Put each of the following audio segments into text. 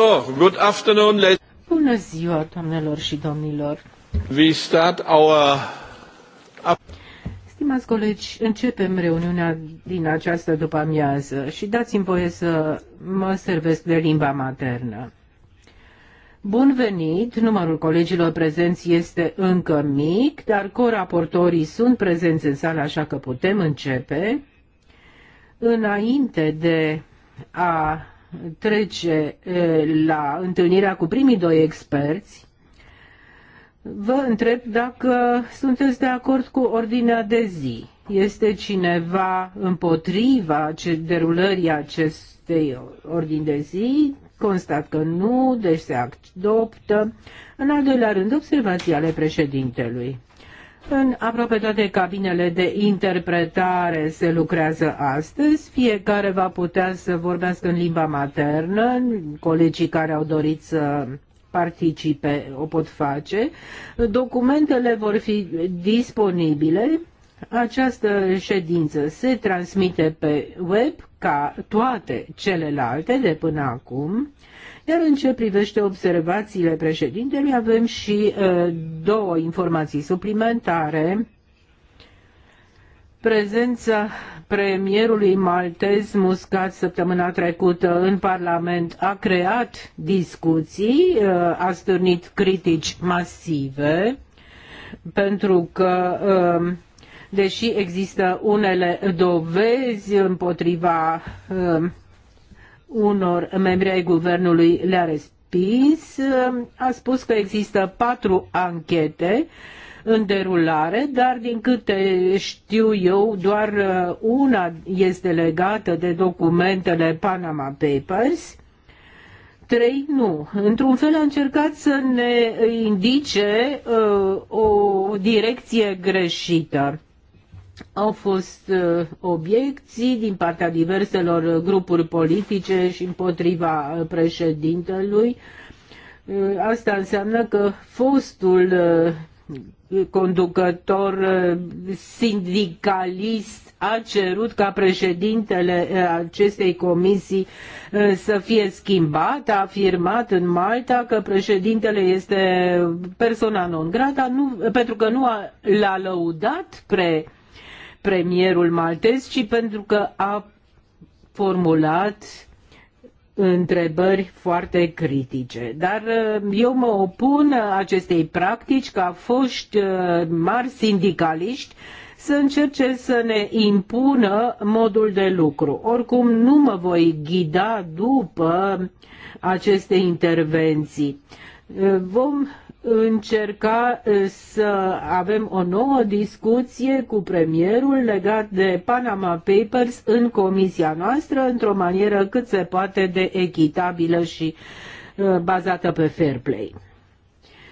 So, good afternoon, Bună ziua, doamnelor și domnilor. We start our... Stimați colegi, începem reuniunea din această după-amiază și dați-mi voie să mă servesc de limba maternă. Bun venit! Numărul colegilor prezenți este încă mic, dar coraportorii sunt prezenți în sală, așa că putem începe. Înainte de a trece la întâlnirea cu primii doi experți, vă întreb dacă sunteți de acord cu ordinea de zi. Este cineva împotriva derulării acestei ordini de zi? Constat că nu, deci se adoptă. În al doilea rând, observații ale președintelui. În aproape toate cabinele de interpretare se lucrează astăzi. Fiecare va putea să vorbească în limba maternă. Colegii care au dorit să participe o pot face. Documentele vor fi disponibile. Această ședință se transmite pe web ca toate celelalte de până acum. Iar în ce privește observațiile președintelui, avem și uh, două informații suplimentare prezența premierului maltez Muscat săptămâna trecută în Parlament a creat discuții, uh, a stârnit critici masive, pentru că, um, deși există unele dovezi împotriva um, unor membri ai guvernului le-a respins, a spus că există patru anchete în derulare, dar din câte știu eu, doar uh, una este legată de documentele Panama Papers, trei nu. Într-un fel a încercat să ne indice uh, o direcție greșită au fost uh, obiecții din partea diverselor uh, grupuri politice și împotriva uh, președintelui. Asta înseamnă că fostul conducător sindicalist a cerut ca președintele acestei comisii să fie schimbat, a afirmat în Malta că președintele este persona non grata, nu, pentru că nu l-a lăudat pre premierul maltez, ci pentru că a formulat întrebări foarte critice. Dar uh, eu mă opun acestei practici ca foști uh, mari sindicaliști să încerce să ne impună modul de lucru. Oricum nu mă voi ghida după aceste intervenții. Uh, vom încerca eh, să avem o nouă discuție cu premierul legat de Panama Papers în comisia noastră într-o manieră cât se poate de echitabilă și eh, bazată pe fair play.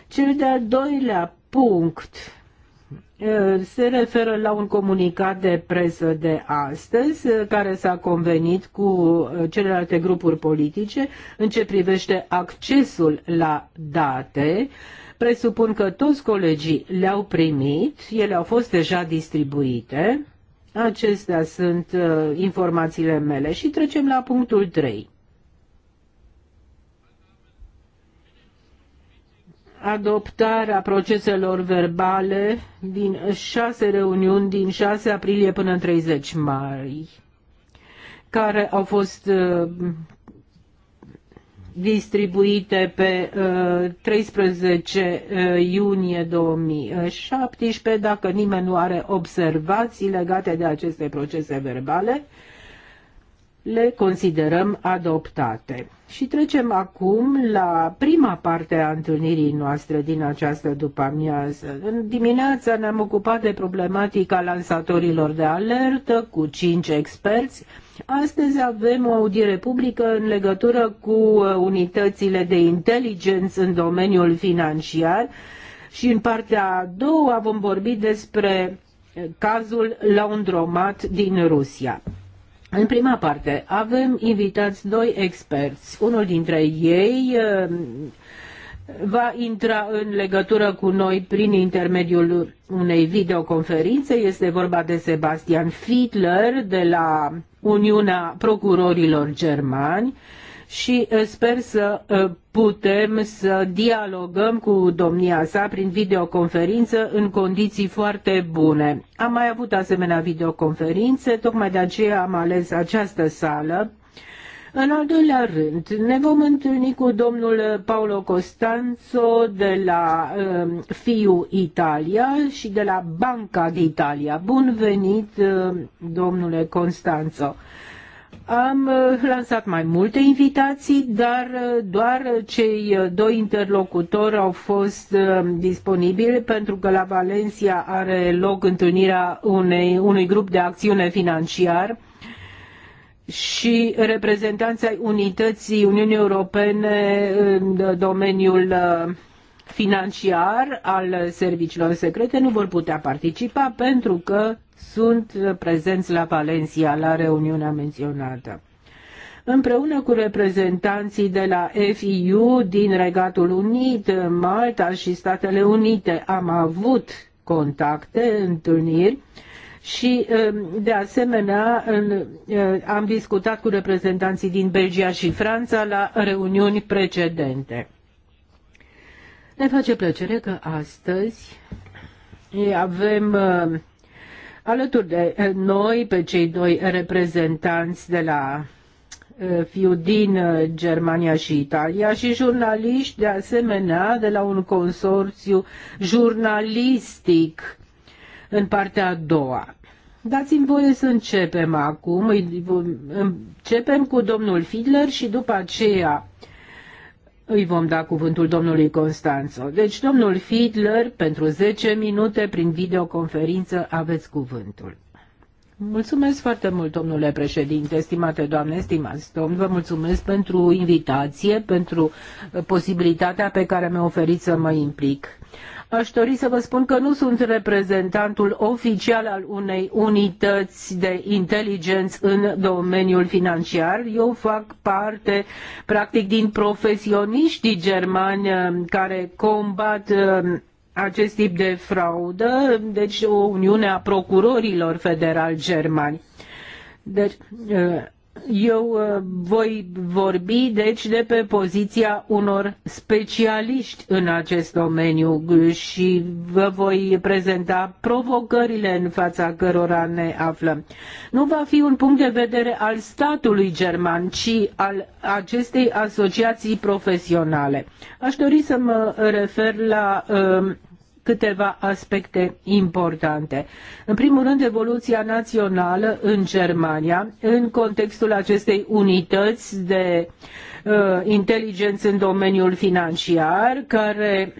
Cel de-al doilea punct eh, se referă la un comunicat de presă de astăzi care s-a convenit cu celelalte grupuri politice în ce privește accesul la date Presupun că toți colegii le-au primit, ele au fost deja distribuite. Acestea sunt uh, informațiile mele și trecem la punctul 3. adoptarea proceselor verbale din șase reuniuni din 6 aprilie până în 30 mai, care au fost uh, distribuite pe 13 uh, uh, iunie 2017. Dacă nimeni nu are observații legate de aceste procese verbale, le considerăm adoptate. Și trecem acum la prima parte a întâlnirii noastre din această după-amiază. În dimineața ne-am ocupat de problematica lansatorilor de alertă cu cinci experți, Astăzi avem o audiere publică în legătură cu uh, unitățile de inteligență în domeniul financiar și în partea a doua vom vorbi despre uh, cazul laundromat din Rusia. În prima parte avem invitați doi experți. Unul dintre ei uh, va intra în legătură cu noi prin intermediul unei videoconferințe. Este vorba de Sebastian Fiedler de la Uniunea Procurorilor Germani și eh, sper să eh, putem să dialogăm cu domnia sa prin videoconferință în condiții foarte bune. Am mai avut asemenea videoconferințe, tocmai de aceea am ales această sală în al doilea rând, ne vom întâlni cu domnul Paolo Costanzo de la uh, FIU Italia și de la Banca d'Italia. Bun venit, uh, domnule Costanzo. Am uh, lansat mai multe invitații, dar uh, doar cei uh, doi interlocutori au fost um, disponibili pentru că la Valencia are loc întâlnirea unei, unui grup de acțiune financiar și reprezentanții unității Uniunii Europene în domeniul uh, financiar al serviciilor secrete nu vor putea participa pentru că sunt prezenți la Valencia la reuniunea menționată. Împreună cu reprezentanții de la FIU din Regatul Unit, Malta și Statele Unite am avut contacte, întâlniri și um, de asemenea uh, am discutat cu reprezentanții din Belgia și Franța la reuniuni precedente. Ne face plăcere că astăzi avem uh, alături de uh, noi pe cei doi reprezentanți de la fiu din Germania și Italia și jurnaliști de asemenea de la un consorțiu jurnalistic în partea a doua. Dați-mi voie să începem acum. Începem cu domnul Fidler și după aceea îi vom da cuvântul domnului Constanțo. Deci, domnul Fidler, pentru 10 minute, prin videoconferință, aveți cuvântul. Mulțumesc foarte mult, domnule președinte, stimate doamne, stimați domn, vă mulțumesc pentru invitație, pentru posibilitatea pe care mi-a oferit să mă implic. Aș dori să vă spun că nu sunt reprezentantul oficial al unei unități de inteligență în domeniul financiar. Eu fac parte, practic, din profesioniștii germani uh, care combat uh, acest tip de fraudă, deci o uniune a procurorilor federal germani. Deci, uh, eu uh, voi vorbi deci de pe poziția unor specialiști în acest domeniu și vă voi prezenta provocările în fața cărora ne aflăm. Nu va fi un punct de vedere al statului german, ci al acestei asociații profesionale. Aș dori să mă refer la uh, câteva aspecte importante. În primul rând, evoluția națională în Germania, în contextul acestei unități de uh, inteligență în domeniul financiar, care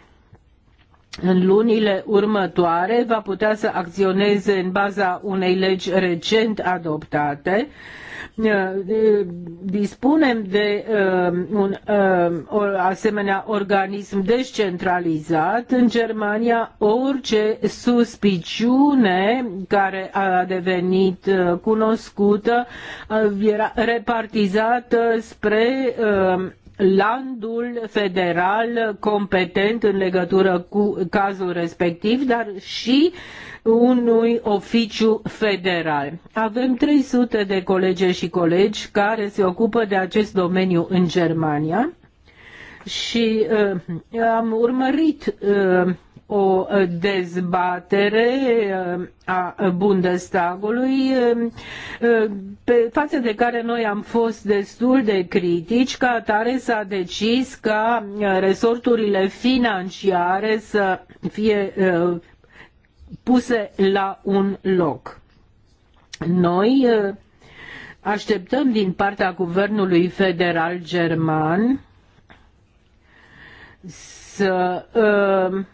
în lunile următoare va putea să acționeze în baza unei legi recent adoptate uh, Eh, dispunem de eh, un eh, asemenea organism descentralizat în Germania, orice suspiciune care a devenit cunoscută era repartizată spre landul federal competent în legătură cu cazul respectiv, dar și unui oficiu federal. Avem 300 de colege și colegi care se ocupă de acest domeniu în Germania și uh, am urmărit uh, o dezbatere uh, a Bundestagului uh, pe față de care noi am fost destul de critici, ca atare s-a decis ca uh, resorturile financiare să fie puse la un loc. Noi uh, așteptăm din partea guvernului federal german să uh, uh,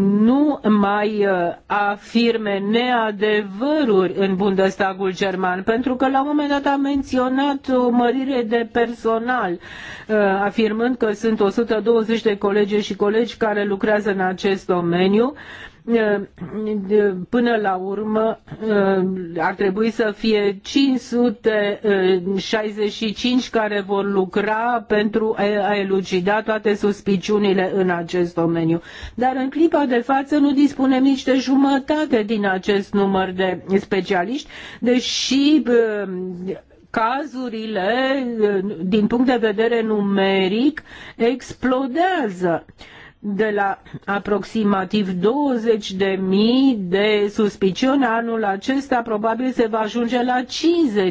nu mai afirme neadevăruri în Bundestagul german, pentru că la un moment dat a menționat o mărire de personal, afirmând că sunt 120 de colegi și colegi care lucrează în acest domeniu Eh, eh, până la urmă eh, ar trebui să fie 565 care vor lucra pentru a elucida toate suspiciunile în acest domeniu. Dar în clipa de față nu dispunem nici de jumătate din acest număr de specialiști, deși cazurile din punct de vedere numeric explodează de la aproximativ 20 de mii de suspiciuni anul acesta, probabil se va ajunge la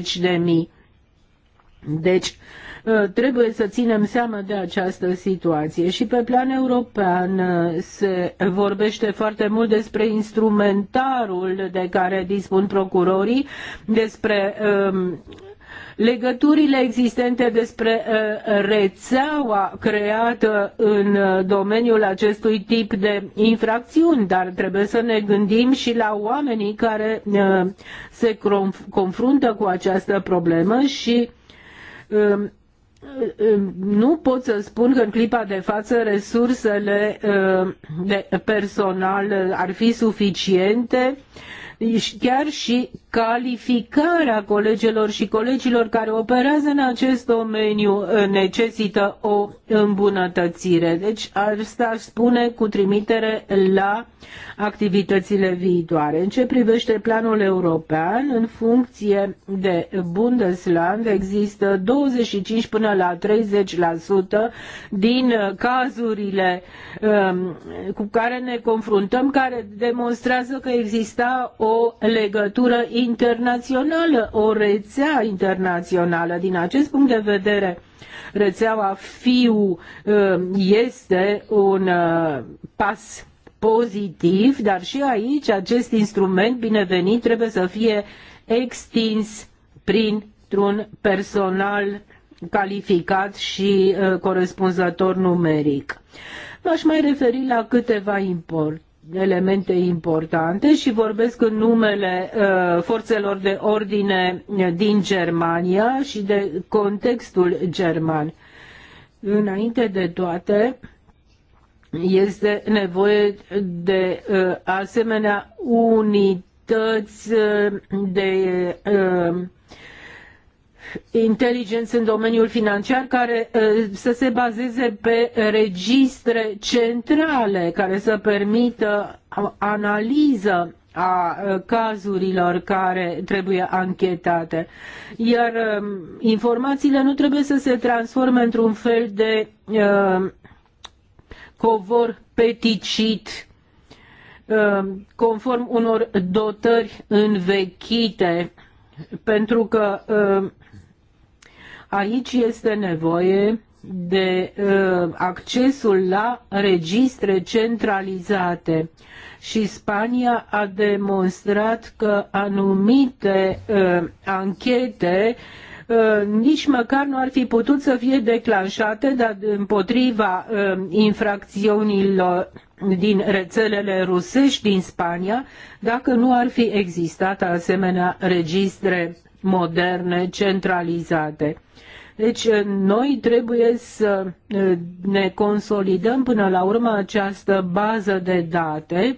50.000. de mii. Deci, ă, trebuie să ținem seama de această situație și pe plan european ă, se vorbește foarte mult despre instrumentarul de care dispun procurorii, despre um, legăturile existente despre uh, rețeaua creată în uh, domeniul acestui tip de infracțiuni, dar trebuie să ne gândim și la oamenii care uh, se confruntă cu această problemă și um, um, nu pot să spun că în clipa de față resursele de personal ar fi suficiente, chiar și calificarea colegelor și colegilor care operează în acest domeniu necesită o îmbunătățire. Deci asta spune cu trimitere la activitățile viitoare. În ce privește planul european, în funcție de Bundesland există 25 până la 30% din cazurile um, cu care ne confruntăm care demonstrează că exista o legătură internațională, o rețea internațională. Din acest punct de vedere, rețeaua FIU uh, este un uh, pas pozitiv, dar și aici acest instrument binevenit trebuie să fie extins printr-un personal calificat și uh, corespunzător numeric. M-aș mai referi la câteva import elemente importante și vorbesc în numele uh, forțelor de ordine din Germania și de contextul german. Înainte de toate, este nevoie de uh, asemenea unități uh, de inteligenți în domeniul financiar care să se bazeze pe registre centrale care să permită analiză a cazurilor care trebuie anchetate. Iar informațiile nu trebuie să se transforme într-un fel de uh, covor peticit conform unor dotări învechite, pentru că uh, Aici este nevoie de uh, accesul la registre centralizate și Spania a demonstrat că anumite uh, anchete uh, nici măcar nu ar fi putut să fie declanșate dar împotriva uh, infracțiunilor din rețelele rusești din Spania dacă nu ar fi existat asemenea registre moderne centralizate. Deci eh, noi trebuie să eh, ne consolidăm până la urmă această bază de date.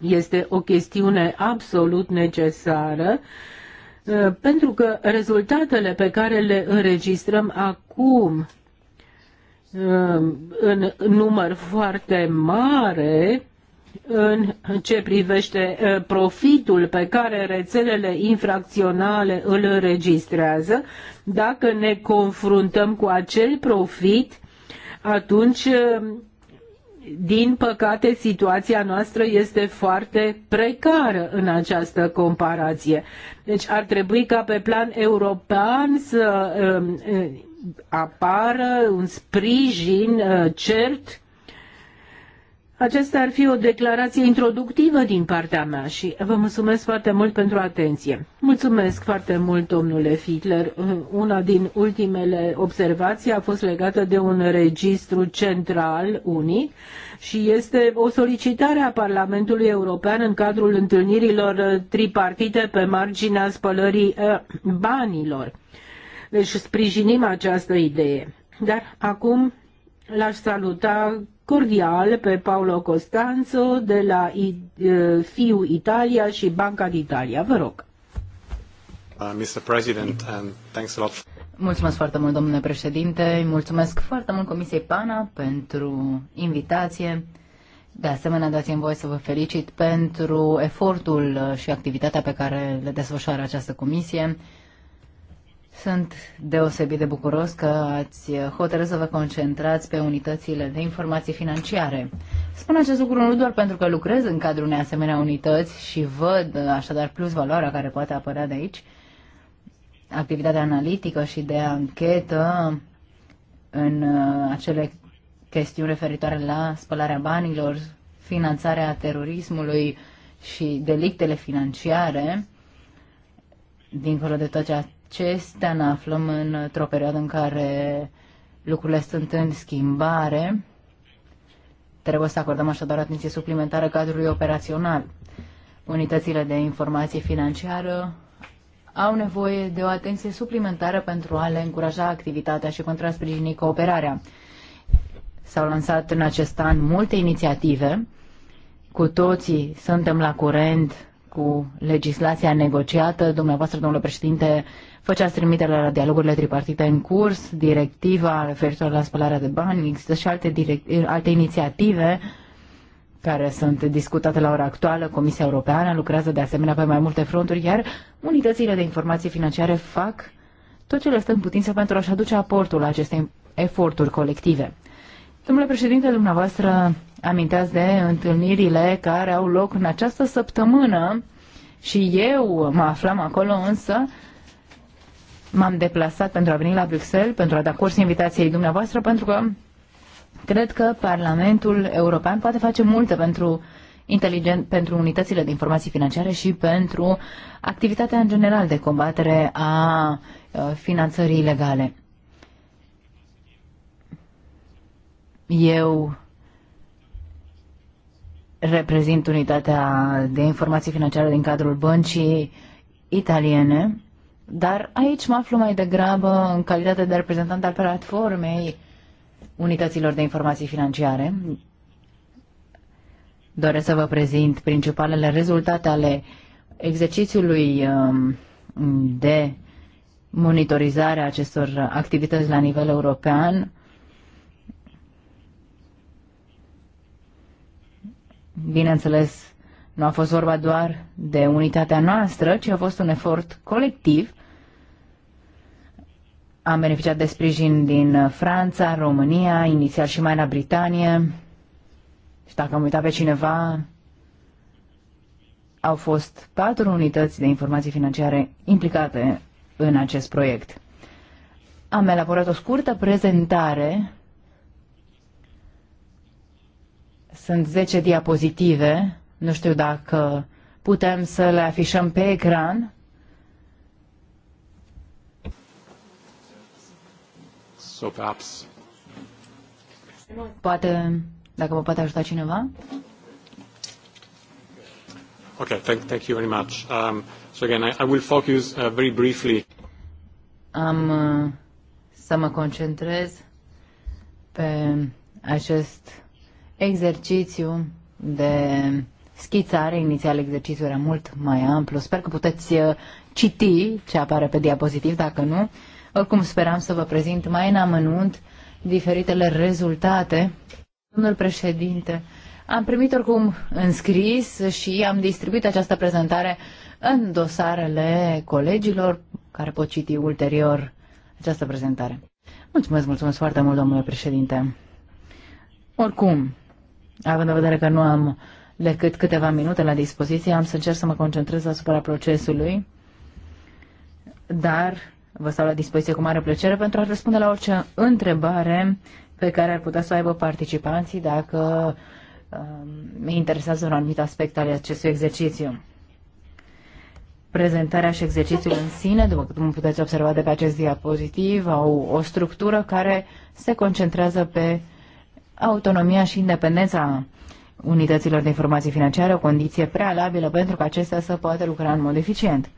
Este o chestiune absolut necesară eh, pentru că rezultatele pe care le înregistrăm acum în număr foarte mare în ce privește profitul pe care rețelele infracționale îl înregistrează, dacă ne confruntăm cu acel profit, atunci din păcate, situația noastră este foarte precară în această comparație. Deci ar trebui ca pe plan european să apară un sprijin cert acesta ar fi o declarație introductivă din partea mea și vă mulțumesc foarte mult pentru atenție. Mulțumesc foarte mult, domnule Fitler. Una din ultimele observații a fost legată de un registru central unic și este o solicitare a Parlamentului European în cadrul întâlnirilor tripartite pe marginea spălării eh, banilor. Deci sprijinim această idee. Dar acum l-aș saluta cordial pe Paolo Costanzo de la eh, FIU Italia și Banca d'Italia. Vă rog. Uh, Mr. President, and um, thanks a lot. Mulțumesc foarte mult, domnule președinte. Mulțumesc foarte mult Comisiei PANA pentru invitație. De asemenea, dați-mi voie să vă felicit pentru efortul și activitatea pe care le desfășoară această comisie. Sunt deosebit de bucuros că ați hotărât să vă concentrați pe unitățile de informații financiare. Spun acest lucru nu doar pentru că lucrez în cadrul unei asemenea unități și văd așadar plus valoarea care poate apărea de aici, activitatea analitică și de anchetă în uh, acele chestiuni referitoare la spălarea banilor, finanțarea terorismului și delictele financiare, dincolo de tot ceea acestea ne aflăm într-o perioadă în care lucrurile sunt în schimbare. Trebuie să acordăm așadar atenție suplimentară cadrului operațional. Unitățile de informație financiară au nevoie de o atenție suplimentară pentru a le încuraja activitatea și pentru a sprijini cooperarea. S-au lansat în acest an multe inițiative. Cu toții suntem la curent cu legislația negociată. Dumneavoastră, domnule președinte, făceați trimitere la dialogurile tripartite în curs, directiva referitor la spălarea de bani, există și alte, direct, alte inițiative care sunt discutate la ora actuală. Comisia Europeană lucrează de asemenea pe mai multe fronturi, iar unitățile de informații financiare fac tot ce le stă în putință pentru a-și aduce aportul la aceste eforturi colective. Domnule președinte, dumneavoastră aminteați de întâlnirile care au loc în această săptămână și eu mă aflam acolo, însă m-am deplasat pentru a veni la Bruxelles, pentru a da curs invitației dumneavoastră, pentru că cred că Parlamentul European poate face multe pentru inteligent pentru unitățile de informații financiare și pentru activitatea în general de combatere a uh, finanțării ilegale. Eu reprezint unitatea de informații financiare din cadrul băncii italiene, dar aici mă aflu mai degrabă în calitate de reprezentant al platformei unităților de informații financiare. Doresc să vă prezint principalele rezultate ale exercițiului um, de monitorizare a acestor activități la nivel european, Bineînțeles, nu a fost vorba doar de unitatea noastră, ci a fost un efort colectiv. Am beneficiat de sprijin din Franța, România, inițial și mai la Britanie. Și deci dacă am uitat pe cineva, au fost patru unități de informații financiare implicate în acest proiect. Am elaborat o scurtă prezentare Sunt 10 diapozitive, nu știu dacă putem să le afișăm pe ecran. So perhaps... Poate, dacă mă poate ajuta cineva. Okay, thank, thank you very much. Um, so again, I, I will focus uh, very briefly. Am uh, să mă concentrez pe acest exercițiu de schițare. Inițial exercițiul era mult mai amplu. Sper că puteți uh, citi ce apare pe diapozitiv, dacă nu. Oricum speram să vă prezint mai în amănunt diferitele rezultate. Domnul președinte, am primit oricum înscris și am distribuit această prezentare în dosarele colegilor care pot citi ulterior această prezentare. Mulțumesc, mulțumesc foarte mult, domnule președinte. Oricum, Având în vedere că nu am decât câteva minute la dispoziție, am să încerc să mă concentrez asupra procesului, dar vă stau la dispoziție cu mare plăcere pentru a răspunde la orice întrebare pe care ar putea să o aibă participanții dacă um, interesează un anumit aspect al acestui exercițiu. Prezentarea și exercițiul în sine, după cum puteți observa de pe acest diapozitiv, au o structură care se concentrează pe autonomia și independența unităților de informații financiare, o condiție prealabilă pentru ca acestea să poată lucra în mod eficient.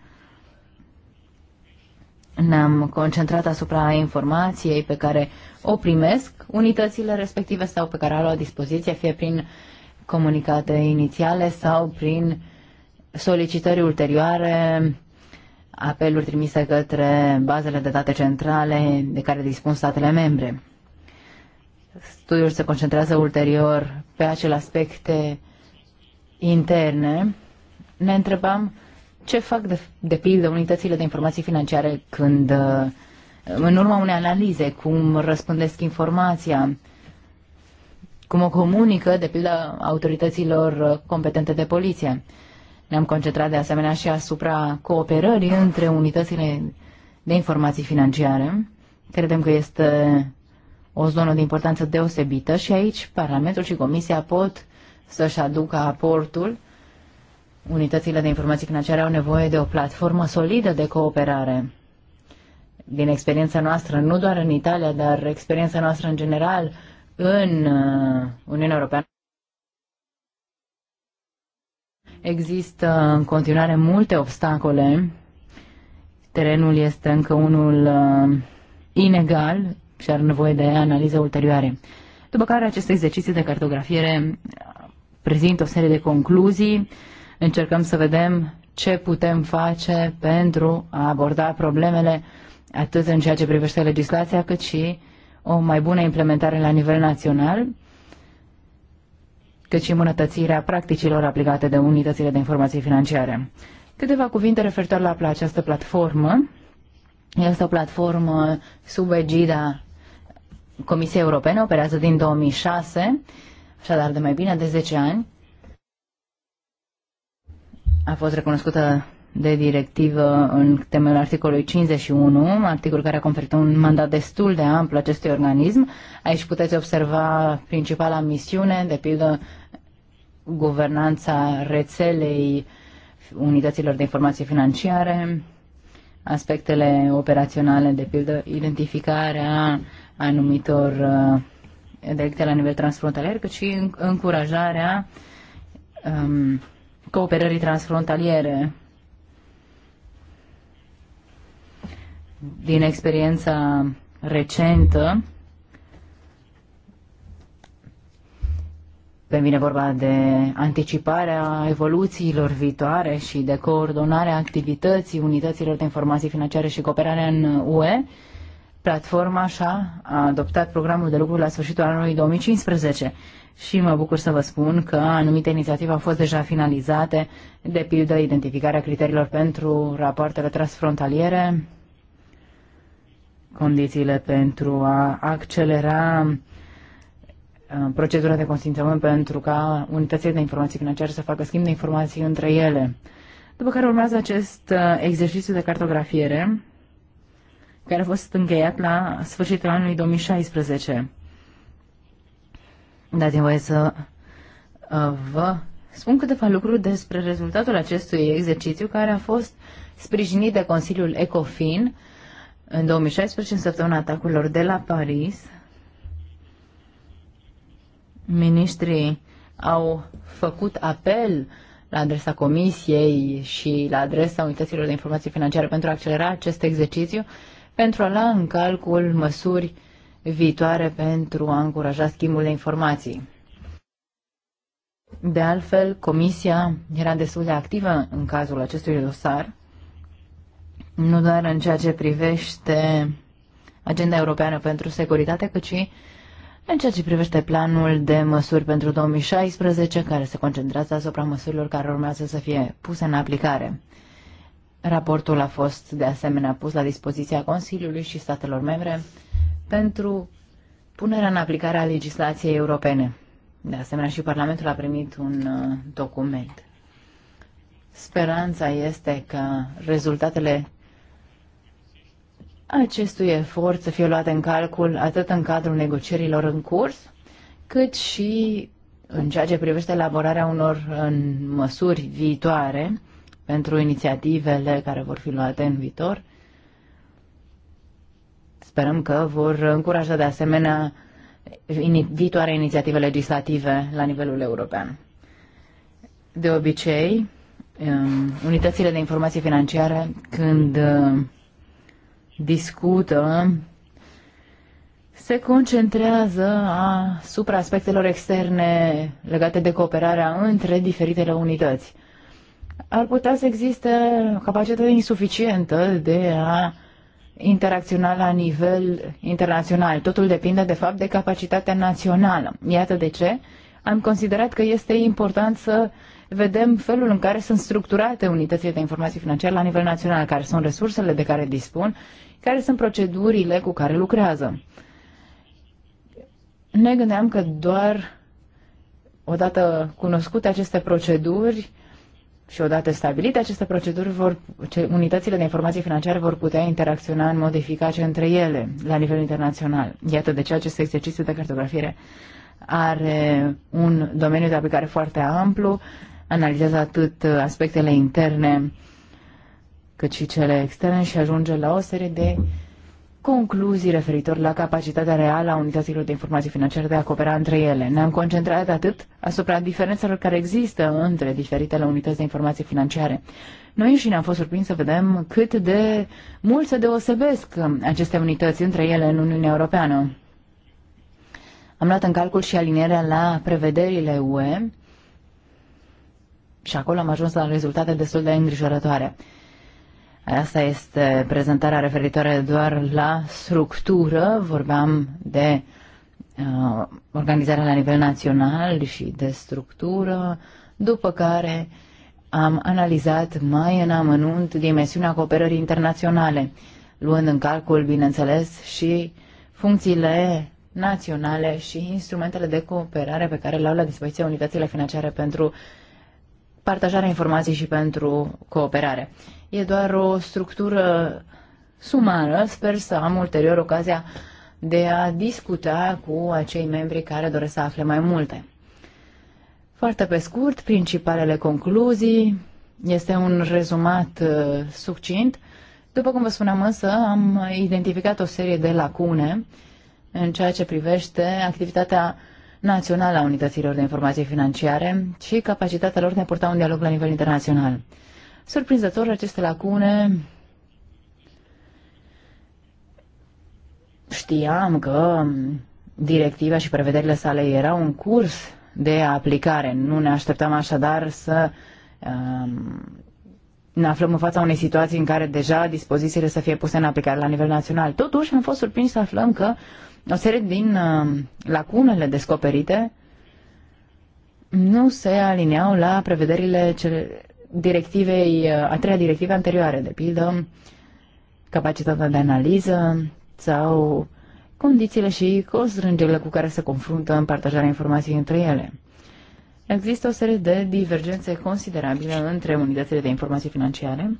Ne-am concentrat asupra informației pe care o primesc unitățile respective sau pe care au la dispoziție, fie prin comunicate inițiale sau prin solicitări ulterioare, apeluri trimise către bazele de date centrale de care dispun statele membre. Studiul se concentrează ulterior pe acele aspecte interne. Ne întrebam ce fac de, de pildă unitățile de informații financiare când, uh, în urma unei analize, cum răspândesc informația, cum o comunică, de pildă, autorităților uh, competente de poliție. Ne-am concentrat de asemenea și asupra cooperării între unitățile de informații financiare. Credem că este o zonă de importanță deosebită și aici Parlamentul și Comisia pot să-și aducă aportul. Unitățile de informații financiare au nevoie de o platformă solidă de cooperare. Din experiența noastră, nu doar în Italia, dar experiența noastră în general în uh, Uniunea Europeană, există în continuare multe obstacole. Terenul este încă unul uh, inegal, și are nevoie de analize ulterioare. După care acest exercițiu de cartografiere uh, prezintă o serie de concluzii, încercăm să vedem ce putem face pentru a aborda problemele atât în ceea ce privește legislația, cât și o mai bună implementare la nivel național, cât și îmbunătățirea practicilor aplicate de unitățile de informații financiare. Câteva cuvinte referitor la această platformă. Este o platformă sub egida Comisia Europeană operează din 2006, așadar de mai bine de 10 ani. A fost recunoscută de directivă în temelul articolului 51, articol care a conferit un mandat destul de amplu acestui organism. Aici puteți observa principala misiune, de pildă guvernanța rețelei unităților de informații financiare, aspectele operaționale, de pildă identificarea anumitor uh, delicte la nivel transfrontalier, cât și încurajarea um, cooperării transfrontaliere. Din experiența recentă, când vine vorba de anticiparea evoluțiilor viitoare și de coordonarea activității unităților de informații financiare și cooperarea în UE, Platforma așa a adoptat programul de lucru la sfârșitul anului 2015 și mă bucur să vă spun că anumite inițiative au fost deja finalizate, de pildă identificarea criteriilor pentru rapoartele transfrontaliere, condițiile pentru a accelera procedura de consimțământ pentru ca unitățile de informații financiare să facă schimb de informații între ele. După care urmează acest exercițiu de cartografiere, care a fost încheiat la sfârșitul anului 2016. Dați-mi voie să uh, vă spun câteva lucruri despre rezultatul acestui exercițiu care a fost sprijinit de Consiliul ECOFIN în 2016, în săptămâna atacurilor de la Paris. Ministrii au făcut apel la adresa Comisiei și la adresa Unităților de Informații Financiare pentru a accelera acest exercițiu pentru a lua în calcul măsuri viitoare pentru a încuraja schimbul de informații. De altfel, comisia era destul de activă în cazul acestui dosar, nu doar în ceea ce privește agenda europeană pentru securitate, cât și în ceea ce privește planul de măsuri pentru 2016, care se concentrează asupra măsurilor care urmează să fie puse în aplicare. Raportul a fost de asemenea pus la dispoziția Consiliului și statelor membre pentru punerea în aplicare a legislației europene. De asemenea, și Parlamentul a primit un uh, document. Speranța este că rezultatele acestui efort să fie luate în calcul atât în cadrul negocierilor în curs, cât și în ceea ce privește elaborarea unor uh, măsuri viitoare pentru inițiativele care vor fi luate în viitor. Sperăm că vor încuraja de asemenea viitoare inițiative legislative la nivelul european. De obicei, um, unitățile de informații financiare, când uh, discută, se concentrează asupra aspectelor externe legate de cooperarea între diferitele unități ar putea să existe capacitate insuficientă de a interacționa la nivel internațional. Totul depinde, de fapt, de capacitatea națională. Iată de ce am considerat că este important să vedem felul în care sunt structurate unitățile de informații financiare la nivel național, care sunt resursele de care dispun, care sunt procedurile cu care lucrează. Ne gândeam că doar odată cunoscute aceste proceduri, și odată stabilite aceste proceduri, vor, unitățile de informații financiare vor putea interacționa în mod eficace între ele la nivel internațional. Iată de ce acest exercițiu de cartografiere are un domeniu de aplicare foarte amplu, analizează atât uh, aspectele interne cât și cele externe și ajunge la o serie de concluzii referitor la capacitatea reală a unităților de informații financiare de a coopera între ele. Ne-am concentrat atât asupra diferențelor care există între diferitele unități de informații financiare. Noi și ne-am fost surprins să vedem cât de mult se deosebesc aceste unități între ele în Uniunea Europeană. Am luat în calcul și alinierea la prevederile UE și acolo am ajuns la rezultate destul de îngrijorătoare. Asta este prezentarea referitoare doar la structură. Vorbeam de uh, organizarea la nivel național și de structură, după care am analizat mai în amănunt dimensiunea cooperării internaționale, luând în calcul, bineînțeles, și funcțiile naționale și instrumentele de cooperare pe care le au la dispoziție unitățile financiare pentru partajarea informației și pentru cooperare. E doar o structură sumară. Sper să am ulterior ocazia de a discuta cu acei membri care doresc să afle mai multe. Foarte pe scurt, principalele concluzii, este un rezumat uh, succint. După cum vă spuneam însă, am identificat o serie de lacune în ceea ce privește activitatea națională a unităților de informații financiare și capacitatea lor de a purta un dialog la nivel internațional. Surprinzător, aceste lacune știam că directiva și prevederile sale erau în curs de aplicare. Nu ne așteptam așadar să um, ne aflăm în fața unei situații în care deja dispozițiile să fie puse în aplicare la nivel național. Totuși am fost surprinși să aflăm că o serie din uh, lacunele descoperite nu se alineau la prevederile cele directivei, a treia directive anterioare, de pildă, capacitatea de analiză sau condițiile și constrângerile cu care se confruntă în partajarea informației între ele. Există o serie de divergențe considerabile între unitățile de informații financiare,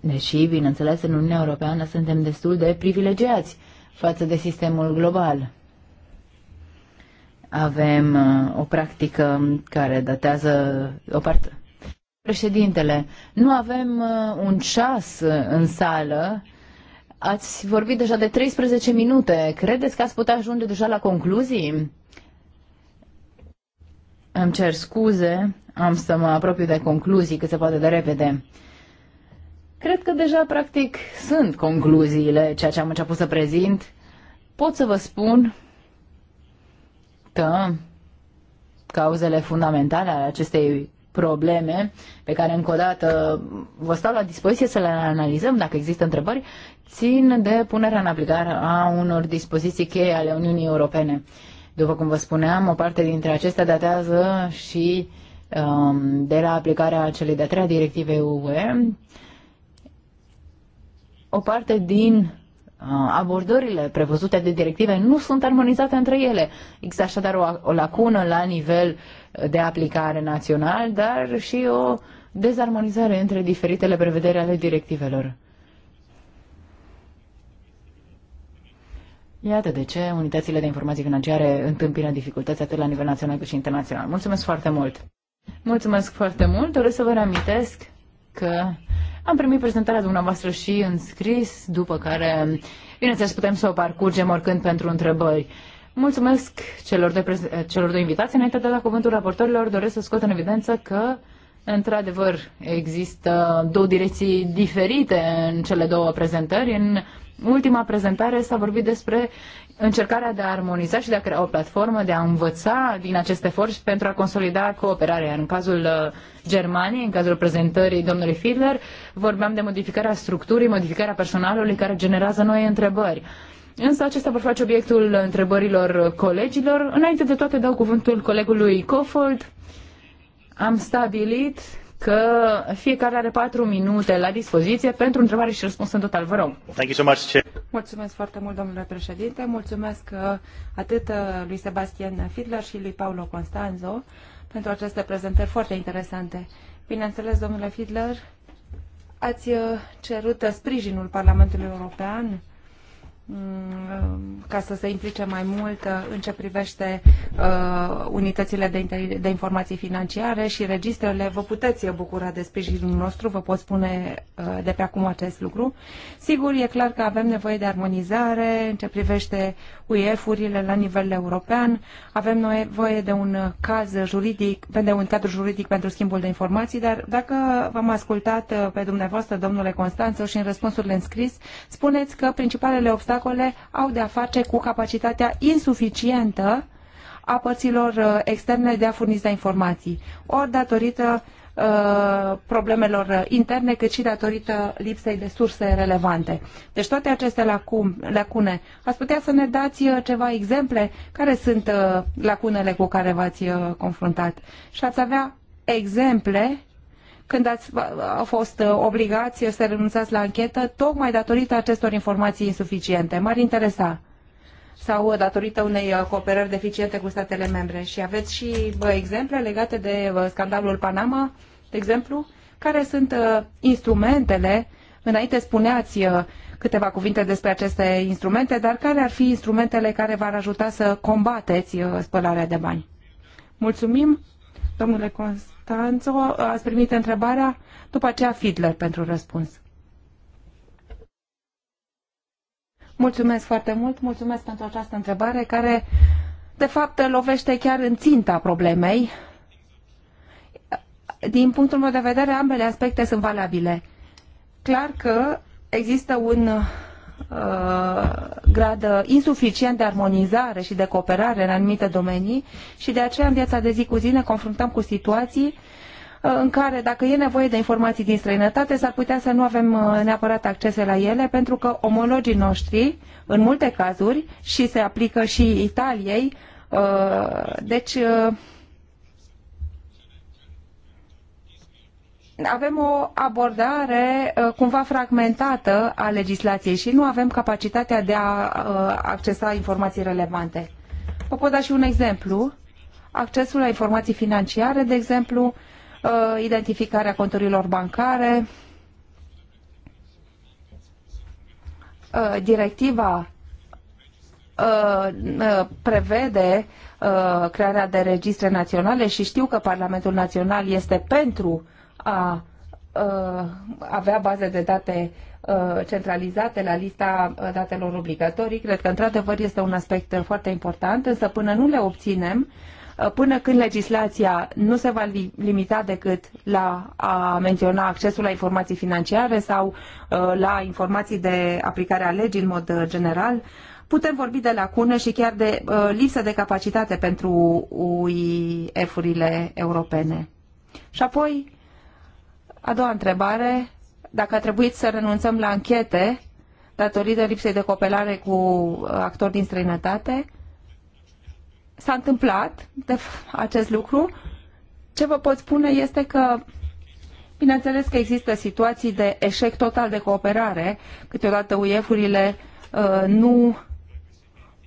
deși, bineînțeles, în Uniunea Europeană suntem destul de privilegiați față de sistemul global avem uh, o practică care datează o parte. Președintele, nu avem uh, un ceas în sală. Ați vorbit deja de 13 minute. Credeți că ați putea ajunge deja la concluzii? Îmi cer scuze, am să mă apropiu de concluzii cât se poate de repede. Cred că deja, practic, sunt concluziile ceea ce am început să prezint. Pot să vă spun reflectă cauzele fundamentale ale acestei probleme pe care încă o dată vă stau la dispoziție să le analizăm dacă există întrebări, țin de punerea în aplicare a unor dispoziții cheie ale Uniunii Europene. După cum vă spuneam, o parte dintre acestea datează și um, de la aplicarea celei de-a treia directive UE. O parte din Uh, abordările prevăzute de directive nu sunt armonizate între ele. Există așadar o, o lacună la nivel de aplicare național, dar și o dezarmonizare între diferitele prevederi ale directivelor. Iată de ce unitățile de informații financiare întâmpină dificultăți atât la nivel național cât și internațional. Mulțumesc foarte mult! Mulțumesc foarte mult! Doresc să vă reamintesc că am primit prezentarea dumneavoastră și în scris, după care, bineînțeles, putem să o parcurgem oricând pentru întrebări. Mulțumesc celor de, celor de invitații. Înainte de la da cuvântul raportorilor, doresc să scot în evidență că, într-adevăr, există două direcții diferite în cele două prezentări. În ultima prezentare s-a vorbit despre încercarea de a armoniza și de a crea o platformă, de a învăța din acest efort și pentru a consolida cooperarea. În cazul uh, Germaniei, în cazul prezentării domnului Fiedler, vorbeam de modificarea structurii, modificarea personalului care generează noi întrebări. Însă acesta vor face obiectul întrebărilor colegilor. Înainte de toate dau cuvântul colegului Cofold. Am stabilit că fiecare are patru minute la dispoziție pentru întrebare și răspuns în total. Vă rog. Thank you so much, Mulțumesc foarte mult, domnule președinte. Mulțumesc uh, atât uh, lui Sebastian Fidler și lui Paulo Constanzo pentru aceste prezentări foarte interesante. Bineînțeles, domnule Fidler, ați uh, cerut sprijinul Parlamentului European Mm, ca să se implice mai mult uh, în ce privește uh, unitățile de, de informații financiare și registrele, vă puteți bucura de sprijinul nostru, vă pot spune uh, de pe acum acest lucru. Sigur, e clar că avem nevoie de armonizare în ce privește UEF-urile la nivel european, avem nevoie de un caz juridic, de un cadru juridic pentru schimbul de informații, dar dacă v-am ascultat uh, pe dumneavoastră, domnule Constanță, și în răspunsurile înscris, spuneți că principalele obstacole spectacole au de a face cu capacitatea insuficientă a părților uh, externe de a furniza informații, ori datorită uh, problemelor uh, interne, cât și datorită lipsei de surse relevante. Deci toate aceste lacum, lacune, ați putea să ne dați ceva exemple care sunt lacunele cu care v-ați confruntat și ați avea exemple când ați, a fost uh, obligați să renunțați la anchetă, tocmai datorită acestor informații insuficiente. M-ar interesa sau uh, datorită unei uh, cooperări deficiente cu statele membre. Și aveți și bă, exemple legate de scandalul Panama, de exemplu, care sunt uh, instrumentele, înainte spuneați uh, câteva cuvinte despre aceste instrumente, dar care ar fi instrumentele care v-ar ajuta să combateți uh, spălarea de bani? Mulțumim, domnule Cons Constanțo, ați primit întrebarea, după aceea Fidler pentru răspuns. Mulțumesc foarte mult, mulțumesc pentru această întrebare care, de fapt, lovește chiar în ținta problemei. Din punctul meu de vedere, ambele aspecte sunt valabile. Clar că există un Uh, grad insuficient de armonizare și de cooperare în anumite domenii și de aceea în viața de zi cu zi ne confruntăm cu situații uh, în care dacă e nevoie de informații din străinătate, s-ar putea să nu avem uh, neapărat accese la ele, pentru că omologii noștri, în multe cazuri, și se aplică și Italiei, deci avem o abordare uh, cumva fragmentată a legislației și nu avem capacitatea de a uh, accesa informații relevante. Vă pot da și un exemplu. Accesul la informații financiare, de exemplu, uh, identificarea conturilor bancare, directiva prevede crearea de registre naționale și știu că Parlamentul Național este pentru uh, a avea baze de date centralizate la lista datelor obligatorii. Cred că, într-adevăr, este un aspect foarte important, însă până nu le obținem, până când legislația nu se va limita decât la a menționa accesul la informații financiare sau la informații de aplicare a legii în mod general, putem vorbi de lacune și chiar de lipsă de capacitate pentru UIF-urile europene. Și apoi, a doua întrebare, dacă a trebuit să renunțăm la închete datorită lipsei de copelare cu uh, actori din străinătate, s-a întâmplat de acest lucru. Ce vă pot spune este că Bineînțeles că există situații de eșec total de cooperare, câteodată UEF-urile uh, nu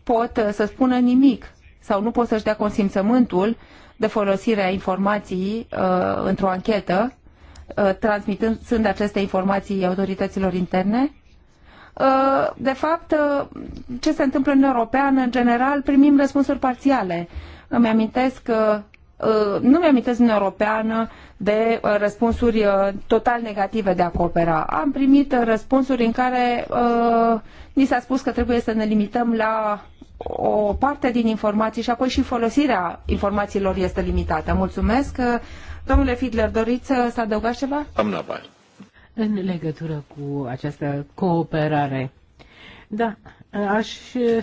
pot uh, să spună nimic sau nu pot să-și dea consimțământul de folosirea informației uh, într-o anchetă Uh, transmitând sunt aceste informații autorităților interne? Uh, de fapt, uh, ce se întâmplă în European, în general, primim răspunsuri parțiale. Îmi amintesc că nu mi-amintesc în Europeană de răspunsuri total negative de a coopera. Am primit răspunsuri în care uh, ni s-a spus că trebuie să ne limităm la o parte din informații și apoi și folosirea informațiilor este limitată. Mulțumesc. Domnule Fidler, doriți să, să adăugați ceva? Am Bai. În legătură cu această cooperare, da, aș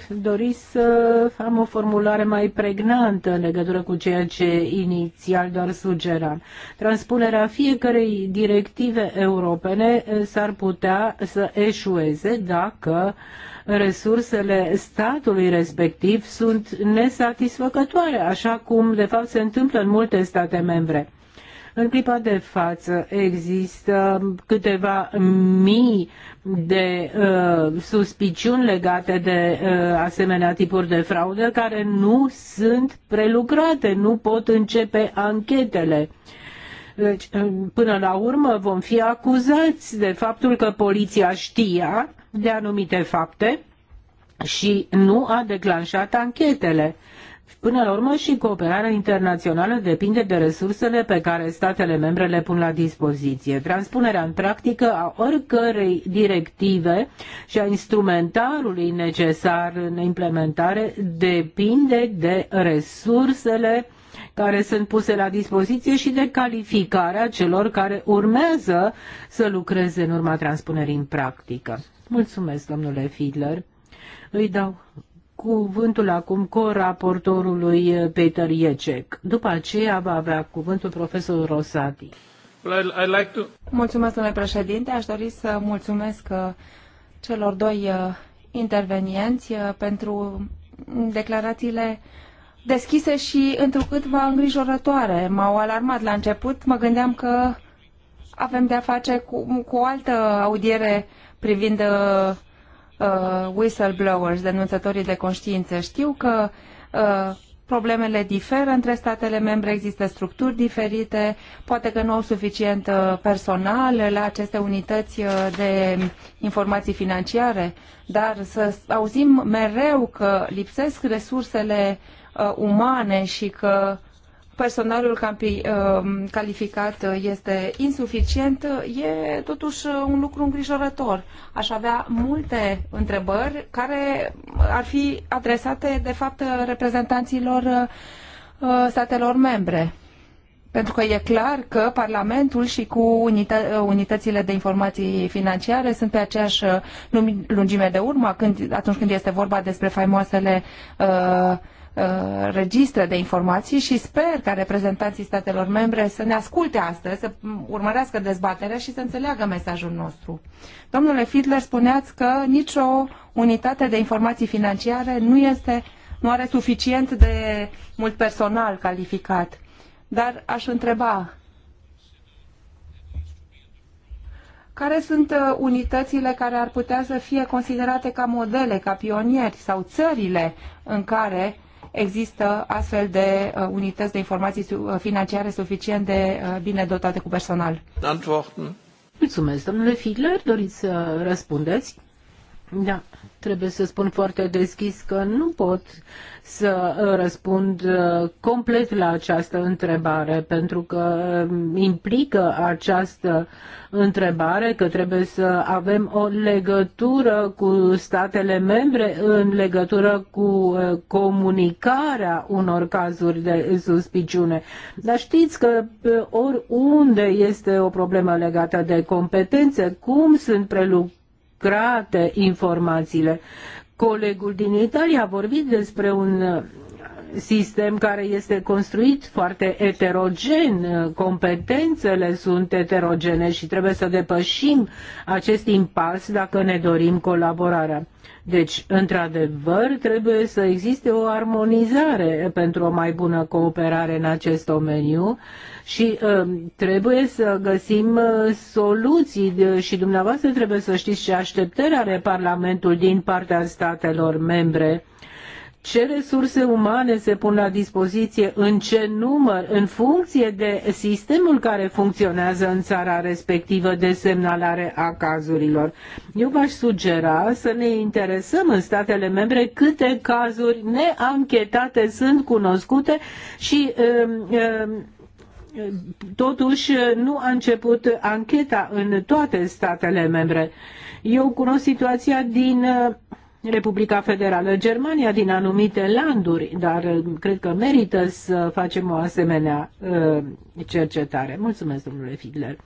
dori să am o formulare mai pregnantă în legătură cu ceea ce inițial doar sugeram. Transpunerea fiecarei directive europene eh, s-ar putea să eșueze dacă resursele statului respectiv sunt nesatisfăcătoare, așa cum de fapt se întâmplă în multe state membre. În clipa de față există câteva mii de uh, suspiciuni legate de uh, asemenea tipuri de fraudă care nu sunt prelucrate, nu pot începe anchetele. Deci, uh, până la urmă vom fi acuzați de faptul că poliția știa de anumite fapte și nu a declanșat anchetele. Până la urmă și cooperarea internațională depinde de resursele pe care statele membre le pun la dispoziție. Transpunerea în practică a oricărei directive și a instrumentarului necesar în implementare depinde de resursele care sunt puse la dispoziție și de calificarea celor care urmează să lucreze în urma transpunerii în practică. Mulțumesc, domnule Fiedler. Îi dau cuvântul acum co-raportorului eh, Peter Iecek. După aceea va avea cuvântul profesor Rosati. Like to... Mulțumesc, domnule președinte. Aș dori să mulțumesc eh, celor doi eh, intervenienți pentru declarațiile deschise și întrucâtva îngrijorătoare. M-au alarmat la început. Mă gândeam că avem de-a face cu, cu o altă audiere privind uh, whistleblowers, denunțătorii de conștiință. Știu că uh, problemele diferă între statele membre, există structuri diferite, poate că nu au suficient uh, personal la aceste unități uh, de informații financiare, dar să auzim mereu că lipsesc resursele uh, umane și că personalul uh, calificat este insuficient, e totuși un lucru îngrijorător. Aș avea multe întrebări care ar fi adresate, de fapt, reprezentanților uh, statelor membre. Pentru că e clar că Parlamentul și cu uh, unitățile de informații financiare sunt pe aceeași lungime de urmă când, atunci când este vorba despre faimoasele uh, Uh, registre de informații și sper ca reprezentanții statelor membre să ne asculte astăzi, să urmărească dezbaterea și să înțeleagă mesajul nostru. Domnule Fidler, spuneați că nicio unitate de informații financiare nu, este, nu are suficient de mult personal calificat. Dar aș întreba, care sunt uh, unitățile care ar putea să fie considerate ca modele, ca pionieri sau țările în care există astfel de uh, unități de informații uh, financiare suficient de uh, bine dotate cu personal. Antworten. Mulțumesc, domnule Fidler, doriți să răspundeți? Da, trebuie să spun foarte deschis că nu pot să uh, răspund uh, complet la această întrebare, pentru că um, implică această întrebare că trebuie să avem o legătură cu statele membre în legătură cu uh, comunicarea unor cazuri de suspiciune. Dar știți că oriunde este o problemă legată de competențe, cum sunt prelucrate informațiile. Colegul din Italia a vorbit despre un uh, sistem care este construit foarte eterogen, uh, competențele sunt eterogene și trebuie să depășim acest impas dacă ne dorim colaborarea. Deci, într-adevăr, trebuie să existe o armonizare pentru o mai bună cooperare în acest domeniu și uh, trebuie să găsim uh, soluții și dumneavoastră trebuie să știți ce așteptări are Parlamentul din partea statelor membre ce resurse umane se pun la dispoziție, în ce număr, în funcție de sistemul care funcționează în țara respectivă de semnalare a cazurilor. Eu v-aș sugera să ne interesăm în statele membre câte cazuri neanchetate sunt cunoscute și um, um, totuși nu a început ancheta în toate statele membre. Eu cunosc situația din uh, Republica Federală Germania, din anumite landuri, dar uh, cred că merită să facem o asemenea uh, cercetare. Mulțumesc, domnule Fidler.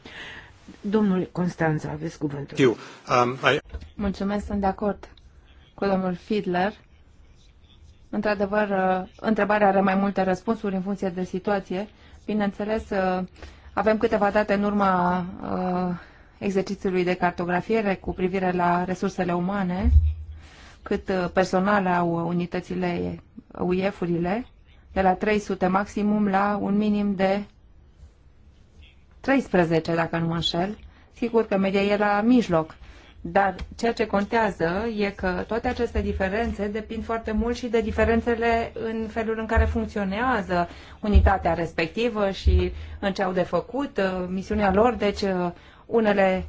Domnule Constanța, aveți cuvântul. Eu, um, I... Mulțumesc, sunt de acord cu domnul Fidler. Într-adevăr, întrebarea are mai multe răspunsuri în funcție de situație. Bineînțeles, uh, avem câteva date în urma uh, exercițiului de cartografiere cu privire la resursele umane, cât uh, personal au unitățile UIF-urile, de la 300 maximum la un minim de 13, dacă nu mă înșel. Sigur că media e la mijloc, dar ceea ce contează e că toate aceste diferențe depind foarte mult și de diferențele în felul în care funcționează unitatea respectivă și în ce au de făcut, uh, misiunea lor. Deci uh, unele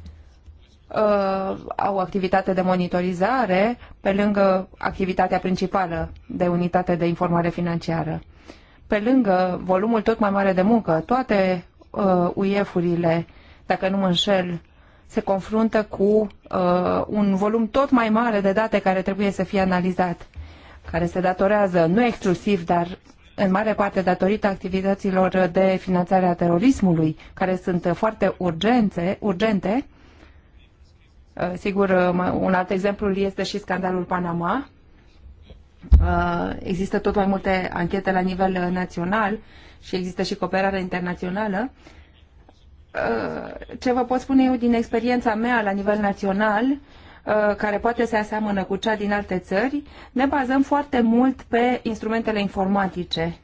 uh, au activitate de monitorizare pe lângă activitatea principală de unitate de informare financiară. Pe lângă volumul tot mai mare de muncă, toate uh, UEF-urile, dacă nu mă înșel, se confruntă cu uh, un volum tot mai mare de date care trebuie să fie analizat, care se datorează nu exclusiv, dar în mare parte datorită activităților de finanțare a terorismului, care sunt foarte urgențe, urgente. Uh, sigur, uh, un alt exemplu este și scandalul Panama. Uh, există tot mai multe anchete la nivel național și există și cooperare internațională Uh, ce vă pot spune eu din experiența mea la nivel național, uh, care poate se aseamănă cu cea din alte țări, ne bazăm foarte mult pe instrumentele informatice.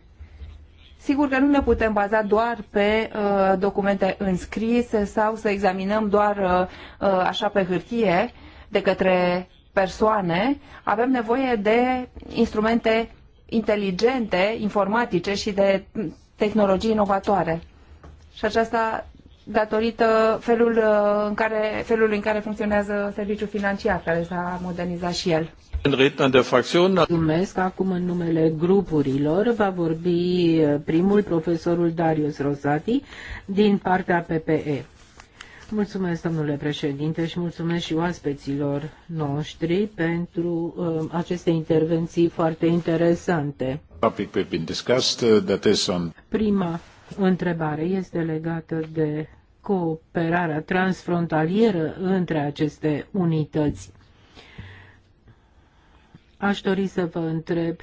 Sigur că nu ne putem baza doar pe uh, documente înscrise sau să examinăm doar uh, uh, așa pe hârtie de către persoane. Avem nevoie de instrumente inteligente, informatice și de mm, tehnologii inovatoare. Și aceasta datorită felul uh, în care, felului în care funcționează serviciul financiar, care s-a modernizat și el. Mulțumesc. Acum în numele grupurilor va vorbi uh, primul profesorul Darius Rosati din partea PPE. Mulțumesc, domnule președinte, și mulțumesc și oaspeților noștri pentru uh, aceste intervenții foarte interesante. Uh, Prima întrebare este legată de cooperarea transfrontalieră între aceste unități. Aș dori să vă întreb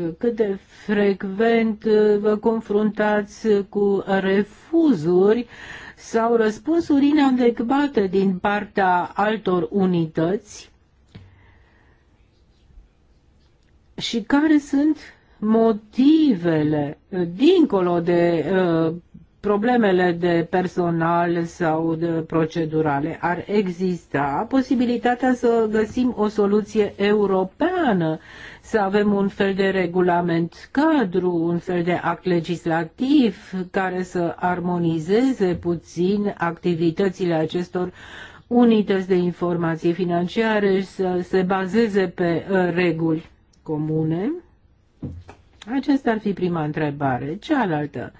uh, cât de frecvent uh, vă confruntați cu refuzuri sau răspunsuri inadecvate din partea altor unități și care sunt motivele dincolo de uh, problemele de personal sau de procedurale. Ar exista posibilitatea să găsim o soluție europeană, să avem un fel de regulament cadru, un fel de act legislativ care să armonizeze puțin activitățile acestor unități de informații financiare și să se bazeze pe uh, reguli comune? Aceasta ar fi prima întrebare. Cealaltă,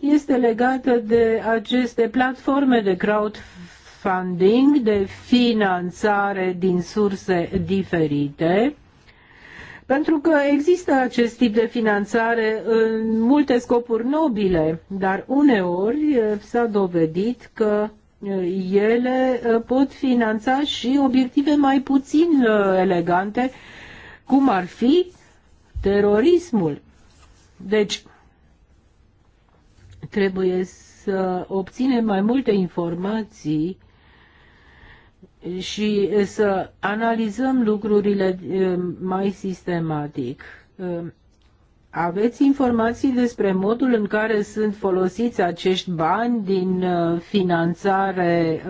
este legată de aceste platforme de crowdfunding, de finanțare din surse diferite. Pentru că există acest tip de finanțare în multe scopuri nobile, dar uneori eh, s-a dovedit că eh, ele eh, pot finanța și obiective mai puțin elegante, cum ar fi terorismul. Deci, trebuie să obținem mai multe informații și să analizăm lucrurile eh, mai sistematic. Eh, aveți informații despre modul în care sunt folosiți acești bani din eh, finanțare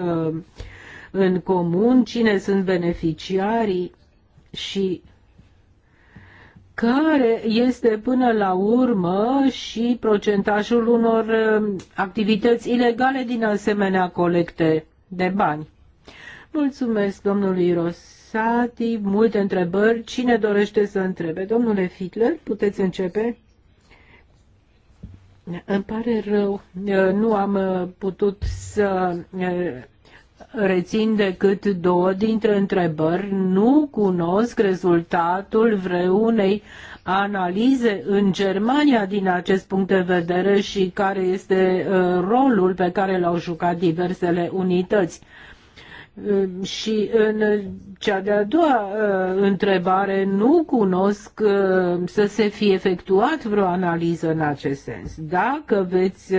în comun, cine sunt beneficiarii și care este până la urmă și procentajul unor uh, activități ilegale din asemenea colecte de bani. Mulțumesc domnului Rosati, multe întrebări. Cine dorește să întrebe? Domnule Fitler, puteți începe? Îmi pare rău, uh, nu am uh, putut să rețin decât două dintre întrebări. Nu cunosc rezultatul vreunei analize în Germania din acest punct de vedere și care este uh, rolul pe care l-au jucat diversele unități. Uh, și în cea de-a doua uh, întrebare, nu cunosc să se fie efectuat vreo analiză în acest sens. Dacă veți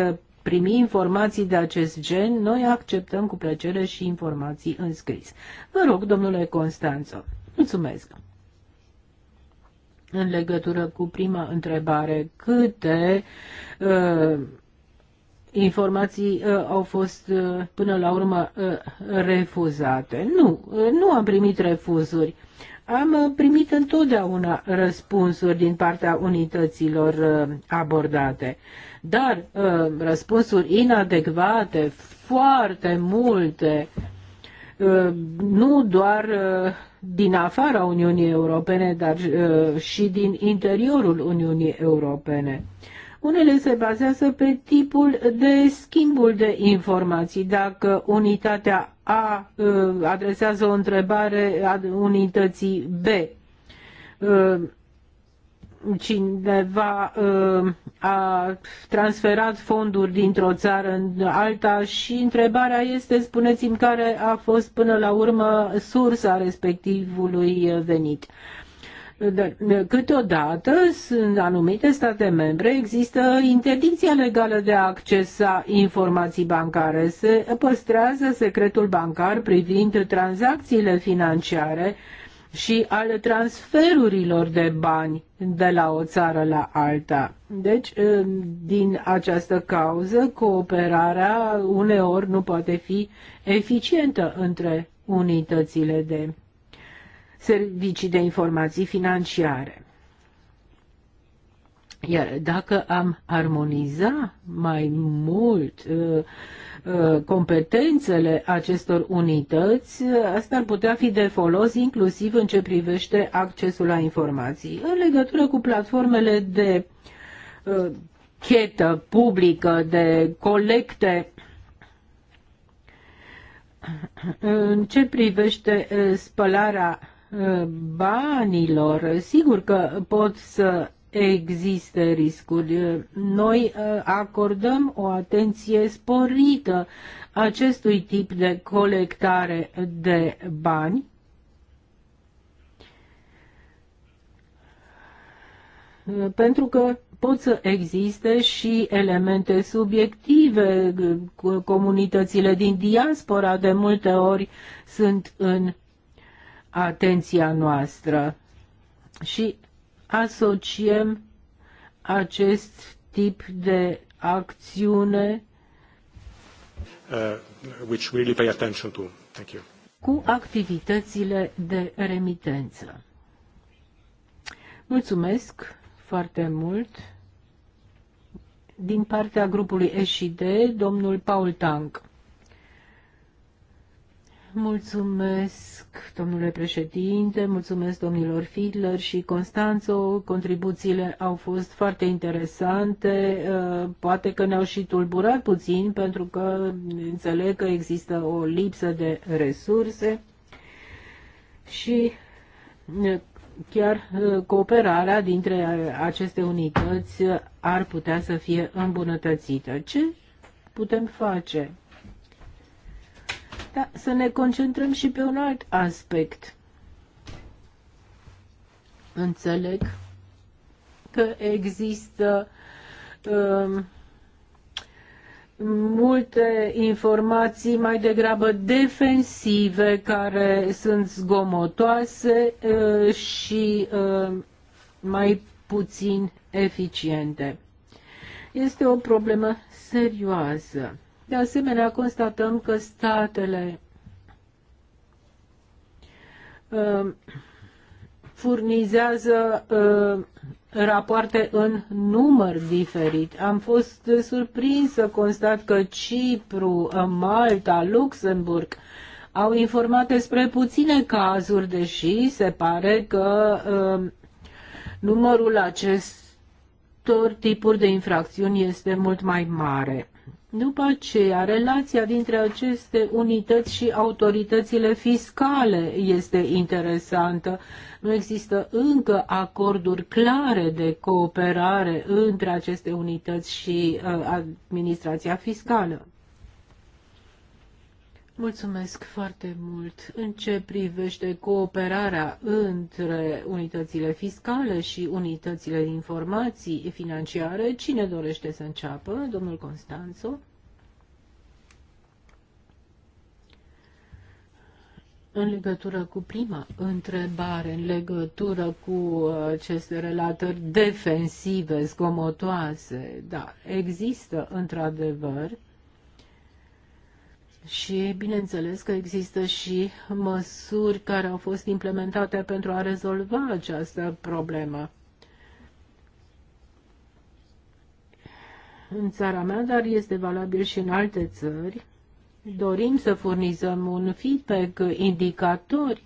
primi informații de acest gen, noi acceptăm cu plăcere și informații în scris. Vă rog, domnule Constanțo, mulțumesc. În legătură cu prima întrebare, câte uh, informații uh, au fost uh, până la urmă uh, refuzate? Nu, uh, nu am primit refuzuri. Am uh, primit întotdeauna răspunsuri din partea unităților uh, abordate dar uh, răspunsuri inadecvate, foarte multe, uh, nu doar uh, din afara Uniunii Europene, dar și din interiorul Uniunii Europene. Unele se bazează pe tipul de schimbul de informații. Dacă unitatea A adresează o întrebare unității B, cineva uh, a transferat fonduri dintr-o țară în alta și întrebarea este, spuneți-mi, care a fost până la urmă sursa respectivului venit. Da, câteodată, în anumite state membre, există interdicția legală de a accesa informații bancare. Se păstrează secretul bancar privind tranzacțiile financiare, uh, și ale transferurilor de bani de la o țară la alta. Deci, ă, din această cauză, cooperarea uneori nu poate fi eficientă între unitățile de servicii de informații financiare. Iar dacă am armoniza mai mult ă, Uh, competențele acestor unități, uh, asta ar putea fi de folos inclusiv în ce privește accesul la informații. În legătură cu platformele de uh, chetă publică, de colecte în ce privește spălarea banilor, sigur că pot să există riscuri. Noi uh, acordăm o atenție sporită acestui tip de colectare de bani. Pentru că pot să existe și elemente subiective. Comunitățile din diaspora de multe ori sunt în atenția noastră. Și asociem acest tip de acțiune uh, which really pay attention to. Thank you. cu activitățile de remitență. Mulțumesc foarte mult. Din partea grupului SID, domnul Paul Tank. Mulțumesc, domnule președinte, mulțumesc domnilor Fidler și Constanțo. Contribuțiile au fost foarte interesante. Uh, poate că ne-au și tulburat puțin, pentru că înțeleg că există o lipsă de resurse și uh, chiar uh, cooperarea dintre aceste unități ar putea să fie îmbunătățită. Ce putem face? Da, să ne concentrăm și pe un alt aspect. Înțeleg că există um, multe informații mai degrabă defensive care sunt zgomotoase uh, și uh, mai puțin eficiente. Este o problemă serioasă. De asemenea, constatăm că statele uh, furnizează uh, rapoarte în număr diferit. Am fost surprins să constat că Cipru, uh, Malta, Luxemburg au informat despre puține cazuri, deși se pare că uh, numărul acestor tipuri de infracțiuni este mult mai mare. După aceea, relația dintre aceste unități și autoritățile fiscale este interesantă. Nu există încă acorduri clare de cooperare între aceste unități și uh, administrația fiscală. Mulțumesc foarte mult. În ce privește cooperarea între unitățile fiscale și unitățile de informații financiare, cine dorește să înceapă? Domnul Constanțo? În legătură cu prima întrebare, în legătură cu aceste relatări defensive, zgomotoase, da, există într-adevăr și bineînțeles că există și măsuri care au fost implementate pentru a rezolva această problemă. În țara mea, dar este valabil și în alte țări, dorim să furnizăm un feedback indicatori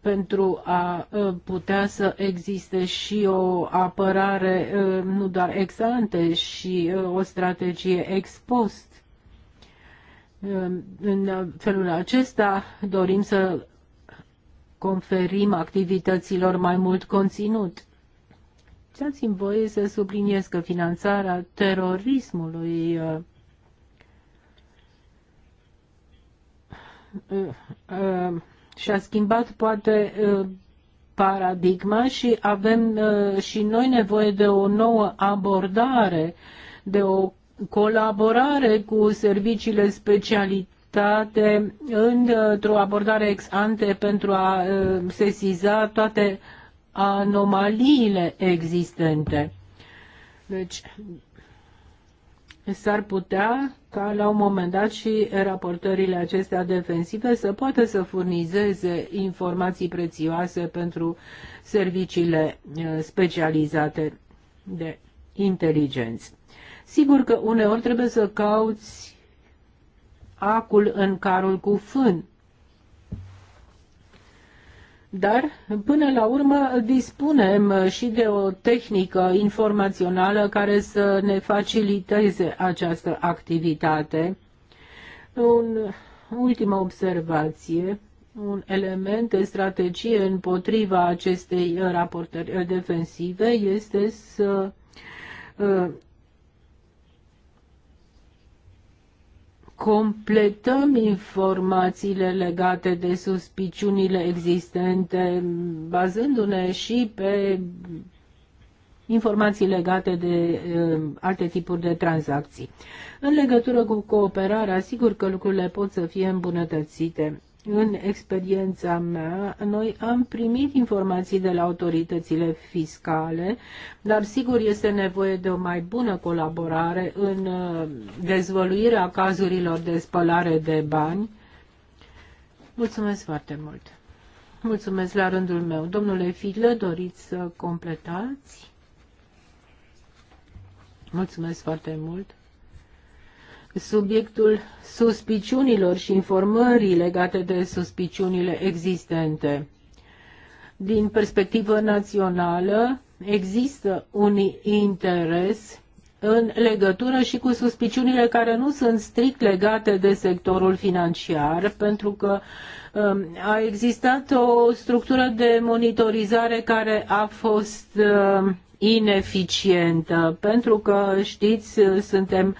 pentru a ă, putea să existe și o apărare ă, nu doar ex ante și ă, o strategie ex post în felul acesta dorim să conferim activităților mai mult conținut. Dați-mi voie să subliniez că finanțarea terorismului uh, uh, uh, și-a schimbat poate paradigma și avem și noi nevoie de o nouă abordare, de o colaborare cu serviciile specialitate într-o abordare ex ante pentru a uh, sesiza toate anomaliile existente. Deci, s-ar putea ca la un moment dat și raportările acestea defensive să poată să furnizeze informații prețioase pentru serviciile uh, specializate de inteligență. Sigur că uneori trebuie să cauți acul în carul cu fân. Dar, până la urmă, dispunem și de o tehnică informațională care să ne faciliteze această activitate. Un, ultimă observație, un element de strategie împotriva acestei raportări defensive este să completăm informațiile legate de suspiciunile existente, bazându-ne și pe informații legate de uh, alte tipuri de tranzacții. În legătură cu cooperarea, sigur că lucrurile pot să fie îmbunătățite în experiența mea, noi am primit informații de la autoritățile fiscale, dar sigur este nevoie de o mai bună colaborare în uh, dezvăluirea cazurilor de spălare de bani. Mulțumesc foarte mult! Mulțumesc la rândul meu. Domnule Fidle, doriți să completați? Mulțumesc foarte mult! subiectul suspiciunilor și informării legate de suspiciunile existente. Din perspectivă națională, există un interes în legătură și cu suspiciunile care nu sunt strict legate de sectorul financiar, pentru că um, a existat o structură de monitorizare care a fost um, ineficientă, pentru că, știți, suntem uh,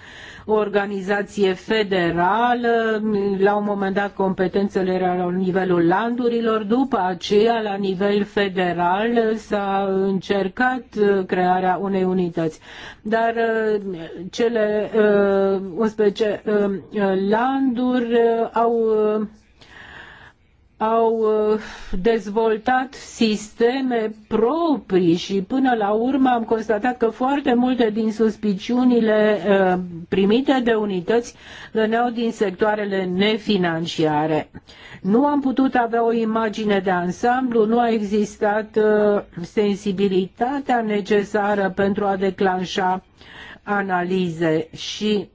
organizație federală, la un moment dat competențele erau la nivelul landurilor, după aceea la nivel federal s-a încercat uh, crearea unei unități. Dar uh, cele 11 uh, landuri au au uh, dezvoltat sisteme proprii și până la urmă am constatat că foarte multe din suspiciunile uh, primite de unități veneau din sectoarele nefinanciare. Nu am putut avea o imagine de ansamblu, nu a existat uh, sensibilitatea necesară pentru a declanșa analize și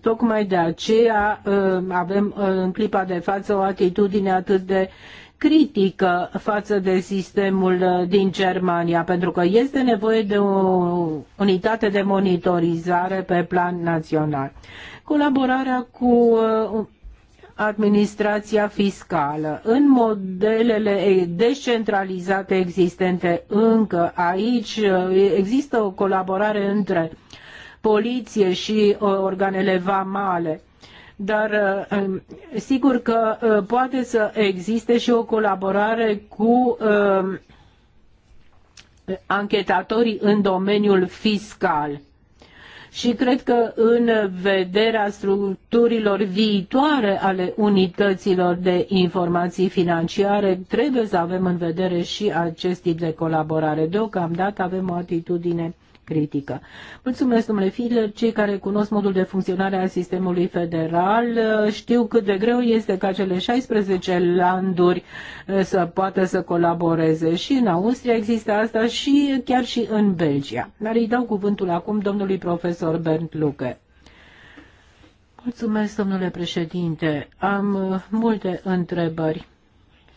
Tocmai de aceea uh, avem uh, în clipa de față o atitudine atât de critică față de sistemul uh, din Germania, pentru că este nevoie de o unitate de monitorizare pe plan național. Colaborarea cu administrația fiscală. În modelele descentralizate existente încă aici există o colaborare între poliție și uh, organele vamale dar uh, um, sigur că uh, poate să existe și o colaborare cu um, anchetatorii în domeniul fiscal. Și cred că în vederea structurilor viitoare ale unităților de informații financiare trebuie să avem în vedere și acest tip de colaborare. Deocamdată avem o atitudine uh, critică. Mulțumesc, domnule Fidler. Cei care cunosc modul de funcționare a sistemului federal uh, știu cât de greu este ca cele 16 landuri uh, să poată să colaboreze. Și în Austria există asta și chiar și în Belgia. Dar îi dau cuvântul acum domnului profesor Bernd Luke. Mulțumesc, domnule președinte. Am uh, multe întrebări.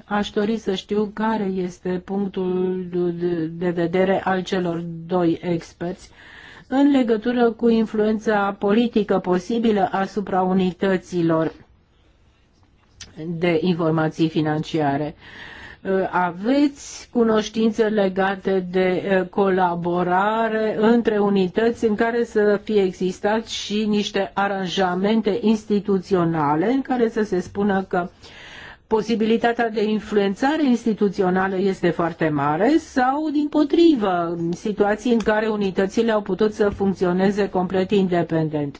Aș dori să știu care este punctul de vedere al celor doi experți în legătură cu influența politică posibilă asupra unităților de informații financiare. Aveți cunoștințe legate de colaborare între unități în care să fie existat și niște aranjamente instituționale în care să se spună că uh, posibilitatea de influențare instituțională este foarte mare sau, din potrivă, situații în care unitățile au putut să funcționeze complet independent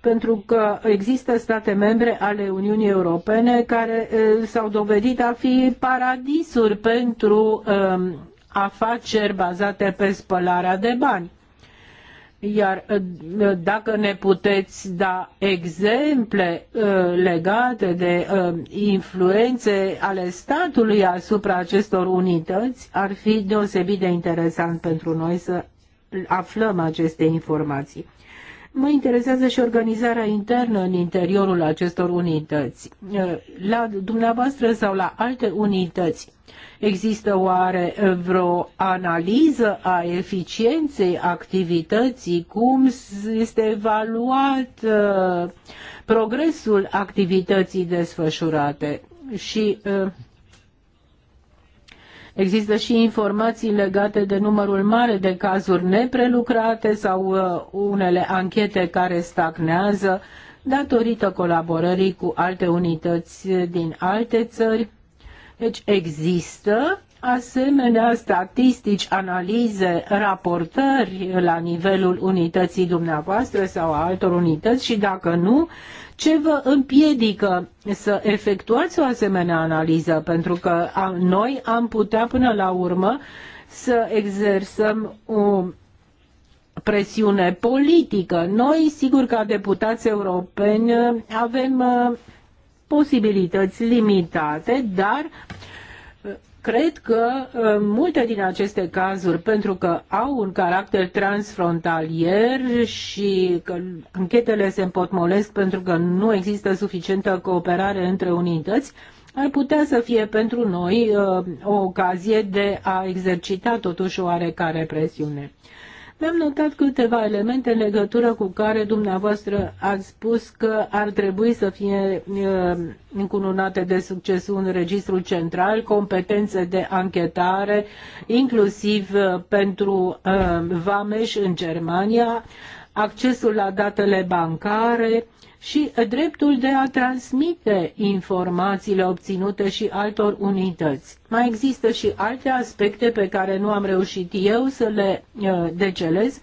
pentru că există state membre ale Uniunii Europene care s-au dovedit a fi paradisuri pentru um, afaceri bazate pe spălarea de bani. Iar ă, ă, dacă ne puteți da exemple ă, legate de influențe ale statului asupra acestor unități, ar fi deosebit de interesant pentru noi să aflăm aceste informații. Mă interesează și organizarea internă în interiorul acestor unități. Eh, la dumneavoastră sau la alte unități există oare eh, vreo analiză a eficienței activității? Cum este evaluat eh, progresul activității desfășurate? Și Există și informații legate de numărul mare de cazuri neprelucrate sau uh, unele anchete care stagnează datorită colaborării cu alte unități din alte țări. Deci există asemenea statistici, analize, raportări la nivelul unității dumneavoastră sau a altor unități și dacă nu, ce vă împiedică să efectuați o asemenea analiză? Pentru că noi am putea până la urmă să exersăm o presiune politică. Noi, sigur, ca deputați europeni, avem uh, posibilități limitate, dar Cred că uh, multe din aceste cazuri, pentru că au un caracter transfrontalier și că anchetele se împotmolesc pentru că nu există suficientă cooperare între unități, ar putea să fie pentru noi uh, o ocazie de a exercita totuși oarecare presiune. Mi-am notat câteva elemente în legătură cu care dumneavoastră ați spus că ar trebui să fie uh, încununate de succes un registru central, competențe de anchetare, inclusiv uh, pentru uh, Vameș în Germania, accesul la datele bancare, și dreptul de a transmite informațiile obținute și altor unități. Mai există și alte aspecte pe care nu am reușit eu să le uh, decelez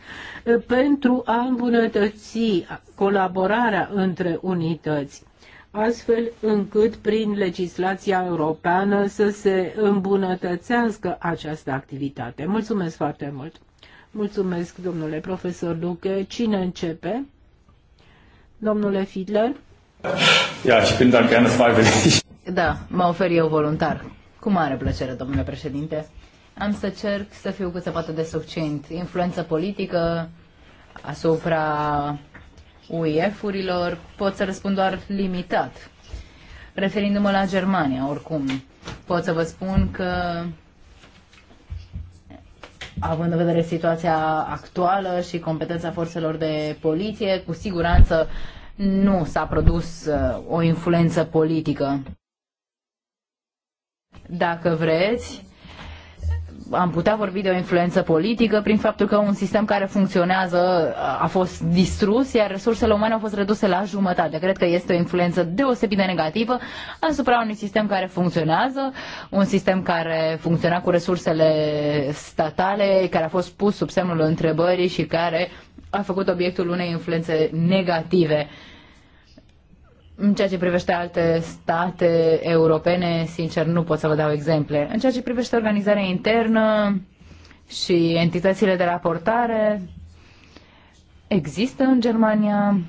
uh, pentru a îmbunătăți colaborarea între unități astfel încât prin legislația europeană să se îmbunătățească această activitate. Mulțumesc foarte mult! Mulțumesc, domnule profesor Luche. Cine începe? Domnule Fiedler? Ia, și când dacă nu Da, mă ofer eu voluntar. Cu mare plăcere, domnule președinte. Am să cerc să fiu cât se poate de succint. Influență politică asupra uef urilor pot să răspund doar limitat. Referindu-mă la Germania, oricum, pot să vă spun că având în vedere situația actuală și competența forțelor de poliție, cu siguranță nu s-a produs uh, o influență politică. Dacă vreți, am putea vorbi de o influență politică prin faptul că un sistem care funcționează uh, a fost distrus, iar resursele umane au fost reduse la jumătate. Cred că este o influență deosebit de negativă asupra unui sistem care funcționează, un sistem care funcționa cu resursele statale, care a fost pus sub semnul întrebării și care a făcut obiectul unei influențe negative. În ceea ce privește alte state europene, sincer, nu pot să vă dau exemple. În ceea ce privește organizarea internă și entitățile de raportare, există în Germania.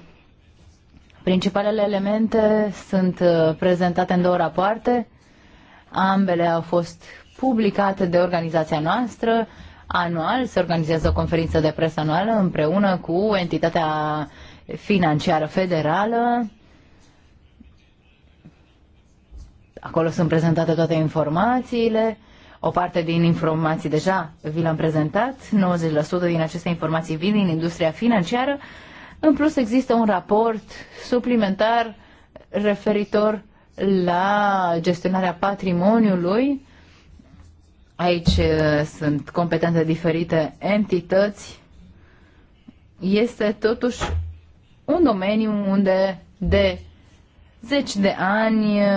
Principalele elemente sunt uh, prezentate în două rapoarte. Ambele au fost publicate de organizația noastră. Anual se organizează o conferință de presă anuală împreună cu entitatea financiară federală Acolo sunt prezentate toate informațiile. O parte din informații deja vi le-am prezentat. 90% din aceste informații vin din industria financiară. În plus există un raport suplimentar referitor la gestionarea patrimoniului. Aici uh, sunt competente diferite entități. Este totuși un domeniu unde de zeci de ani uh,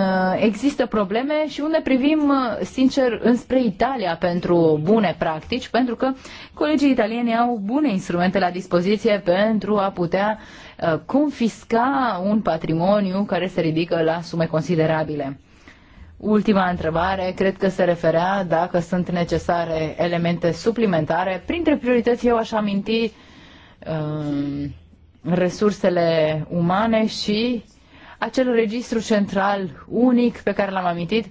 există probleme și unde privim uh, sincer înspre Italia pentru bune practici, pentru că colegii italieni au bune instrumente la dispoziție pentru a putea uh, confisca un patrimoniu care se ridică la sume considerabile. Ultima întrebare, cred că se referea dacă sunt necesare elemente suplimentare. Printre priorități eu aș aminti uh, resursele umane și uh, acel registru central unic pe care l-am amintit,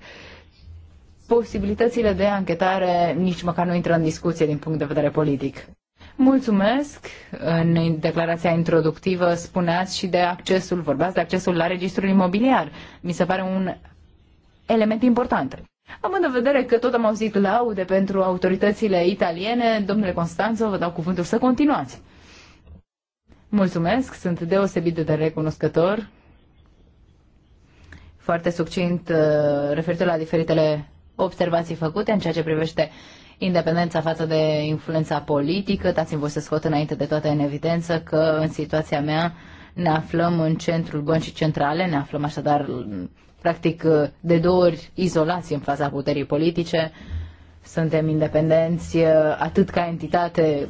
posibilitățile de anchetare nici măcar nu intră în discuție din punct de vedere politic. Mulțumesc. În declarația introductivă spuneați și de accesul, vorbeați de accesul la registrul imobiliar. Mi se pare un element important. Având în vedere că tot am auzit laude pentru autoritățile italiene, domnule Constanțo, vă dau cuvântul să continuați. Mulțumesc, sunt deosebit de recunoscător foarte succint uh, referitor la diferitele observații făcute în ceea ce privește independența față de influența politică. Dați-mi voi să scot înainte de toate în evidență că în situația mea ne aflăm în centrul băncii centrale, ne aflăm așadar practic de două ori izolați în fața puterii politice. Suntem independenți uh, atât ca entitate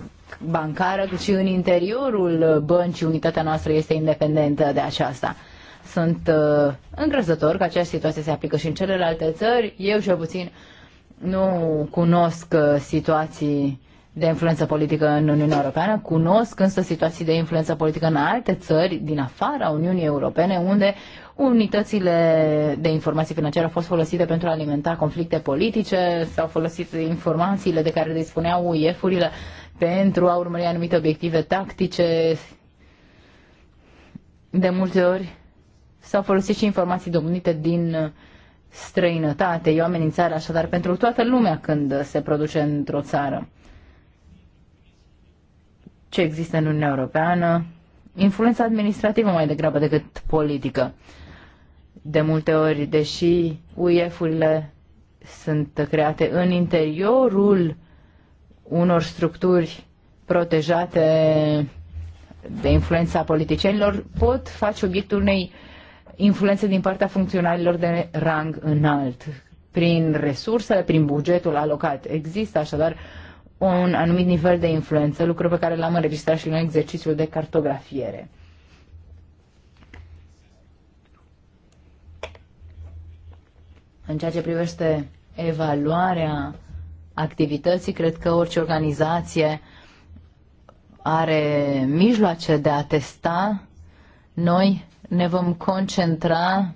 bancară, cât și în interiorul băncii, unitatea noastră este independentă de aceasta sunt uh, încrezător că această situație se aplică și în celelalte țări. Eu și eu puțin nu cunosc uh, situații de influență politică în Uniunea Europeană, cunosc însă situații de influență politică în alte țări din afara Uniunii Europene, unde unitățile de informații financiare au fost folosite pentru a alimenta conflicte politice, s-au folosit informațiile de care dispuneau UEF-urile pentru a urmări anumite obiective tactice. De multe ori S-au folosit și informații domnite din uh, străinătate. E o amenințare așadar pentru toată lumea când se produce într-o țară. Ce există în Uniunea Europeană? Influența administrativă mai degrabă decât politică. De multe ori, deși uef urile sunt create în interiorul unor structuri protejate de influența politicienilor, pot face obiectul unei uh, influențe din partea funcționarilor de rang înalt, prin resursele, prin bugetul alocat. Există așadar un anumit nivel de influență, lucru pe care l-am înregistrat și în exercițiul de cartografiere. În ceea ce privește evaluarea activității, cred că orice organizație are mijloace de a testa. Noi ne vom concentra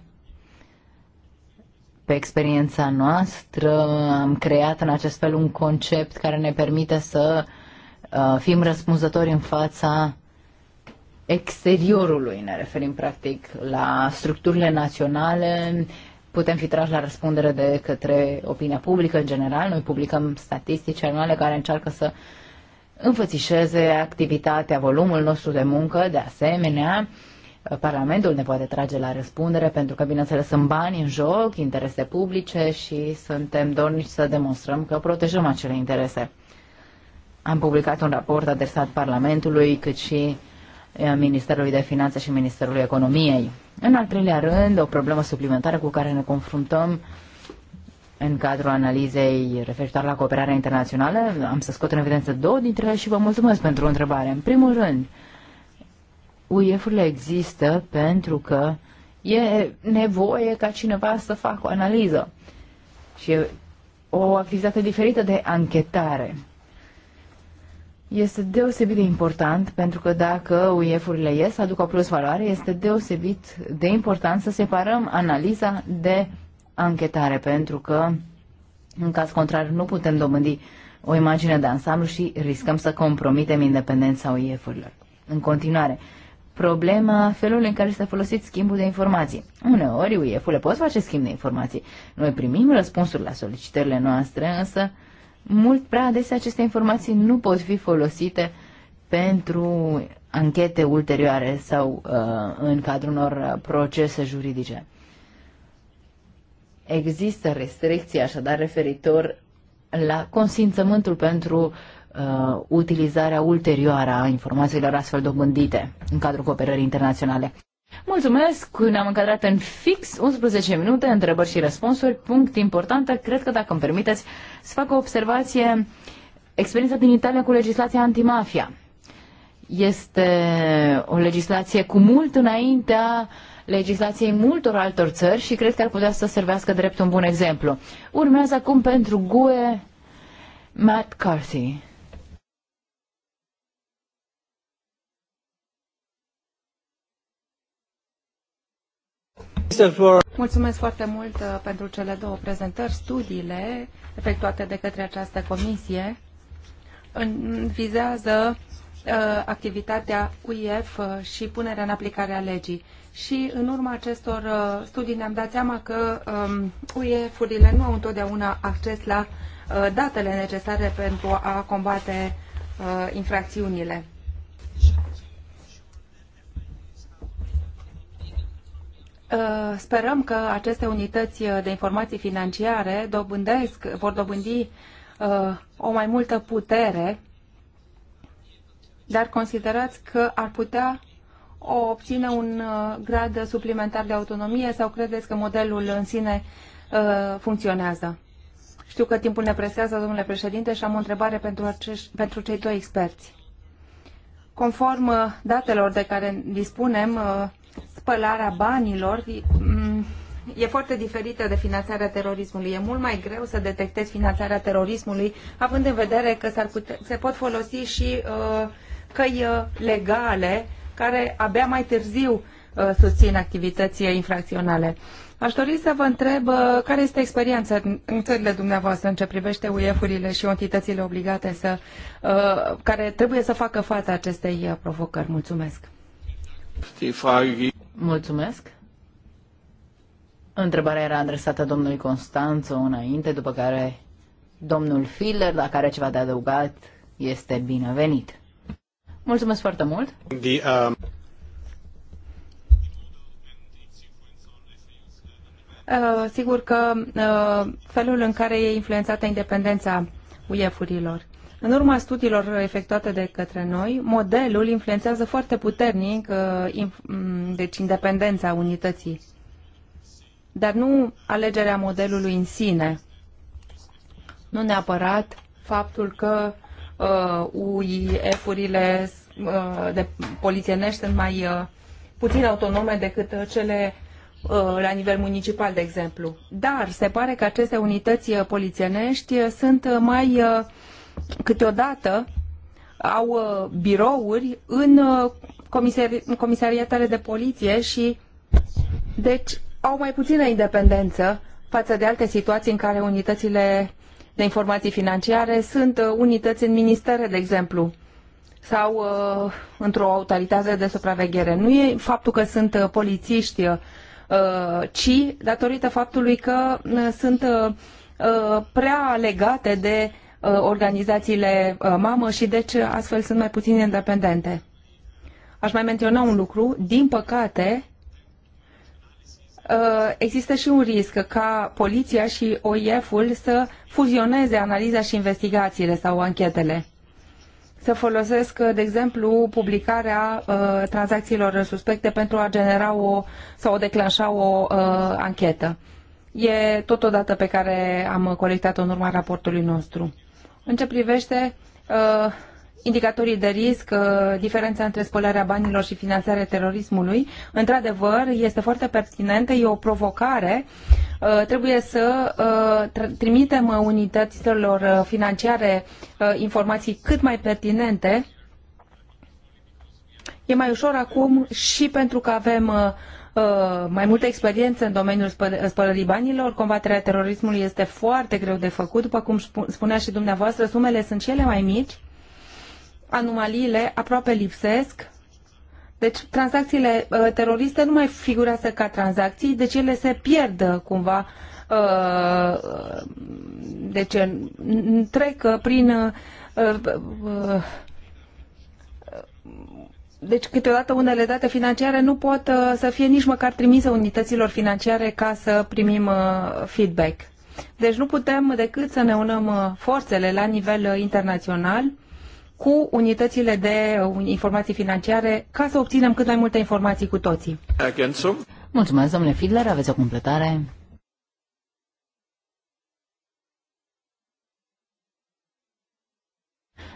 pe experiența noastră. Am creat în acest fel un concept care ne permite să uh, fim răspunzători în fața exteriorului. Ne referim practic la structurile naționale, putem fi trași la răspundere de către opinia publică în general. Noi publicăm statistici anuale care încearcă să înfățișeze activitatea, volumul nostru de muncă, de asemenea, uh, Parlamentul ne poate trage la răspundere, pentru că, bineînțeles, sunt bani în joc, interese publice și suntem dornici să demonstrăm că protejăm acele interese. Am publicat un raport adresat Parlamentului, cât și eh, Ministerului de Finanțe și Ministerului Economiei. În al treilea rând, o problemă suplimentară cu care ne confruntăm în cadrul analizei referitoare la cooperarea internațională, am să scot în evidență două dintre ele și vă mulțumesc pentru o întrebare. În primul rând, UIF-urile există pentru că e nevoie ca cineva să facă o analiză. Și e o activitate diferită de anchetare. Este deosebit de important pentru că dacă UIF-urile ies, aduc o plus valoare, este deosebit de important să separăm analiza de anchetare pentru că în caz contrar nu putem dobândi o imagine de ansamblu și riscăm să compromitem independența UIF-urilor. În continuare, problema felului în care s-a folosit schimbul de informații. Uneori UEF-urile poți face schimb de informații. Noi primim răspunsuri la solicitările noastre, însă mult prea adesea aceste informații nu pot fi folosite pentru anchete ulterioare sau uh, în cadrul unor uh, procese juridice. Există restricții așadar referitor la consimțământul pentru uh, utilizarea ulterioară a informațiilor astfel dobândite în cadrul cooperării internaționale. Mulțumesc, ne-am încadrat în fix 11 minute, întrebări și răspunsuri, punct important, cred că dacă îmi permiteți să fac o observație, experiența din Italia cu legislația antimafia. Este o legislație cu mult înaintea legislației multor altor țări și cred că ar putea să servească drept un bun exemplu. Urmează acum pentru GUE Matt Carthy. Mulțumesc foarte mult uh, pentru cele două prezentări, studiile efectuate de către această comisie vizează uh, activitatea UIF uh, și punerea în aplicare a legii. Și în urma acestor studii ne-am dat seama că UIF-urile um, nu au întotdeauna acces la datele necesare pentru a combate infracțiunile. Uh, sperăm că aceste unități de informații financiare dobândesc, vor dobândi uh, o mai multă putere, dar considerați că ar putea obține un uh, grad suplimentar de autonomie sau credeți că modelul în sine funcționează? Știu că timpul ne presează, domnule președinte, și am o întrebare pentru, acești, pentru cei doi experți. Conform datelor de care dispunem, spălarea banilor e foarte diferită de finanțarea terorismului. E mult mai greu să detectezi finanțarea terorismului, având în vedere că s-ar pute- se pot folosi și uh, căi uh, legale care abia mai târziu uh, susțin activității infracționale. Aș dori să vă întreb uh, care este experiența în țările dumneavoastră în ce privește UEF-urile și entitățile obligate să, uh, care trebuie să facă față acestei uh, provocări. Mulțumesc! Mulțumesc. Întrebarea era adresată domnului Constanțo înainte, după care domnul Filler, dacă are ceva de adăugat, este binevenit. Mulțumesc foarte mult. The, uh... Uh, sigur că uh, felul în care e influențată independența UEF-urilor. În urma studiilor efectuate de către noi, modelul influențează foarte puternic uh, mm, deci independența unității, dar nu alegerea modelului în sine, nu neapărat faptul că uh, UIF-urile uh, de polițienești sunt mai uh, puțin autonome decât uh, cele uh, la nivel municipal, de exemplu. Dar se pare că aceste unități uh, polițienești sunt mai uh, câteodată au uh, birouri în uh, comisari comisariatele de poliție și deci au mai puțină independență față de alte situații în care unitățile de informații financiare sunt uh, unități în ministere, de exemplu, sau uh, într-o autoritate de supraveghere. Nu e faptul că sunt polițiști, uh, ci datorită faptului că sunt uh, prea legate de Uh, organizațiile uh, mamă și deci astfel sunt mai puțin independente. Aș mai menționa un lucru. Din păcate, uh, există și un risc ca poliția și OIF-ul să fuzioneze analiza și investigațiile sau anchetele. Să folosesc, de exemplu, publicarea uh, tranzacțiilor suspecte pentru a genera o sau a declanșa o anchetă. E totodată pe care am colectat-o în urma raportului nostru. În ce privește uh, indicatorii de risc, uh, diferența între spălarea banilor și finanțarea terorismului, într-adevăr, este foarte pertinentă, e o provocare. Uh, trebuie să uh, trimitem unităților uh, financiare uh, informații cât mai pertinente. E mai ușor acum și pentru că avem uh, Uh, mai multă experiență în domeniul spăl- spălării banilor. Combaterea terorismului este foarte greu de făcut. După cum spunea și dumneavoastră, sumele sunt cele mai mici, anomaliile aproape lipsesc. Deci tranzacțiile uh, teroriste nu mai figurează ca tranzacții, deci ele se pierd uh, cumva deci trec prin deci, câteodată, unele date financiare nu pot uh, să fie nici măcar trimise unităților financiare ca să primim uh, feedback. Deci nu putem decât să ne unăm uh, forțele la nivel internațional cu unitățile de informații financiare ca să obținem cât mai multe informații cu toții. Mulțumesc, domnule Fidler, aveți o completare?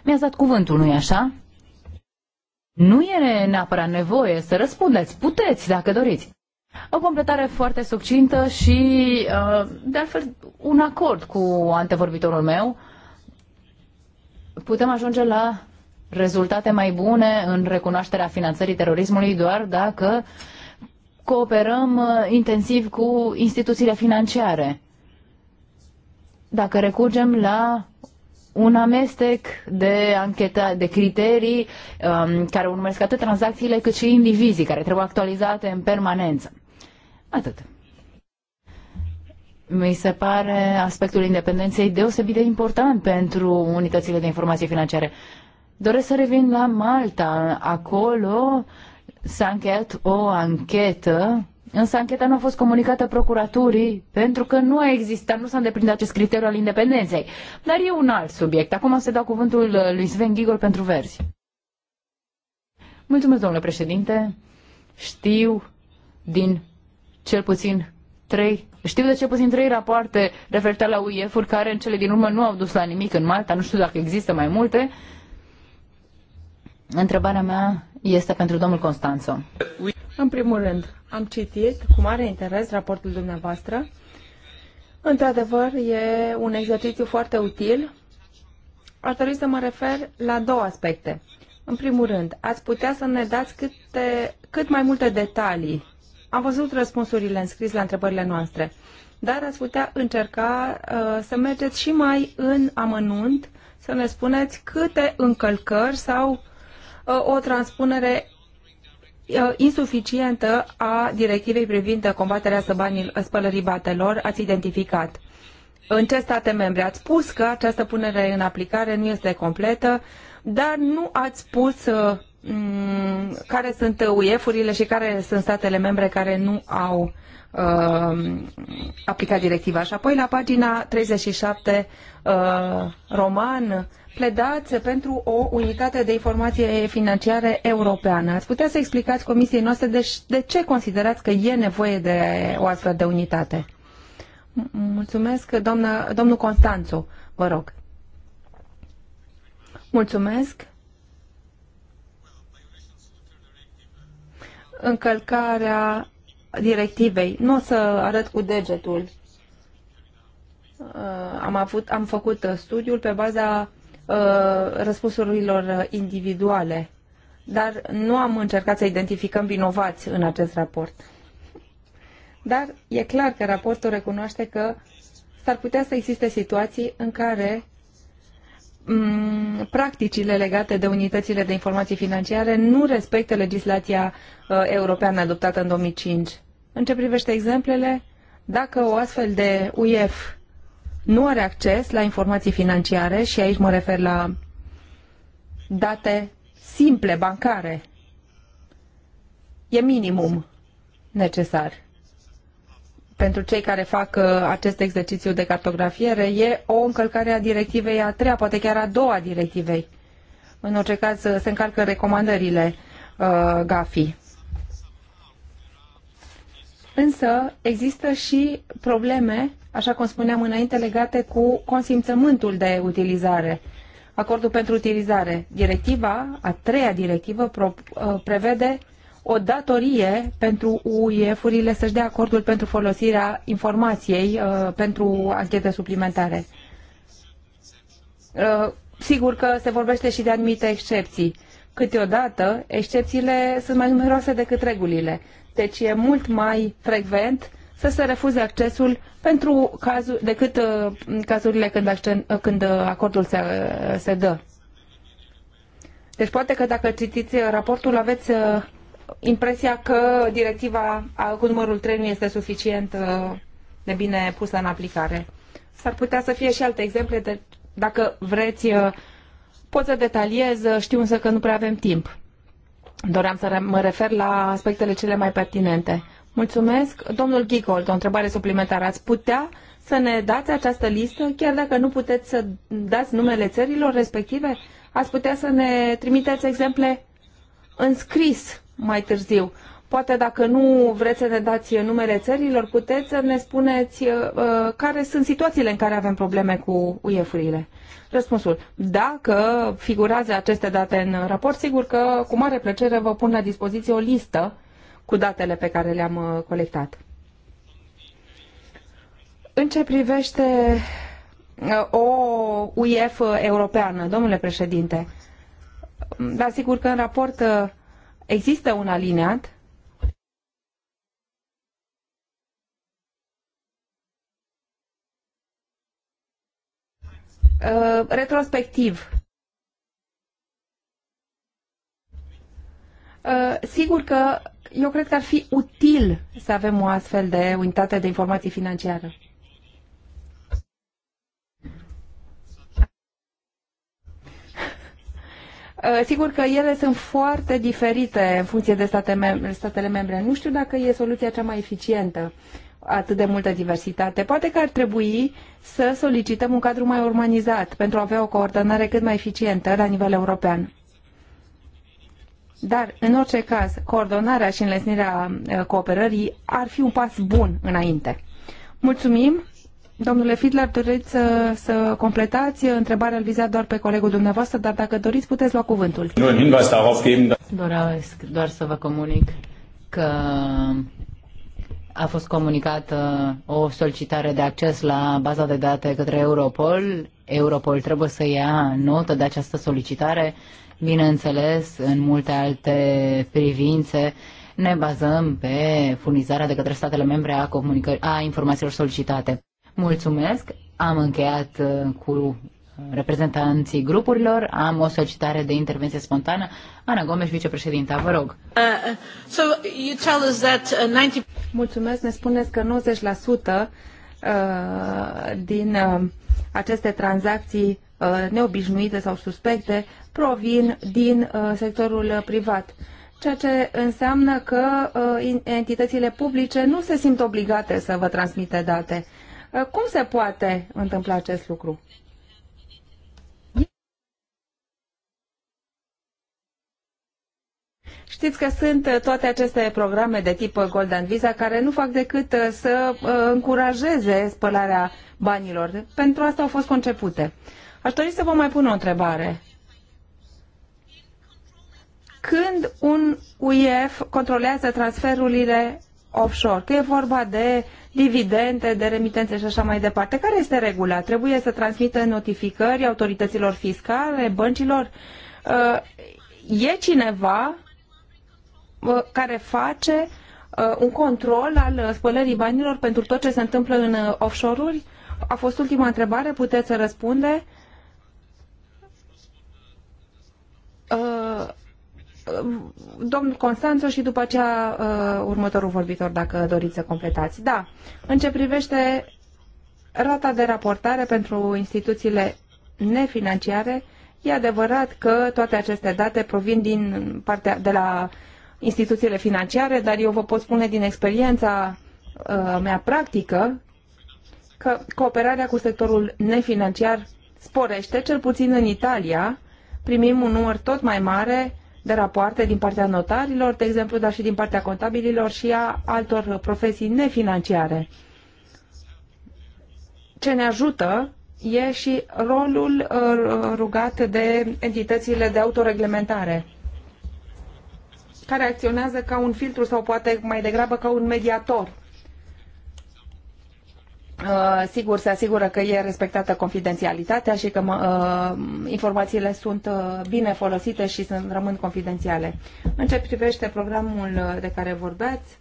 Mi-ați dat cuvântul, nu-i așa? Nu e neapărat nevoie să răspundeți. Puteți, dacă doriți. O completare foarte succintă și, uh, de altfel, un acord cu antevorbitorul meu. Putem ajunge la rezultate mai bune în recunoașterea finanțării terorismului doar dacă cooperăm uh, intensiv cu instituțiile financiare. Dacă recurgem la un amestec de ancheta, de criterii um, care urmăresc atât tranzacțiile cât și indivizii care trebuie actualizate în permanență. Atât. Mi se pare aspectul independenței deosebit de important pentru unitățile de informații financiare. Doresc să revin la Malta. Acolo s-a încheiat o anchetă Însă ancheta nu a fost comunicată procuraturii pentru că nu a existat, nu s-a îndeplinit acest criteriu al independenței. Dar e un alt subiect. Acum se dau cuvântul uh, lui Sven Ghigol pentru verzi. Mulțumesc, domnule președinte. Știu din cel puțin trei știu de cel puțin trei rapoarte referitoare la UEF-uri care în cele din urmă nu au dus la nimic în Malta, nu știu dacă există mai multe. Întrebarea mea este pentru domnul Constanțo. În primul rând, am citit cu mare interes raportul dumneavoastră. Într-adevăr, e un exercițiu foarte util. Ar trebui să mă refer la două aspecte. În primul rând, ați putea să ne dați câte, cât mai multe detalii. Am văzut răspunsurile înscris la întrebările noastre, dar ați putea încerca uh, să mergeți și mai în amănunt, să ne spuneți câte încălcări sau uh, o transpunere Uh, insuficientă a directivei privind combaterea spălării batelor ați identificat? În ce state membre? Ați spus că această punere în aplicare nu este completă, dar nu ați spus uh, mm, care sunt UEF-urile și care sunt statele membre care nu au uh, aplicat directiva. Și apoi la pagina 37 uh, roman pledați pentru o unitate de informație financiare europeană. Ați putea să explicați comisiei noastre de, de ce considerați că e nevoie de o astfel de unitate? Mulțumesc, doamnă, domnul Constanțu, vă rog. Mulțumesc. Încălcarea directivei. Nu o să arăt cu degetul. Uh, am, avut, am făcut studiul pe baza Uh, răspunsurilor individuale, dar nu am încercat să identificăm vinovați în acest raport. Dar e clar că raportul recunoaște că s-ar putea să existe situații în care mm, practicile legate de unitățile de informații financiare nu respectă legislația uh, europeană adoptată în 2005. În ce privește exemplele, dacă o astfel de UEF nu are acces la informații financiare și aici mă refer la date simple, bancare. E minimum necesar. Pentru cei care fac uh, acest exercițiu de cartografiere, e o încălcare a directivei a treia, poate chiar a doua directivei. În orice caz, uh, se încarcă recomandările uh, GAFI. Însă, există și probleme așa cum spuneam înainte, legate cu consimțământul de utilizare. Acordul pentru utilizare. Directiva, a treia directivă, pro, uh, prevede o datorie pentru UIF-urile să-și dea acordul pentru folosirea informației uh, pentru anchete suplimentare. Uh, sigur că se vorbește și de anumite excepții. Câteodată, excepțiile sunt mai numeroase decât regulile. Deci e mult mai frecvent să se refuze accesul pentru cazul, decât uh, cazurile când, accent, uh, când uh, acordul se, uh, se dă. Deci poate că dacă citiți raportul aveți impresia că directiva cu numărul 3 nu este suficient de bine pusă în aplicare. S-ar putea să fie și alte exemple, de, dacă vreți pot să detaliez, știu însă că nu prea avem timp. Doream să mă refer la aspectele cele mai pertinente. Mulțumesc. Domnul Gigold, o întrebare suplimentară. Ați putea să ne dați această listă, chiar dacă nu puteți să dați numele țărilor respective? Ați putea să ne trimiteți exemple în scris mai târziu. Poate dacă nu vreți să ne dați numele țărilor, puteți să ne spuneți uh, care sunt situațiile în care avem probleme cu uiefurile? urile Răspunsul. Dacă figurează aceste date în raport, sigur că cu mare plăcere vă pun la dispoziție o listă uh, cu datele pe care le-am uh, colectat. În ce privește uh, o UEF uh, europeană, domnule președinte, dar sigur că în raport există un alineat retrospectiv Uh, sigur că eu cred că ar fi util să avem o astfel de unitate de informații financiară. Uh, sigur că ele sunt foarte diferite în funcție de state mem- statele membre. Nu știu dacă e soluția cea mai eficientă, atât de multă diversitate. Poate că ar trebui să solicităm un cadru mai urbanizat pentru a avea o coordonare cât mai eficientă la nivel european. Dar, în orice caz, coordonarea și înlesnirea cooperării ar fi un pas bun înainte. Mulțumim! Domnule Fidler, doriți să, să completați? Întrebarea îl vizea doar pe colegul dumneavoastră, dar dacă doriți, puteți lua cuvântul. Da. Doresc doar să vă comunic că a fost comunicată o solicitare de acces la baza de date către Europol. Europol trebuie să ia notă de această solicitare. Bineînțeles, în multe alte privințe, ne bazăm pe furnizarea de către statele membre a, a informațiilor solicitate. Mulțumesc! Am încheiat uh, cu reprezentanții grupurilor. Am o solicitare de intervenție spontană. Ana Gomes, vicepreședinta, vă rog. Uh, uh so you tell us that 90... Uh, Mulțumesc, ne spuneți că 90% uh, din aceste tranzacții neobișnuite sau suspecte provin din sectorul privat ceea ce înseamnă că entitățile publice nu se simt obligate să vă transmită date. Cum se poate întâmpla acest lucru? Știți că sunt uh, toate aceste programe de tip uh, Golden Visa care nu fac decât uh, să încurajeze spălarea banilor. Pentru asta au fost concepute. Aș dori să vă mai pun o întrebare. Când un UIF controlează transferurile offshore, că e vorba de dividende, de remitențe și așa mai departe, care este regula? Trebuie să transmită notificări autorităților fiscale, băncilor? E cineva Uh, care face uh, un control al uh, spălării banilor pentru tot ce se întâmplă în offshore-uri? A fost ultima întrebare, puteți să răspunde. Domnul Constanțo și după aceea următorul vorbitor, dacă doriți să completați. Da, în ce privește rata de raportare pentru instituțiile nefinanciare, E adevărat că toate aceste date provin din partea de la instituțiile financiare, dar eu vă pot spune din experiența uh, mea practică că cooperarea cu sectorul nefinanciar sporește, cel puțin în Italia, primim un număr tot mai mare de rapoarte din partea notarilor, de exemplu, dar și din partea contabililor și a altor profesii nefinanciare. Ce ne ajută e și rolul uh, rugat de entitățile de autoreglementare care acționează ca un filtru sau poate mai degrabă ca un mediator. Uh, sigur, se asigură că e respectată confidențialitatea și că uh, informațiile sunt uh, bine folosite și sunt, rămân confidențiale. În ce privește programul de care vorbeați,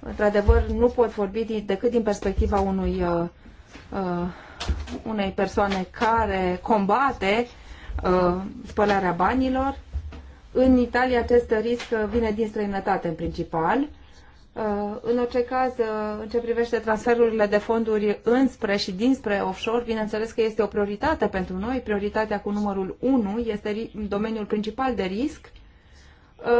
într-adevăr, nu pot vorbi decât din perspectiva unui, uh, uh, unei persoane care combate uh, spălarea banilor în Italia acest risc uh, vine din străinătate în principal. Uh, în orice caz, uh, în ce privește transferurile de fonduri înspre și dinspre offshore, bineînțeles că este o prioritate pentru noi. Prioritatea cu numărul 1 este domeniul principal de risc.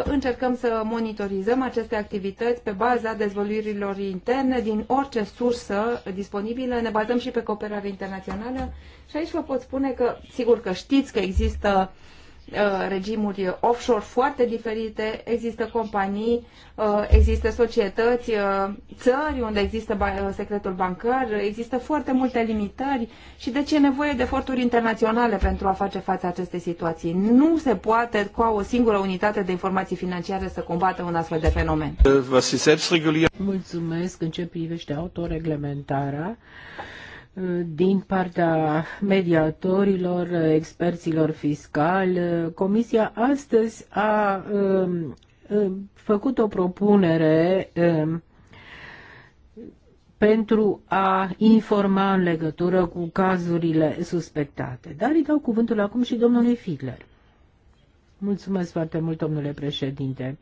Încercăm să monitorizăm aceste activități pe baza dezvăluirilor interne din orice sursă disponibilă. Ne bazăm și pe cooperare internațională și aici vă pot spune că, sigur că știți că există uh, Uh, regimuri offshore foarte diferite, există companii, uh, există societăți, uh, țări unde există secretul bancar, există foarte multe limitări și deci e nevoie de eforturi internaționale pentru a face față acestei situații. Nu se poate cu o singură unitate de informații financiare să combată un astfel de fenomen. Mulțumesc în ce privește autoreglementarea din partea mediatorilor, experților fiscali. Comisia astăzi a um, um, făcut o propunere um, pentru a informa în legătură cu cazurile suspectate. Dar îi dau cuvântul acum și domnului Fidler. Mulțumesc foarte mult, domnule președinte.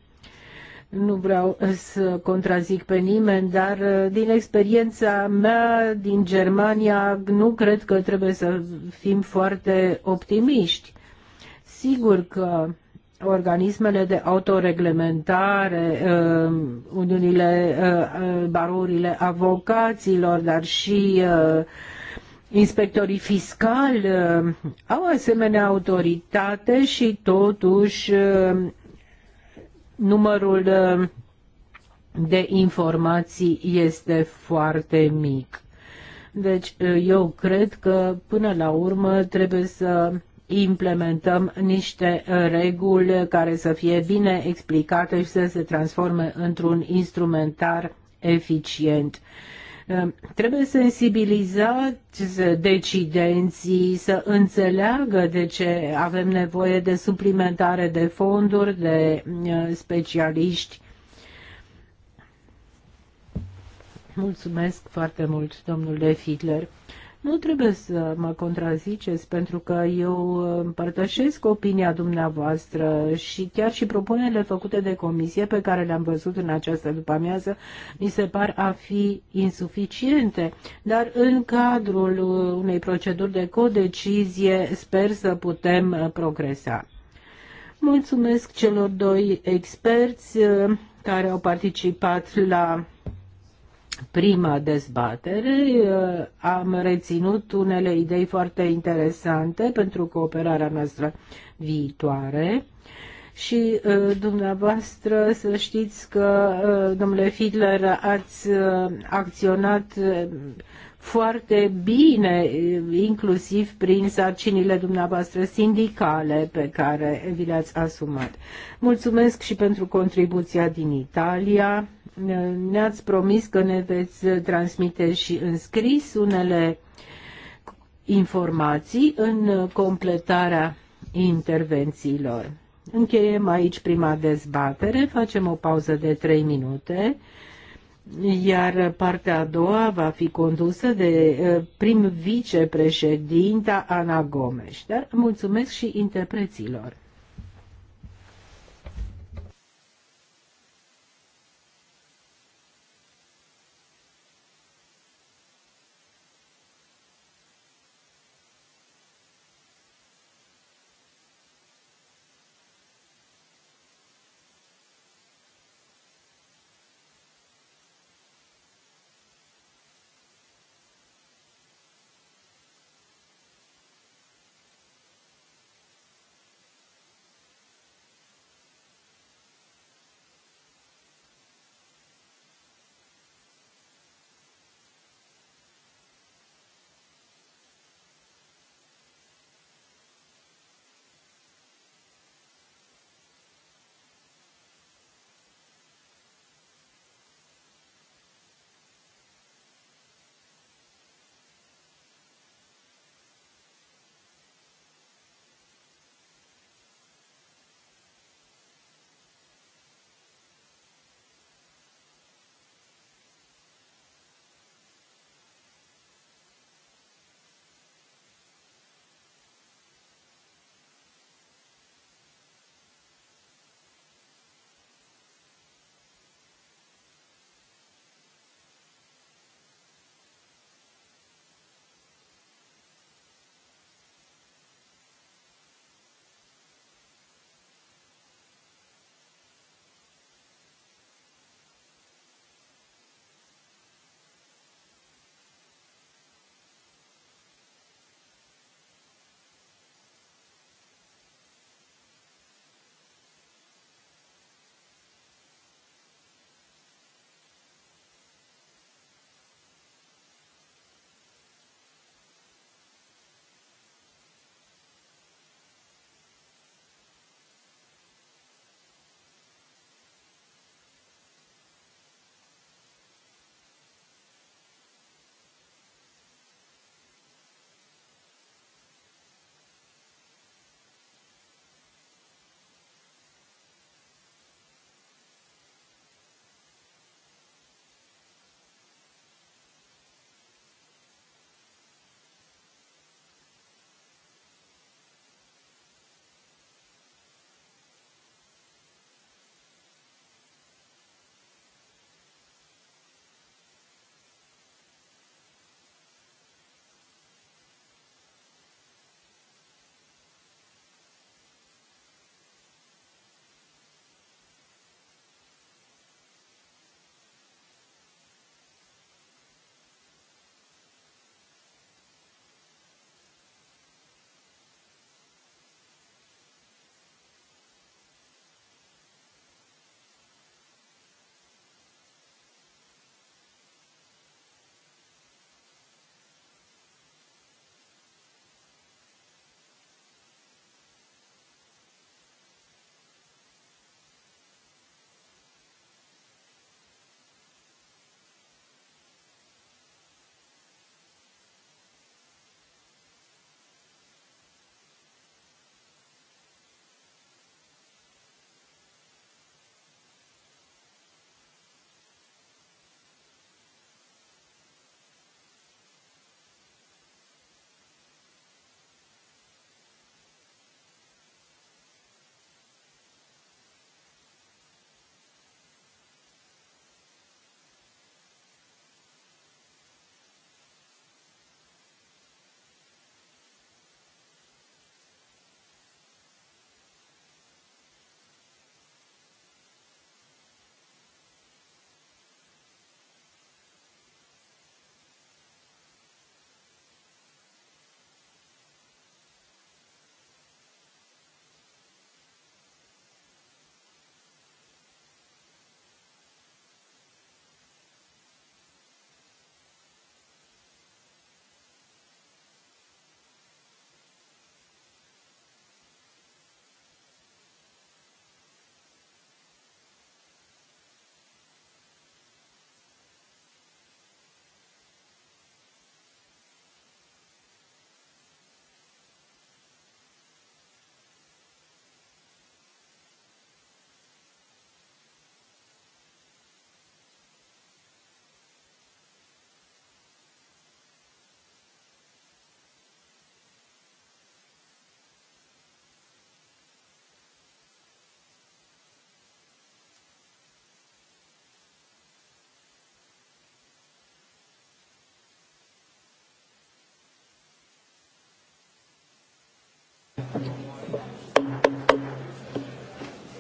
Nu vreau eh, să contrazic pe nimeni, dar eh, din experiența mea din Germania nu cred că trebuie să fim foarte optimiști. Sigur că organismele de autoreglementare, eh, uniunile, barourile avocaților, dar și inspectorii fiscali au asemenea autoritate și totuși numărul uh, de informații este foarte mic. Deci uh, eu cred că până la urmă trebuie să implementăm niște uh, reguli care să fie bine explicate și să se transforme într-un instrumentar eficient. Ehm, trebuie sensibilizați decidenții să înțeleagă de ce avem nevoie de suplimentare de fonduri, de eh, specialiști. Mulțumesc foarte mult, domnule Fidler. Nu trebuie să mă contraziceți, pentru că eu împărtășesc opinia dumneavoastră și chiar și propunerile făcute de comisie pe care le-am văzut în această după-amiază mi se par a fi insuficiente, dar în cadrul unei proceduri de codecizie sper să putem progresa. Mulțumesc celor doi experți uh, care au participat la prima dezbatere uh, am reținut unele idei foarte interesante pentru cooperarea noastră viitoare și uh, dumneavoastră să știți că, uh, domnule Fidler, ați acționat foarte bine, inclusiv prin sarcinile dumneavoastră sindicale pe care vi le-ați asumat. Mulțumesc și pentru contribuția din Italia ne-ați promis că ne veți transmite și în scris unele informații în completarea intervențiilor. Încheiem aici prima dezbatere, facem o pauză de 3 minute, iar partea a doua va fi condusă de eh, prim vicepreședinta Ana Gomes. Dar mulțumesc și interpreților.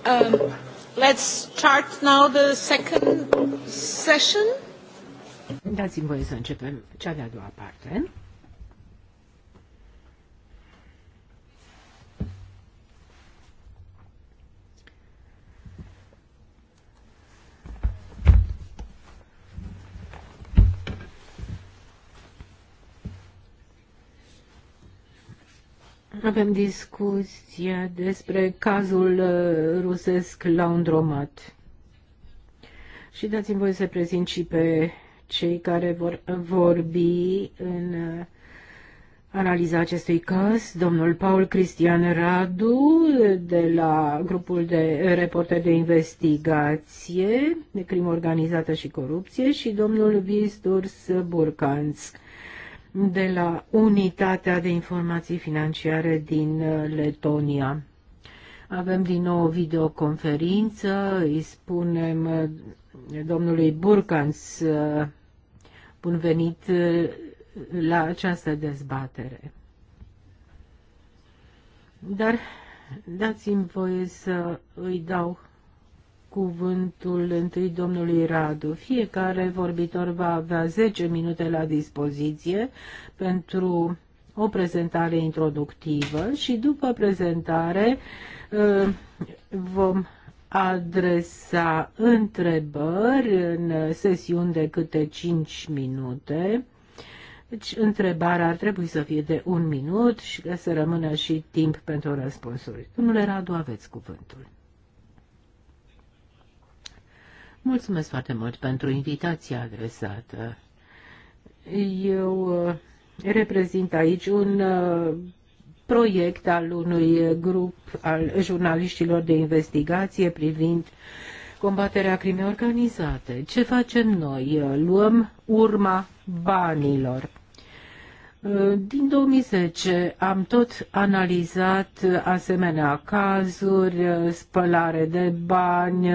Um, let's start now the second session. Dați-mi voie să începem cea de-a doua parte. avem discuție despre cazul uh, rusesc la undromat. Și dați-mi voie să prezint și pe cei care vor vorbi în uh, analiza acestui caz, domnul Paul Cristian Radu de la grupul de reporteri de investigație de crimă organizată și corupție și domnul Visturs Burcanț de la Unitatea de Informații Financiare din uh, Letonia. Avem din nou o videoconferință, îi spunem uh, domnului Burkans uh, bun venit la această dezbatere. Dar dați-mi voie să îi dau cuvântul întâi domnului Radu. Fiecare vorbitor va avea 10 minute la dispoziție pentru o prezentare introductivă și după prezentare ă, vom adresa întrebări în sesiuni de câte 5 minute. Deci întrebarea ar trebui să fie de un minut și să rămână și timp pentru răspunsuri. Domnule Radu, aveți cuvântul. Mulțumesc foarte mult pentru invitația adresată. Eu uh, reprezint aici un uh, proiect al unui grup al jurnaliștilor de investigație privind combaterea crimei organizate. Ce facem noi? Uh, luăm urma banilor. Din 2010 am tot analizat asemenea cazuri, spălare de bani,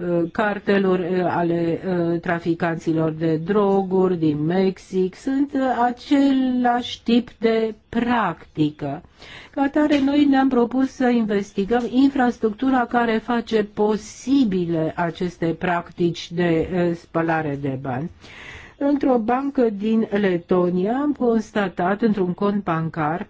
Uh, cartelor uh, ale uh, traficanților de droguri din Mexic sunt același tip de practică. Ca atare, noi ne-am propus să investigăm infrastructura care face posibile aceste practici de spălare de bani. Într-o bancă din Letonia am constatat într-un cont bancar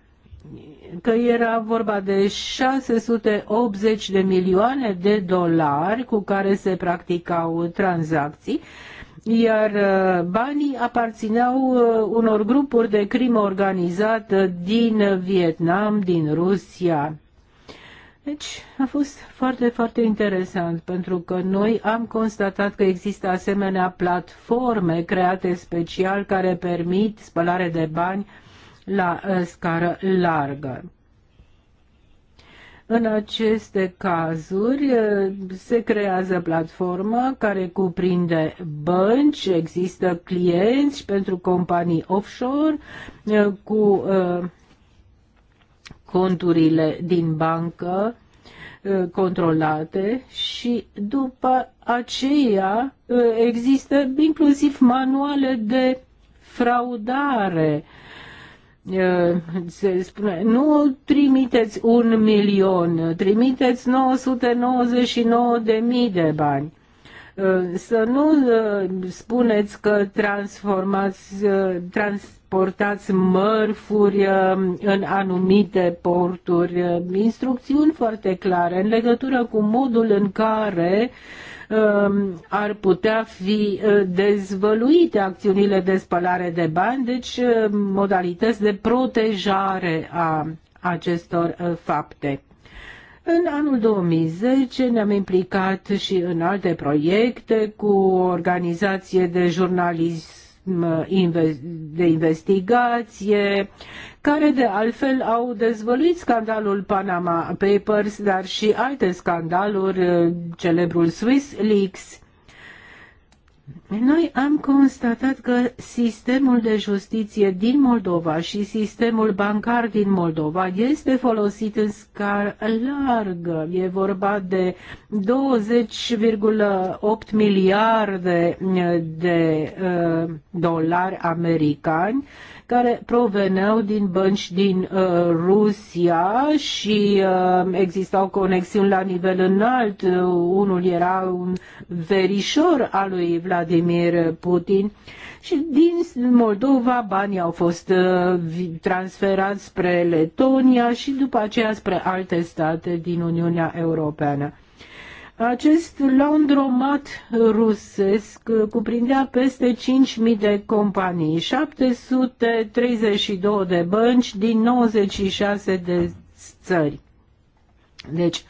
că era vorba de 680 de milioane de dolari cu care se practicau tranzacții, iar uh, banii aparțineau uh, unor grupuri de crimă organizată din Vietnam, din Rusia. Deci a fost foarte, foarte interesant pentru că noi am constatat că există asemenea platforme create special care permit spălare de bani la eh, scară largă. În aceste cazuri eh, se creează platformă care cuprinde bănci, există clienți pentru companii offshore eh, cu conturile din bancă controlate și după aceea există inclusiv manuale de fraudare se spune, nu trimiteți un milion, trimiteți 999.000 de mii de bani. Să nu uh, spuneți că transformați, uh, transportați mărfuri uh, în anumite porturi. Instrucțiuni foarte clare în legătură cu modul în care uh, Um, ar putea fi uh, dezvăluite acțiunile de spălare de bani, deci uh, modalități de protejare a acestor uh, fapte. În anul 2010 ne-am implicat și în alte proiecte cu o organizație de jurnaliști de investigație, care de altfel au dezvăluit scandalul Panama Papers, dar și alte scandaluri, uh, celebrul Swiss Leaks, noi am constatat că sistemul de justiție din Moldova și sistemul bancar din Moldova este folosit în scară largă. E vorba de 20,8 miliarde de uh, dolari americani care proveneau din bănci din uh, Rusia și uh, existau conexiuni la nivel înalt. Uh, unul era un verișor al lui Vladimir Putin și din Moldova banii au fost uh, transferați spre Letonia și după aceea spre alte state din Uniunea Europeană. Acest laundromat rusesc cuprindea peste 5.000 de companii, 732 de bănci din 96 de țări. Deci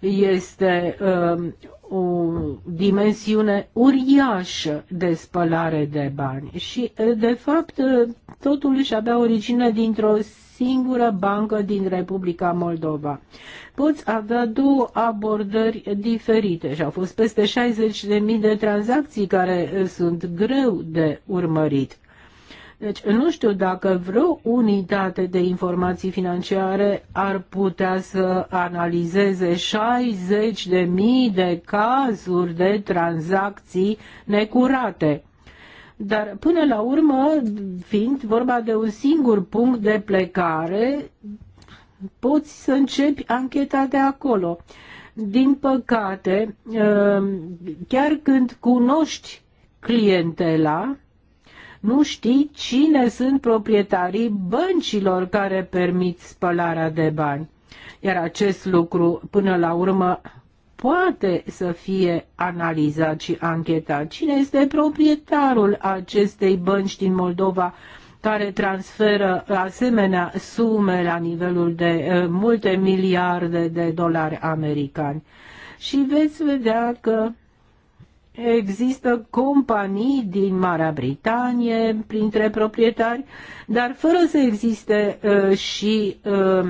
este uh, o dimensiune uriașă de spălare de bani și, de fapt, totul își avea origine dintr-o singură bancă din Republica Moldova. Poți avea două abordări diferite și au fost peste 60.000 de tranzacții care eh, sunt greu de urmărit. Deci nu știu dacă vreo unitate de informații financiare ar putea să analizeze 60.000 de de cazuri de tranzacții necurate dar până la urmă, fiind vorba de un singur punct de plecare, poți să începi ancheta de acolo. Din păcate, um, chiar când cunoști clientela, nu știi cine sunt proprietarii băncilor care permit spălarea de bani. Iar acest lucru, până la urmă, poate să fie analizat și anchetat. Cine este proprietarul acestei bănci din Moldova care transferă asemenea sume la nivelul de eh, multe miliarde de dolari americani? Și veți vedea că Există companii din Marea Britanie printre proprietari, dar fără să existe uh, și uh,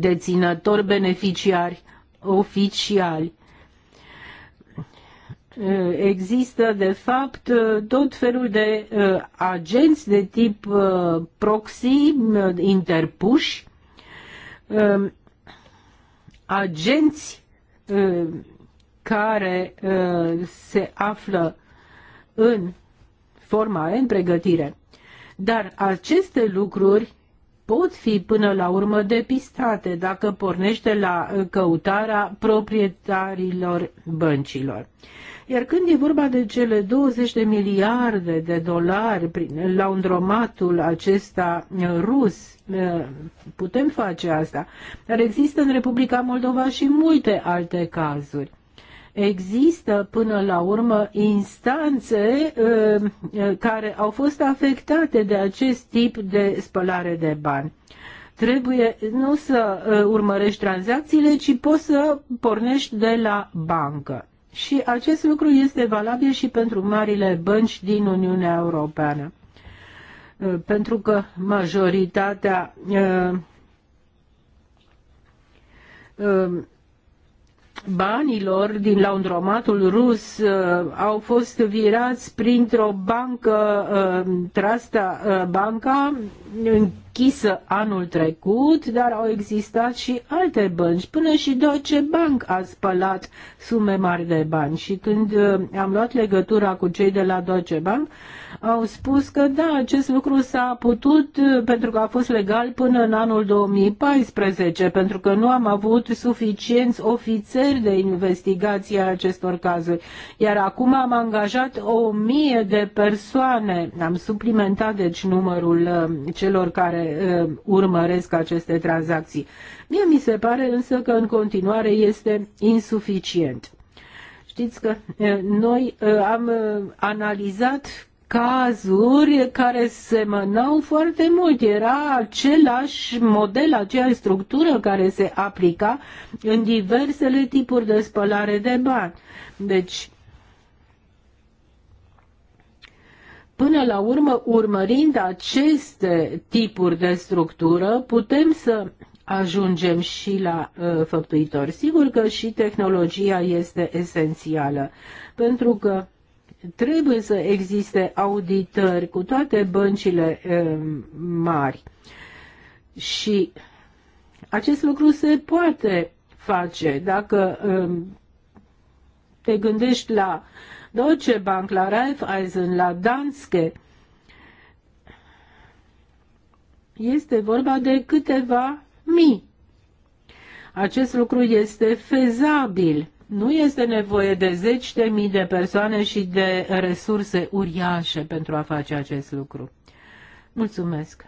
deținători beneficiari oficiali. Eh, există, de fapt, eh, tot felul de eh, agenți de tip proxy interpuși, agenți care se află în formare, în pregătire. Dar aceste lucruri pot fi până la urmă depistate dacă pornește la uh, căutarea proprietarilor băncilor. Iar când e vorba de cele 20 de miliarde de dolari prin, la undromatul acesta uh, rus, uh, putem face asta. Dar există în Republica Moldova și multe alte cazuri. Există până la urmă instanțe uh, uh, care au fost afectate de acest tip de spălare de bani trebuie nu să uh, urmărești tranzacțiile, ci poți să pornești de la bancă. Și acest lucru este valabil și pentru marile bănci din Uniunea Europeană. Pentru că majoritatea banilor din laundromatul rus uh, au fost virați printr-o bancă, uh, Trasta uh, Banca, închisă anul trecut, dar au existat și alte bănci. Până și Deutsche Bank a spălat sume mari de bani și când uh, am luat legătura cu cei de la Deutsche Bank, uh, au spus că da, acest lucru s-a putut uh, pentru că a fost legal până în anul 2014, pentru că nu am avut suficienți ofițeri de investigație a acestor cazuri. Iar acum am angajat o mie de persoane, am suplimentat deci numărul uh, celor care uh, urmăresc aceste tranzacții. Mie mi se pare însă că în continuare este insuficient. Știți că noi am analizat cazuri care semănau foarte mult. Era același model, aceeași structură care se aplica în diversele tipuri de spălare de bani. Deci, până la urmă, urmărind aceste tipuri de structură, putem să ajungem și la uh, făptuitori. Sigur că și tehnologia este esențială, pentru că trebuie să existe auditări cu toate băncile ehm, mari. Și acest lucru se poate face dacă ehm, te gândești la Deutsche Bank, la Raiffeisen, la Danske. Este vorba de câteva mii. Acest lucru este fezabil nu este nevoie de zeci de mii de persoane și de resurse uriașe pentru a face acest lucru. Mulțumesc!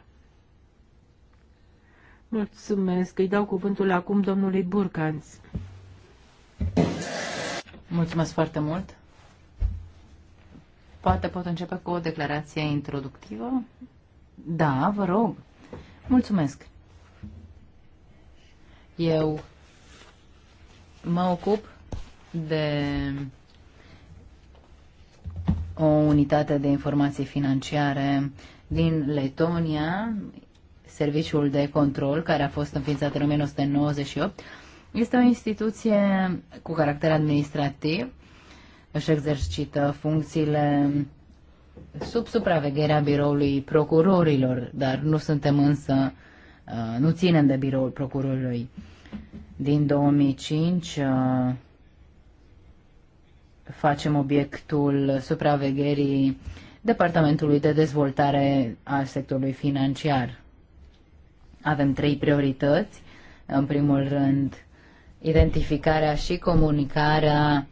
Mulțumesc! Îi dau cuvântul acum domnului Burcanț. Mulțumesc foarte mult! Poate pot începe cu o declarație introductivă? Da, vă rog. Mulțumesc. Eu mă ocup de o unitate de informații financiare din Letonia, Serviciul de Control, care a fost înființat în 1998, este o instituție cu caracter administrativ, își exercită funcțiile sub supravegherea biroului procurorilor, dar nu suntem însă, uh, nu ținem de biroul procurorului. Din 2005 facem obiectul supravegherii Departamentului de Dezvoltare al sectorului financiar. Avem trei priorități. În primul rând, identificarea și comunicarea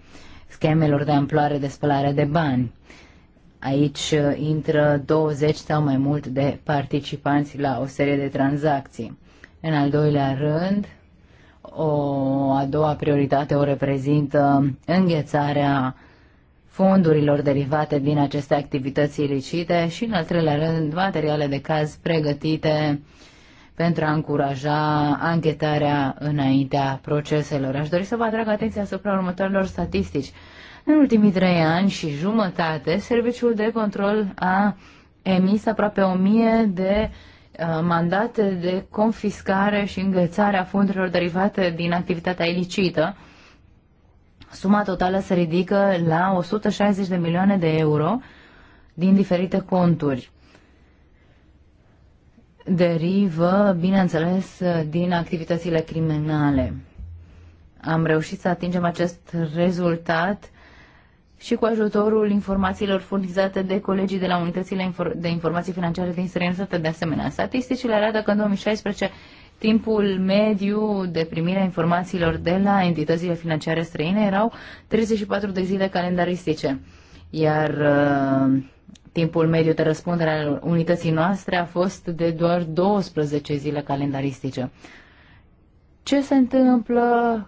schemelor de amploare de spălare de bani. Aici uh, intră 20 sau mai mult de participanți la o serie de tranzacții. În al doilea rând, o a doua prioritate o reprezintă înghețarea fondurilor derivate din aceste activități ilicite și, în al treilea rând, materiale de caz pregătite pentru a încuraja anchetarea înaintea proceselor. Aș dori să vă atrag atenția asupra următoarelor statistici. În ultimii trei ani și jumătate, Serviciul de Control a emis aproape o mie de Uh, mandate de confiscare și înghețare a fondurilor derivate din activitatea ilicită. Suma totală se ridică la 160 de milioane de euro din diferite conturi. Derivă, bineînțeles, din activitățile criminale. Am reușit să atingem acest rezultat și cu ajutorul informațiilor furnizate de colegii de la unitățile de informații financiare din străinătate de asemenea. Statisticile arată că în 2016 timpul mediu de primire a informațiilor de la entitățile financiare străine erau 34 de zile calendaristice, iar uh, timpul mediu de răspundere al unității noastre a fost de doar 12 zile calendaristice. Ce se întâmplă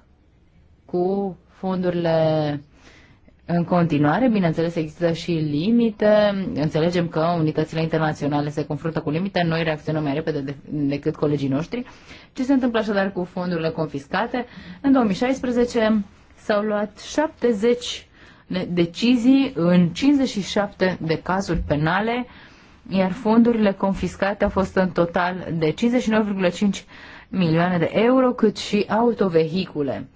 cu fondurile în continuare, bineînțeles, există și limite. Înțelegem că unitățile internaționale se confruntă cu limite, noi reacționăm mai repede de, decât colegii noștri. Ce se întâmplă așadar cu fondurile confiscate? În 2016 s-au luat 70 decizii în 57 de cazuri penale, iar fondurile confiscate au fost în total de 59,5 milioane de euro, cât și autovehicule.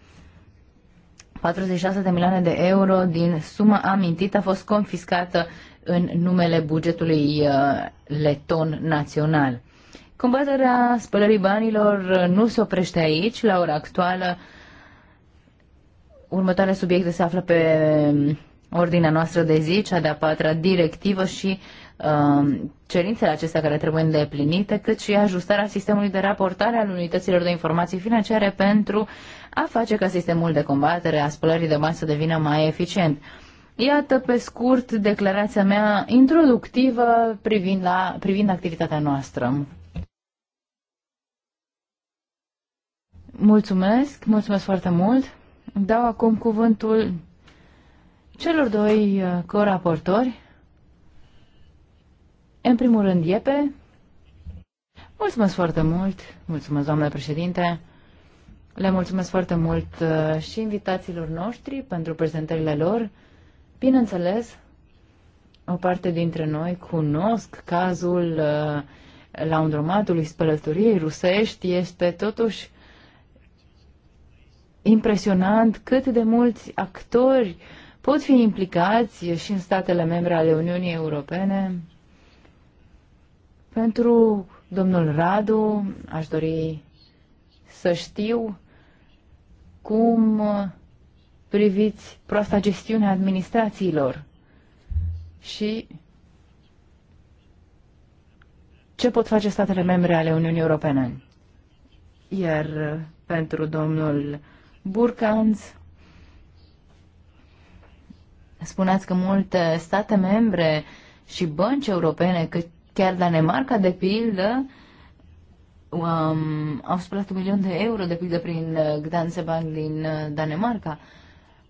46 de milioane de euro din suma amintită a fost confiscată în numele bugetului uh, leton național. Combaterea spălării banilor uh, nu se oprește aici. La ora actuală, următoarele subiecte se află pe um, ordinea noastră de zi, cea de-a patra directivă și um, cerințele acestea care trebuie îndeplinite, cât și ajustarea sistemului de raportare al unităților de informații financiare pentru a face ca sistemul de combatere a spălării de bani să devină mai eficient. Iată pe scurt declarația mea introductivă privind, la, privind activitatea noastră. Mulțumesc, mulțumesc foarte mult. Dau acum cuvântul celor doi uh, coraportori. În primul rând, Iepe. Mulțumesc foarte mult. Mulțumesc, doamnă președinte. Le mulțumesc foarte mult uh, și invitațiilor noștri pentru prezentările lor. Bineînțeles, o parte dintre noi cunosc cazul uh, laundromatului spălătoriei rusești. Este totuși impresionant cât de mulți actori pot fi implicați și în statele membre ale Uniunii Europene. Pentru domnul Radu aș dori să știu cum uh, priviți proasta gestiune a administrațiilor? Și ce pot face statele membre ale Uniunii Europene? Iar uh, pentru domnul Burcanz, spuneați că multe state membre și bănci europene, cât chiar Danemarca de pildă, um, au spălat un milion de euro, de pildă, prin uh, Gdanse Bank din uh, Danemarca.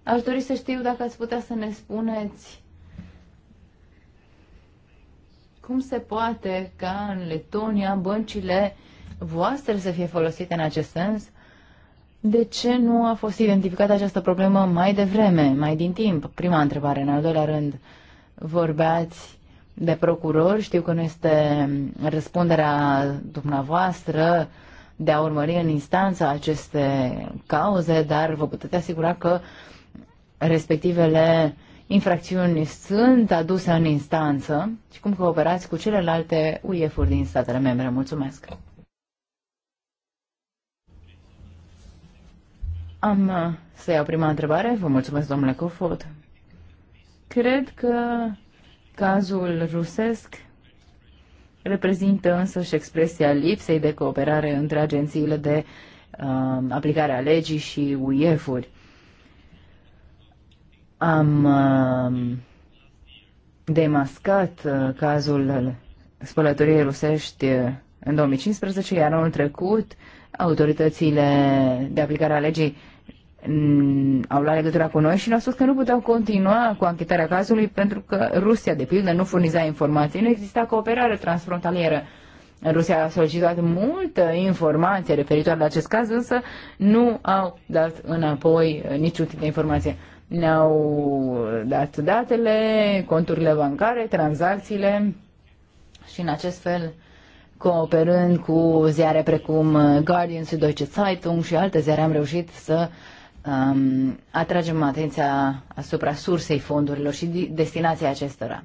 Aș dori să știu dacă ați putea să ne spuneți cum se poate ca în Letonia băncile voastre să fie folosite în acest sens? De ce nu a fost identificată această problemă mai devreme, mai din timp? Prima întrebare. În al doilea rând, vorbeați de procuror. Știu că nu este răspunderea dumneavoastră de a urmări în instanță aceste cauze, dar vă puteți asigura că respectivele infracțiuni sunt aduse în instanță și cum cooperați cu celelalte UEF-uri din statele membre. Mulțumesc! Am să iau prima întrebare. Vă mulțumesc, domnule Cofot. Cred că Cazul rusesc reprezintă însă și expresia lipsei de cooperare între agențiile de uh, aplicare a legii și uef uri Am uh, demascat uh, cazul spălătoriei rusești uh, în 2015, iar anul trecut autoritățile de aplicare a legii au luat legătura cu noi și ne-au spus că nu puteau continua cu anchetarea cazului pentru că Rusia, de pildă, nu furniza informații. Nu exista cooperare transfrontalieră. Rusia a solicitat multă informație referitoare la acest caz, însă nu au dat înapoi uh, niciun tip de informație. Ne-au uh, dat datele, conturile bancare, tranzacțiile și în acest fel cooperând cu ziare precum uh, Guardian și Deutsche Zeitung și alte ziare am reușit să uh, um, atragem atenția asupra sursei fondurilor și destinației acestora.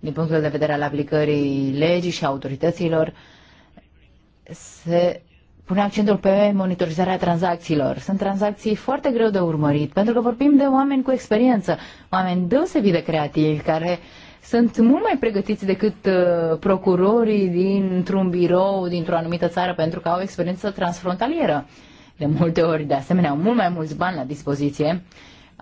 Din punctul de vedere al aplicării legii și autorităților, se pune accentul pe monitorizarea tranzacțiilor. Sunt tranzacții foarte greu de urmărit, pentru că vorbim de oameni cu experiență, oameni deosebit de creativi, care sunt mult mai pregătiți decât uh, procurorii dintr-un birou, dintr-o anumită țară, pentru că au experiență transfrontalieră. Uh, de multe ori, de asemenea, au mult mai mulți bani la dispoziție,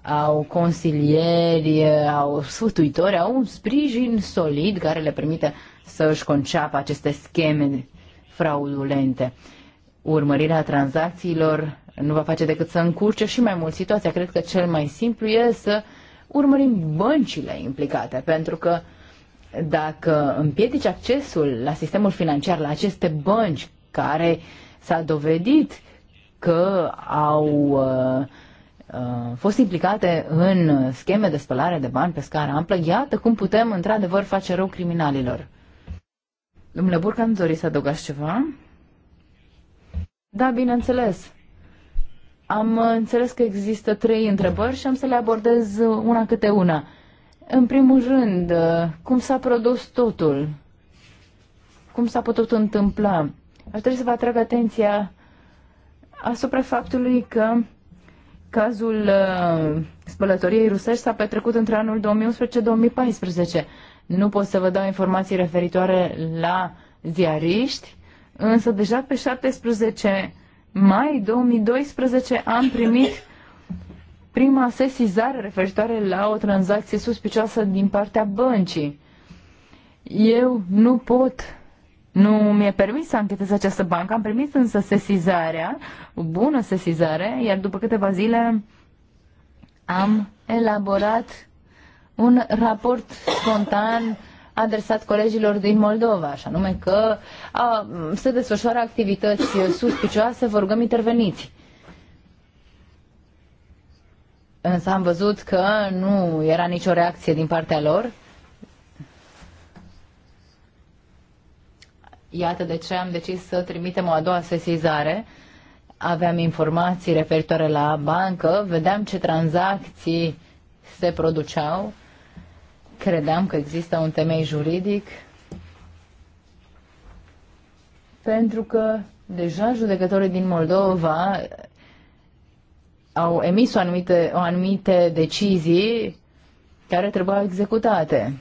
au consilieri, au sfătuitori, au un sprijin solid care le permite să își conceapă aceste scheme fraudulente. Urmărirea tranzacțiilor nu va face decât să încurce și mai mult situația. Cred că cel mai simplu e să urmărim băncile implicate, pentru că dacă împiedici accesul la sistemul financiar, la aceste bănci care s-a dovedit că au uh, uh, fost implicate în scheme de spălare de bani pe scară amplă, iată cum putem într-adevăr face rău criminalilor. Domnule Burcan, doriți să adăugați ceva? Da, bineînțeles. Am înțeles că există trei întrebări și am să le abordez una câte una. În primul rând, uh, cum s-a produs totul? Cum s-a putut întâmpla? Aș trebui să vă atrag atenția asupra faptului că cazul uh, spălătoriei rusești s-a petrecut între anul 2011-2014. Nu pot să vă dau informații referitoare la ziariști, însă deja pe 17 mai 2012 am primit prima sesizare referitoare la o tranzacție suspicioasă din partea băncii. Eu nu pot nu mi-e permis să anchetez această bancă, am permis însă sesizarea, o bună sesizare, iar după câteva zile am elaborat un raport spontan adresat colegilor din Moldova, așa nume că a, se desfășoară activități suspicioase, vă rugăm interveniți. Însă am văzut că nu era nicio reacție din partea lor Iată de ce am decis să trimitem o a doua sesizare. Aveam informații referitoare la bancă, vedeam ce tranzacții se produceau, credeam că există un temei juridic, pentru că deja judecătorii din Moldova au emis o anumite, o anumite decizii care trebuiau executate.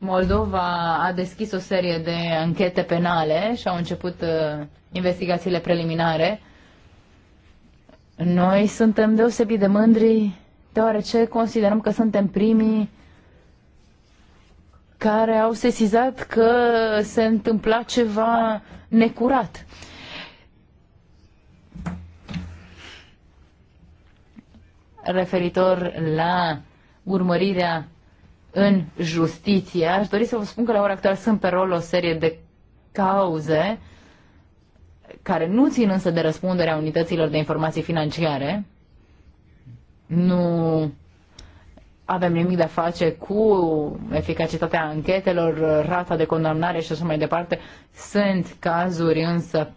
Moldova a deschis o serie de anchete penale și au început uh, investigațiile preliminare. Noi suntem deosebit de mândri, deoarece considerăm că suntem primii care au sesizat că se întâmpla ceva necurat. Referitor la urmărirea în justiție. Aș dori să vă spun că la ora actuală sunt pe rol o serie de cauze care nu țin însă de răspunderea unităților de informații financiare. Nu avem nimic de a face cu eficacitatea anchetelor, rata de condamnare și așa mai departe. Sunt cazuri însă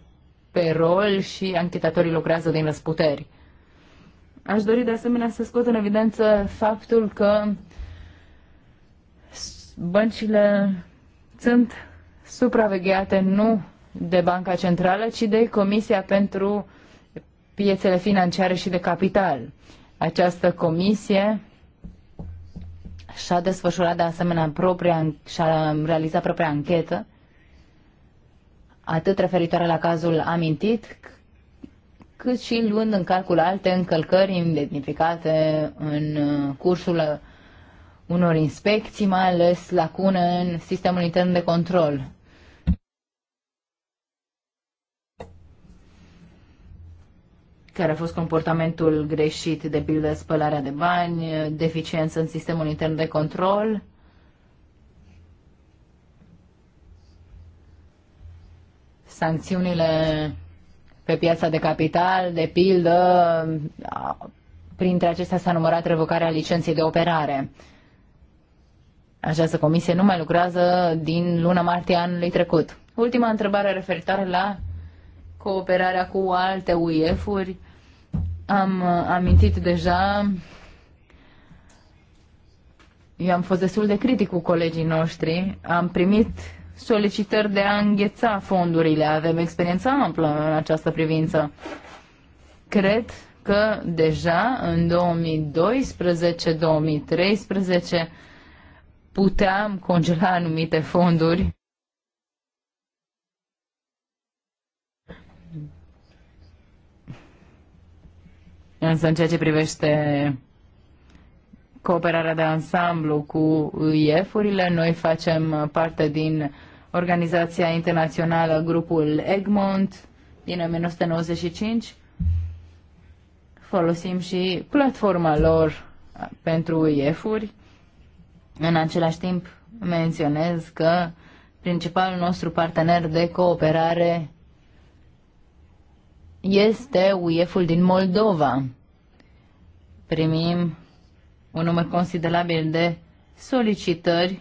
pe rol și anchetatorii lucrează din răsputeri. Aș dori de asemenea să scot în evidență faptul că băncile sunt supravegheate nu de Banca Centrală, ci de Comisia pentru Piețele Financiare și de Capital. Această comisie și-a desfășurat de asemenea propria, și-a realizat propria anchetă, atât referitoare la cazul amintit, cât și luând în calcul alte încălcări identificate în uh, cursul unor inspecții, mai ales lacune în sistemul intern de control. care a fost comportamentul greșit, de pildă spălarea de bani, deficiență în sistemul intern de control. Sancțiunile pe piața de capital, de pildă, printre acestea s-a numărat revocarea licenței de operare. Această comisie nu mai lucrează din luna martie anului trecut. Ultima întrebare referitoare la cooperarea cu alte UIF-uri. Am uh, amintit deja, eu am fost destul de critic cu colegii noștri, am primit solicitări de a îngheța fondurile, avem experiență amplă în această privință. Cred că deja în 2012-2013 puteam congela anumite fonduri. Însă în ceea ce privește cooperarea de ansamblu cu IEF-urile, noi facem parte din organizația internațională, grupul Egmont, din 1995. Folosim și platforma lor pentru IEF-uri în același timp, menționez că principalul nostru partener de cooperare este UEF-ul din Moldova. Primim un număr considerabil de solicitări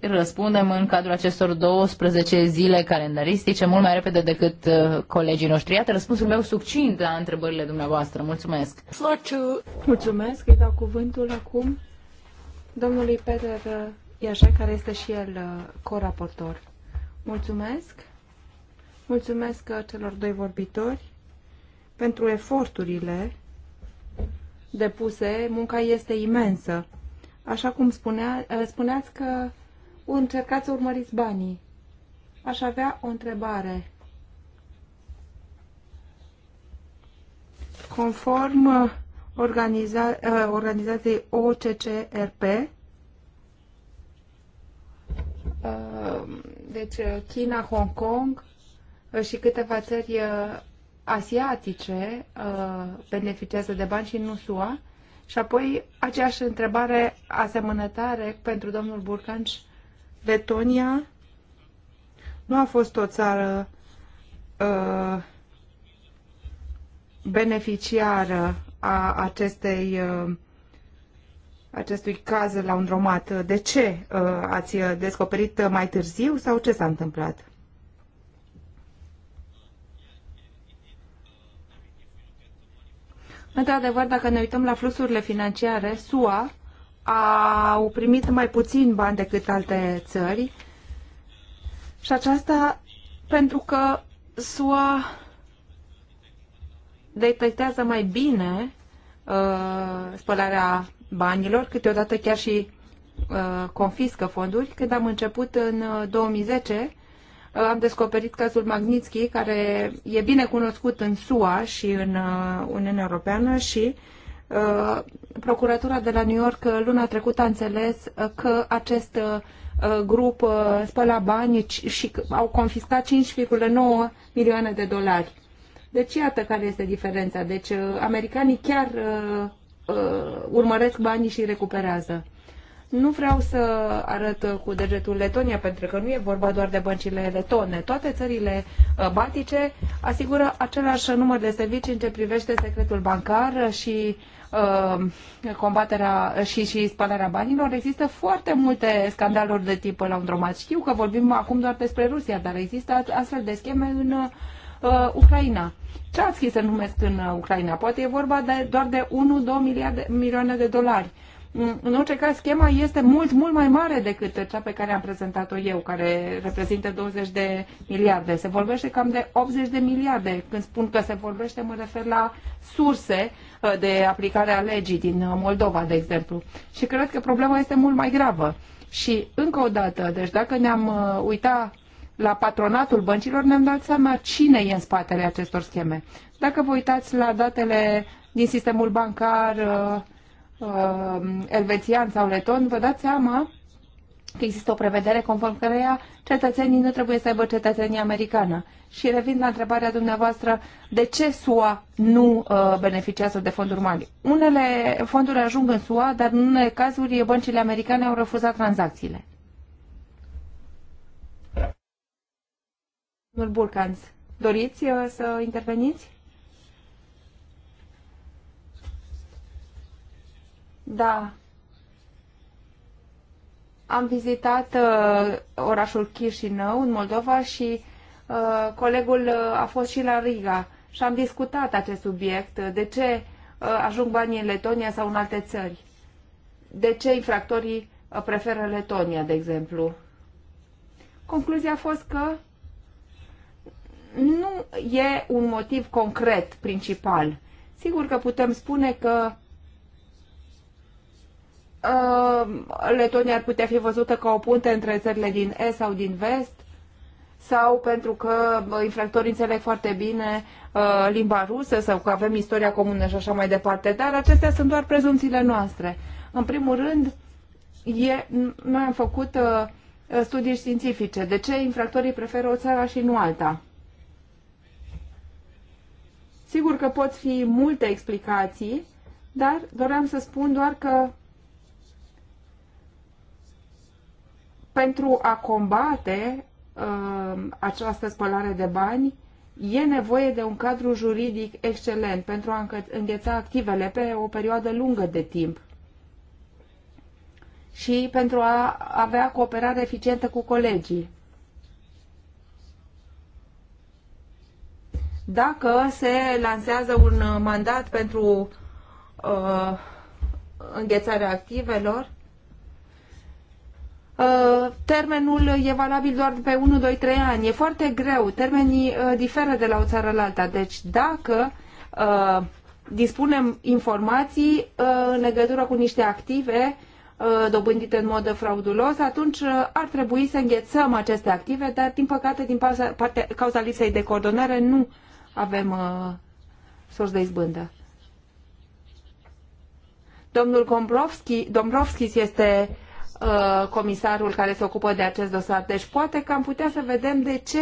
răspundem în cadrul acestor 12 zile calendaristice mult mai repede decât uh, colegii noștri. Iată răspunsul meu succint la întrebările dumneavoastră. Mulțumesc! Mulțumesc! Îi dau cuvântul acum domnului Peter Iașa, care este și el uh, coraportor. Mulțumesc! Mulțumesc uh, celor doi vorbitori pentru eforturile depuse. Munca este imensă Așa cum spunea, eh, spuneați că încercați să urmăriți banii. Aș avea o întrebare. Conform eh, organiza, eh, organizației OCCRP, deci China, Hong Kong și câteva țări asiatice beneficiază de bani și nu SUA, și apoi aceeași întrebare asemănătare pentru domnul Burcanci. Letonia nu a fost o țară uh, beneficiară a acestei, uh, acestui caz la un romat. De ce uh, ați descoperit mai târziu sau ce s-a întâmplat? Într-adevăr, dacă ne uităm la fluxurile financiare, SUA au primit mai puțin bani decât alte țări și aceasta pentru că SUA detectează mai bine uh, spălarea banilor, câteodată chiar și uh, confiscă fonduri. Când am început în 2010, uh, Uh, am descoperit cazul Magnitsky, care e bine cunoscut în SUA și în uh, Uniunea Europeană și uh, Procuratura de la New York luna trecută a înțeles că acest grup spăla bani și au confiscat 5,9 milioane de dolari. Deci iată care este diferența. Deci americanii chiar urmăresc banii și recuperează. Nu vreau să arăt cu degetul Letonia, pentru că nu e vorba doar de băncile letone. Toate țările uh, baltice asigură același număr de servicii în ce privește secretul bancar și uh, combaterea și, și spalarea banilor. Există foarte multe scandaluri de tip dromat. Știu că vorbim acum doar despre Rusia, dar există astfel de scheme în uh, Ucraina. Ce ați să numesc în Ucraina? Poate e vorba de, doar de 1-2 milioane de dolari. Uh, în orice caz, schema este mult, mult mai mare decât cea pe care am prezentat-o eu, care reprezintă 20 de miliarde. Se vorbește cam de 80 de miliarde. Când spun că se vorbește, mă refer la surse uh, de aplicare a legii din uh, Moldova, de exemplu. Și cred că problema este mult mai gravă. Și încă o dată, deci dacă ne-am uh, uitat la patronatul băncilor, ne-am dat seama cine e în spatele acestor scheme. Dacă vă uitați la datele din sistemul bancar, uh, elvețian sau leton, vă dați seama că există o prevedere conform căreia cetățenii nu trebuie să aibă cetățenie americană. Și revin la întrebarea dumneavoastră, de ce SUA nu uh, beneficiază de fonduri mari? Unele fonduri ajung în SUA, dar în unele cazuri băncile americane au refuzat tranzacțiile. Domnul Burcanț, doriți uh, să interveniți? Da. Am vizitat uh, orașul Chișinău, în Moldova, și uh, colegul uh, a fost și la Riga și am discutat acest subiect. Uh, de ce uh, ajung banii în Letonia sau în alte țări? De ce infractorii uh, preferă Letonia, de exemplu? Concluzia a fost că nu e un motiv concret principal. Sigur că putem spune că Uh, Letonia ar putea fi văzută ca o punte între țările din Est sau din Vest, sau pentru că infractorii înțeleg foarte bine uh, limba rusă sau că avem istoria comună și așa mai departe, dar acestea sunt doar prezumțiile noastre. În primul rând, e, noi am făcut uh, studii științifice. De ce infractorii preferă o țară și nu alta? Sigur că pot fi multe explicații, dar doream să spun doar că pentru a combate uh, această spălare de bani, e nevoie de un cadru juridic excelent pentru a îngheța activele pe o perioadă lungă de timp și pentru a avea cooperare eficientă cu colegii. Dacă se lansează un mandat pentru uh, înghețarea activelor, Uh, termenul e valabil doar pe 1, 2, 3 ani. E foarte greu. Termenii uh, diferă de la o țară la alta. Deci dacă uh, dispunem informații în legătură cu niște active dobândite în mod fraudulos, atunci ar trebui să înghețăm aceste active, dar din păcate, din cauza lipsei de coordonare, nu avem sorți de izbândă. Domnul Dombrovskis este Uh, comisarul care se ocupă de acest dosar. Deci poate că am putea să vedem de ce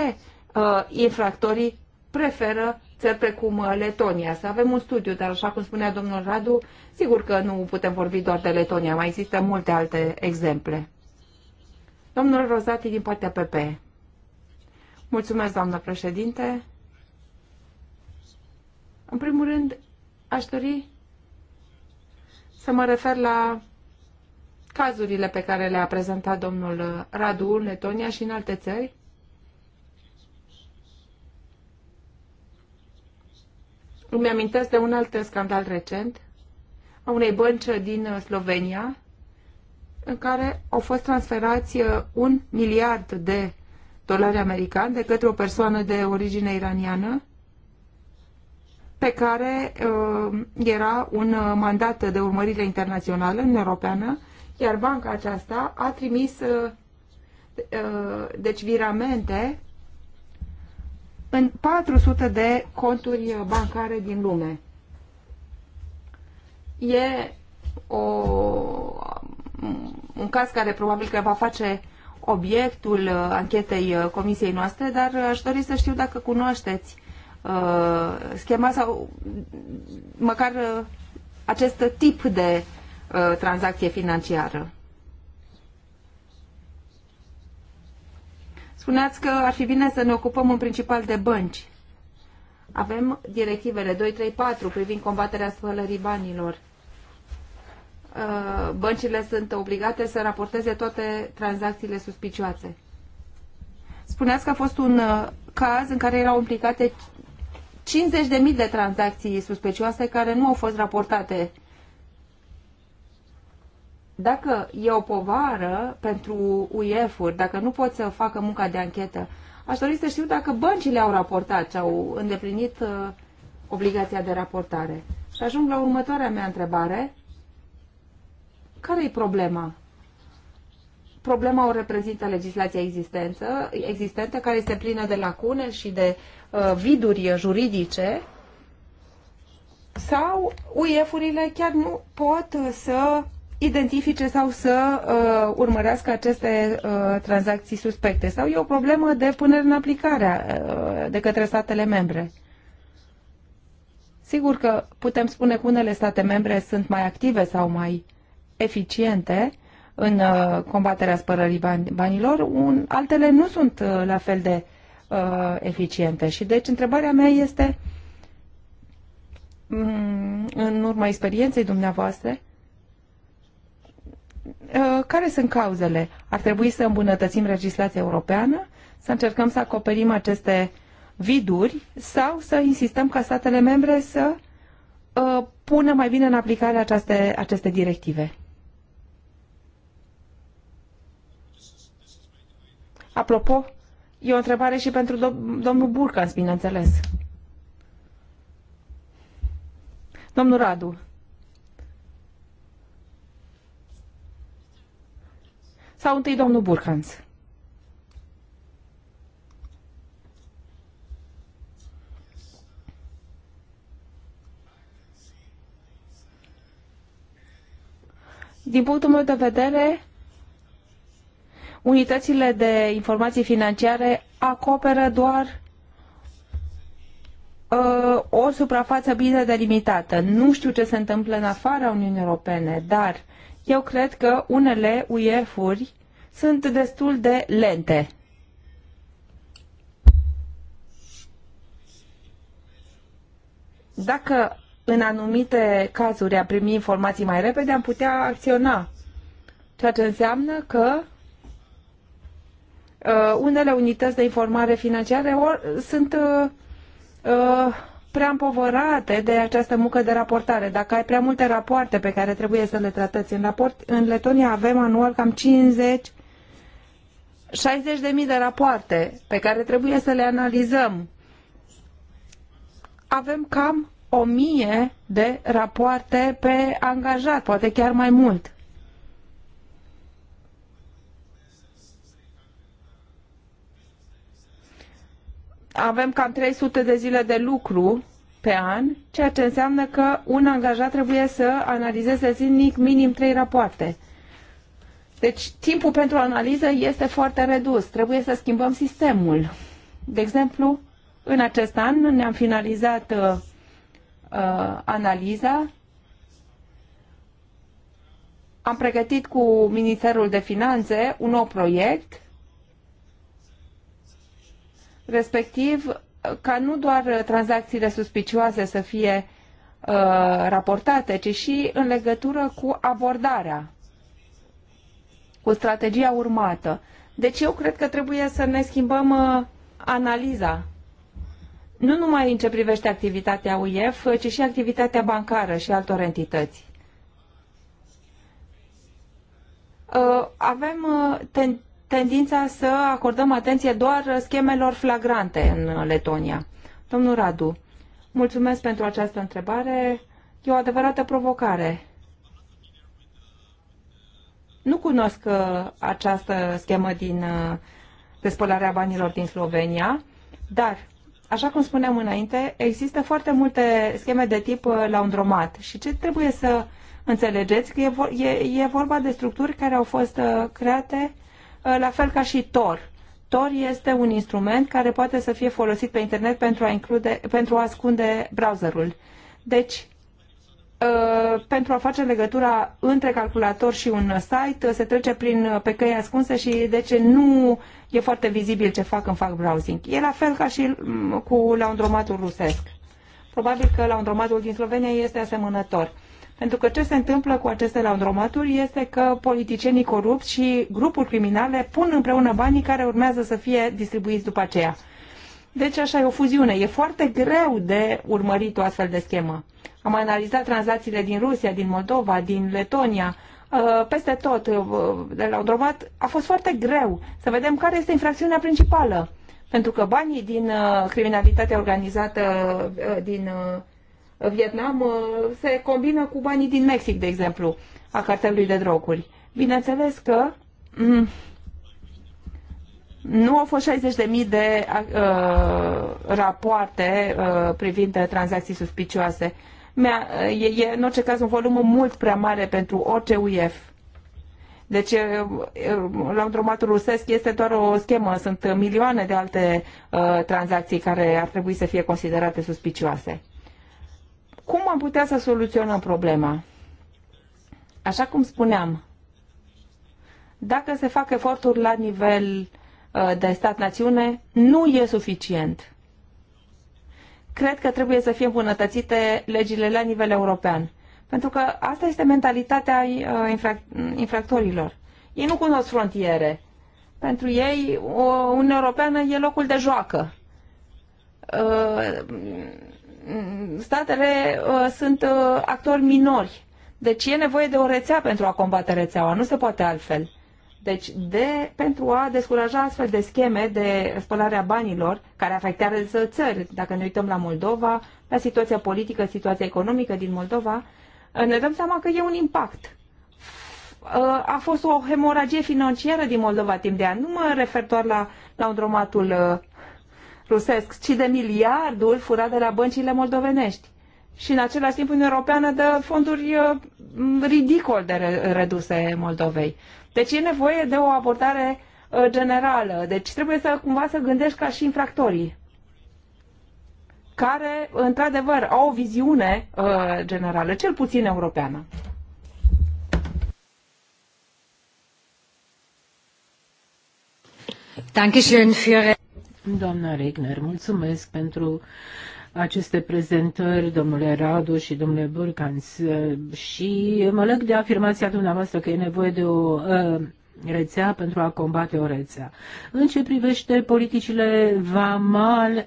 uh, infractorii preferă țări precum uh, Letonia. Să avem un studiu, dar așa cum spunea domnul Radu, sigur că nu putem vorbi doar de Letonia, mai există multe alte exemple. Domnul Rozati din partea PP. Mulțumesc, doamnă președinte. În primul rând, aș dori să mă refer la cazurile pe care le-a prezentat domnul Radu în Letonia și în alte țări? Îmi amintesc de un alt scandal recent a unei bănci din Slovenia în care au fost transferați un miliard de dolari americani de către o persoană de origine iraniană pe care uh, era un mandat de urmărire internațională în Europeană iar banca aceasta a trimis uh, uh, deci viramente în 400 de conturi bancare din lume. E o, un caz care probabil că va face obiectul uh, anchetei comisiei noastre, dar aș dori să știu dacă cunoașteți uh, schema sau măcar uh, acest tip de Uh, tranzacție financiară. Spuneați că ar fi bine să ne ocupăm în principal de bănci. Avem directivele 234 privind combaterea spălării banilor. Uh, băncile sunt obligate să raporteze toate tranzacțiile suspicioase. Spuneați că a fost un uh, caz în care erau implicate 50.000 de tranzacții suspicioase care nu au fost raportate dacă e o povară pentru UEF-uri, dacă nu pot să facă munca de anchetă, aș dori să știu dacă băncile au raportat și au îndeplinit uh, obligația de raportare. Și ajung la următoarea mea întrebare. Care e problema? Problema o reprezintă legislația existență, existentă, care este plină de lacune și de uh, viduri juridice, sau UEF-urile chiar nu pot să identifice sau să uh, urmărească aceste uh, tranzacții suspecte. Sau e o problemă de punere în aplicare uh, de către statele membre. Sigur că putem spune că unele state membre sunt mai active sau mai eficiente în uh, combaterea spărării banilor, un, altele nu sunt uh, la fel de uh, eficiente. Și deci întrebarea mea este, mm, în urma experienței dumneavoastră, Uh, care sunt cauzele? Ar trebui să îmbunătățim legislația europeană, să încercăm să acoperim aceste viduri sau să insistăm ca statele membre să uh, pună mai bine în aplicare aceste, aceste directive? Apropo, e o întrebare și pentru dom domnul Burcans, bineînțeles. Domnul Radu. Sau întâi domnul Burhans? Din punctul meu de vedere, unitățile de informații financiare acoperă doar uh, o suprafață bine delimitată. Nu știu ce se întâmplă în afara Uniunii Europene, dar eu cred că unele UEF-uri sunt destul de lente. Dacă în anumite cazuri am primi informații mai repede, am putea acționa. Ceea ce înseamnă că uh, unele unități de informare financiare or, sunt uh, uh, prea împovărate de această muncă de raportare. Dacă ai prea multe rapoarte pe care trebuie să le tratați în raport, în Letonia avem anual cam 50 60.000 de rapoarte pe care trebuie să le analizăm. Avem cam 1000 de rapoarte pe angajat, poate chiar mai mult. avem cam 300 de zile de lucru pe an, ceea ce înseamnă că un angajat trebuie să analizeze zilnic minim 3 rapoarte. Deci timpul pentru analiză este foarte redus. Trebuie să schimbăm sistemul. De exemplu, în acest an ne-am finalizat uh, uh analiza. Am pregătit cu Ministerul de Finanțe un nou proiect respectiv ca nu doar tranzacțiile suspicioase să fie uh, raportate, ci și în legătură cu abordarea, cu strategia urmată. Deci eu cred că trebuie să ne schimbăm uh, analiza, nu numai în ce privește activitatea UEF, ci și activitatea bancară și altor entități. Uh, avem uh, tendința să acordăm atenție doar schemelor flagrante în Letonia. Domnul Radu, mulțumesc pentru această întrebare. E o adevărată provocare. Nu cunosc uh, această schemă din, uh, de banilor din Slovenia, dar, așa cum spuneam înainte, există foarte multe scheme de tip uh, la undromat. Și ce trebuie să înțelegeți? Că e, vor, e, e vorba de structuri care au fost create Uh, la fel ca și Tor. Tor este un instrument care poate să fie folosit pe internet pentru a, include, pentru a ascunde browserul. Deci, uh, pentru a face legătura între calculator și un site, se trece prin uh, pe căi ascunse și de deci nu e foarte vizibil ce fac când fac browsing. E la fel ca și mm, cu laundromatul rusesc. Probabil că laundromatul din Slovenia este asemănător. Pentru că ce se întâmplă cu aceste laundromaturi este că politicienii corupți și grupuri criminale pun împreună banii care urmează să fie distribuiți după aceea. Deci așa e o fuziune. E foarte greu de urmărit o astfel de schemă. Am analizat tranzacțiile din Rusia, din Moldova, din Letonia, ă, peste tot ă, de la Odromat, a fost foarte greu să vedem care este infracțiunea principală. Pentru că banii din ă, criminalitatea organizată, din Vietnam uh, se combină cu banii din Mexic, de exemplu, a cartelului de droguri. Bineînțeles că mm, nu au fost 60.000 de uh, rapoarte uh, privind tranzacții suspicioase. Mi-a, e, e, în orice caz, un volum mult prea mare pentru orice UEF. Deci, uh, uh, la dromatul rusesc este doar o schemă. Sunt milioane de alte uh, tranzacții care ar trebui să fie considerate suspicioase. Cum am putea să soluționăm problema? Așa cum spuneam, dacă se fac eforturi la nivel uh, de stat-națiune, nu e suficient. Cred că trebuie să fie îmbunătățite legile la nivel european. Pentru că asta este mentalitatea uh, infractorilor. Ei nu cunosc frontiere. Pentru ei, Uniunea Europeană e locul de joacă uh, statele uh, sunt uh, actori minori. Deci e nevoie de o rețea pentru a combate rețeaua, nu se poate altfel. Deci, de, pentru a descuraja astfel de scheme de spălare a banilor, care afectează țări, dacă ne uităm la Moldova, la situația politică, situația economică din Moldova, uh, ne dăm seama că e un impact. A fost o hemoragie financiară din Moldova timp de ani. Nu mă refer doar la, la undromatul rusesc, ci de miliardul furat de la băncile moldovenești. Și în același timp Uniunea Europeană dă fonduri uh, ridicol de reduse Moldovei. Deci e nevoie de o abordare uh, generală. Deci trebuie să cumva să gândești ca și infractorii care, într-adevăr, au o viziune uh, generală, cel puțin europeană. schön für Doamna Regner, mulțumesc pentru aceste prezentări, domnule Radu și domnule Burcans, și mă leg de afirmația dumneavoastră că e nevoie de o ă, rețea pentru a combate o rețea. În ce privește politicile vamal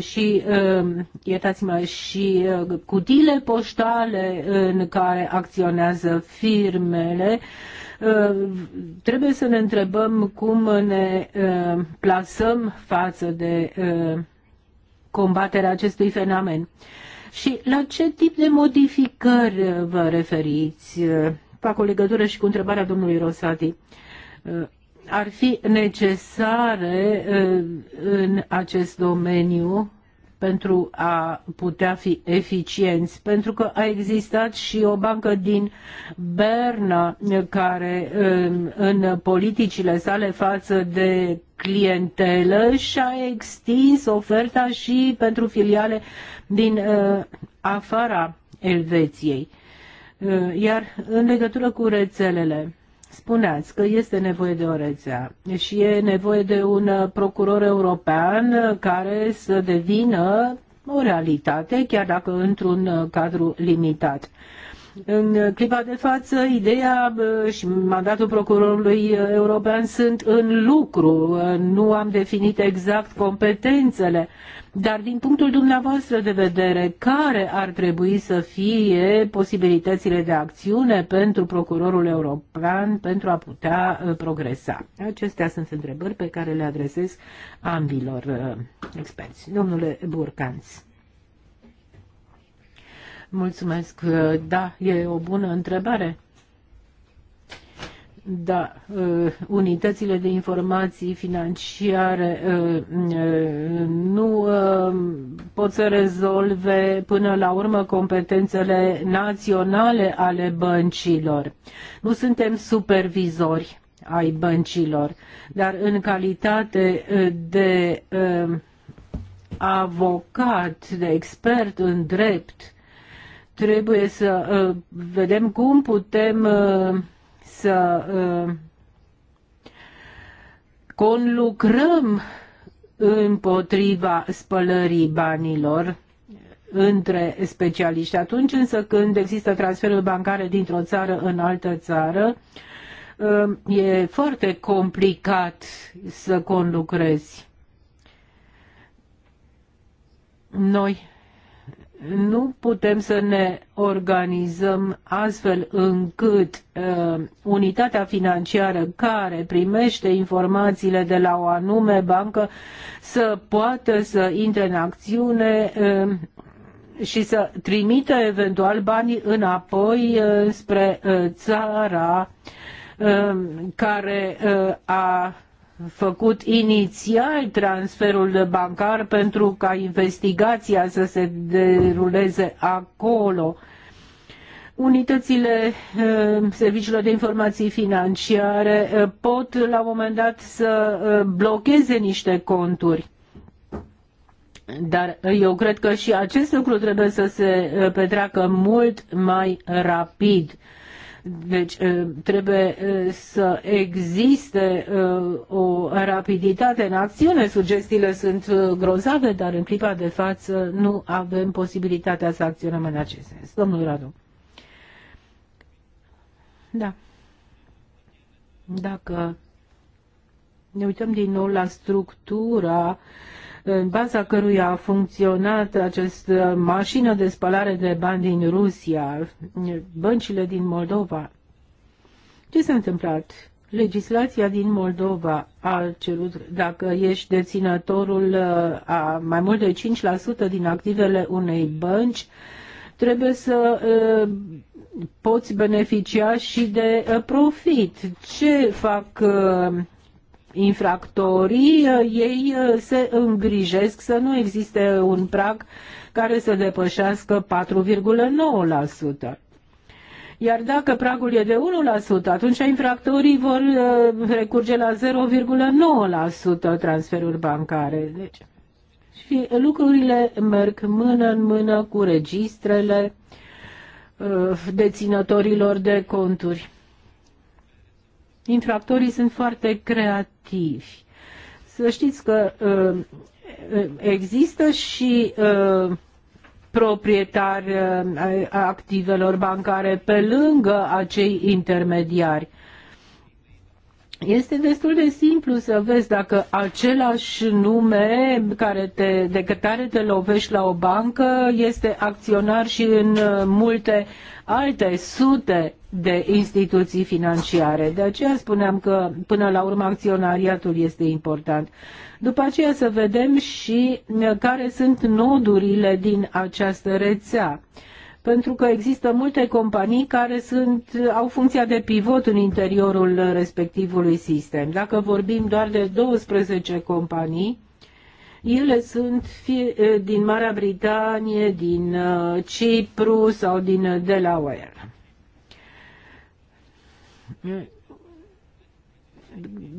și, ă, iertați-mă, și ă, cutile poștale în care acționează firmele, Uh, trebuie să ne întrebăm cum ne uh, plasăm față de uh, combaterea acestui fenomen. Și la ce tip de modificări vă referiți? Fac o legătură și cu întrebarea domnului Rosati. Ar fi necesare în acest domeniu pentru a putea fi eficienți, pentru că a existat și o bancă din Berna care în politicile sale față de clientelă și-a extins oferta și pentru filiale din uh, afara Elveției. Uh, iar în legătură cu rețelele, Spuneați că este nevoie de o rețea și e nevoie de un uh, procuror european uh, care să devină o realitate, chiar dacă într-un uh, cadru limitat. În clipa de față, ideea și mandatul procurorului uh, european sunt în lucru. Nu am definit exact competențele, dar din punctul dumneavoastră de vedere, care ar trebui să fie posibilitățile de acțiune pentru procurorul european pentru a putea uh, progresa? Acestea sunt întrebări pe care le adresez ambilor uh, experți. Domnule Burcanți. Mulțumesc. Uh, da, e o bună întrebare. Da, uh, unitățile de informații financiare uh, nu pot să rezolve până la urmă competențele naționale ale băncilor. Nu suntem supervizori ai băncilor, dar în calitate de avocat, de expert în drept, Trebuie să uh, vedem cum putem uh, să uh, conlucrăm împotriva spălării banilor între specialiști. Atunci însă când există transferul bancare dintr-o țară în altă țară, e foarte complicat să conlucrezi. Noi nu putem să ne organizăm astfel încât uh, unitatea financiară care primește informațiile de la o anume bancă să poată să intre în acțiune uh, și să trimită eventual banii înapoi uh, spre uh, țara uh, care uh, a făcut inițial transferul de bancar pentru ca investigația să se deruleze acolo. Unitățile eh, serviciilor de informații financiare eh, pot la un moment dat să eh, blocheze niște conturi. Dar eu cred că și acest lucru trebuie să se petreacă mult mai rapid deci eh, trebuie eh, să existe eh, o rapiditate în acțiune. Sugestiile sunt grozave, dar în clipa de față nu avem posibilitatea să acționăm în acest sens. Domnul Radu. Da. Dacă ne uităm din nou la structura uh, în baza căruia a funcționat această mașină de spălare de bani din Rusia, băncile din Moldova. Ce s-a întâmplat? Legislația din Moldova a cerut, dacă ești deținătorul a mai mult de 5% din activele unei bănci, trebuie să poți beneficia și de profit. Ce fac infractorii, uh, ei uh, se îngrijesc să nu existe un prag care să depășească 4,9%. Iar dacă pragul e de 1%, atunci infractorii vor uh, recurge la 0,9% transferuri bancare. Deci, și lucrurile merg mână în mână cu registrele deținătorilor de conturi. Infractorii sunt foarte creativi. Să știți că uh, există și uh, proprietari uh, activelor bancare pe lângă acei intermediari. Este destul de simplu să vezi dacă același nume care te, de care te lovești la o bancă este acționar și în multe alte sute de instituții financiare. De aceea spuneam că până la urmă acționariatul este important. După aceea să vedem și uh, care sunt nodurile din această rețea. Pentru că există multe companii care sunt, uh, au funcția de pivot în interiorul respectivului sistem. Dacă vorbim doar de 12 companii, ele sunt fie uh, din Marea Britanie, din Cipru sau din Delaware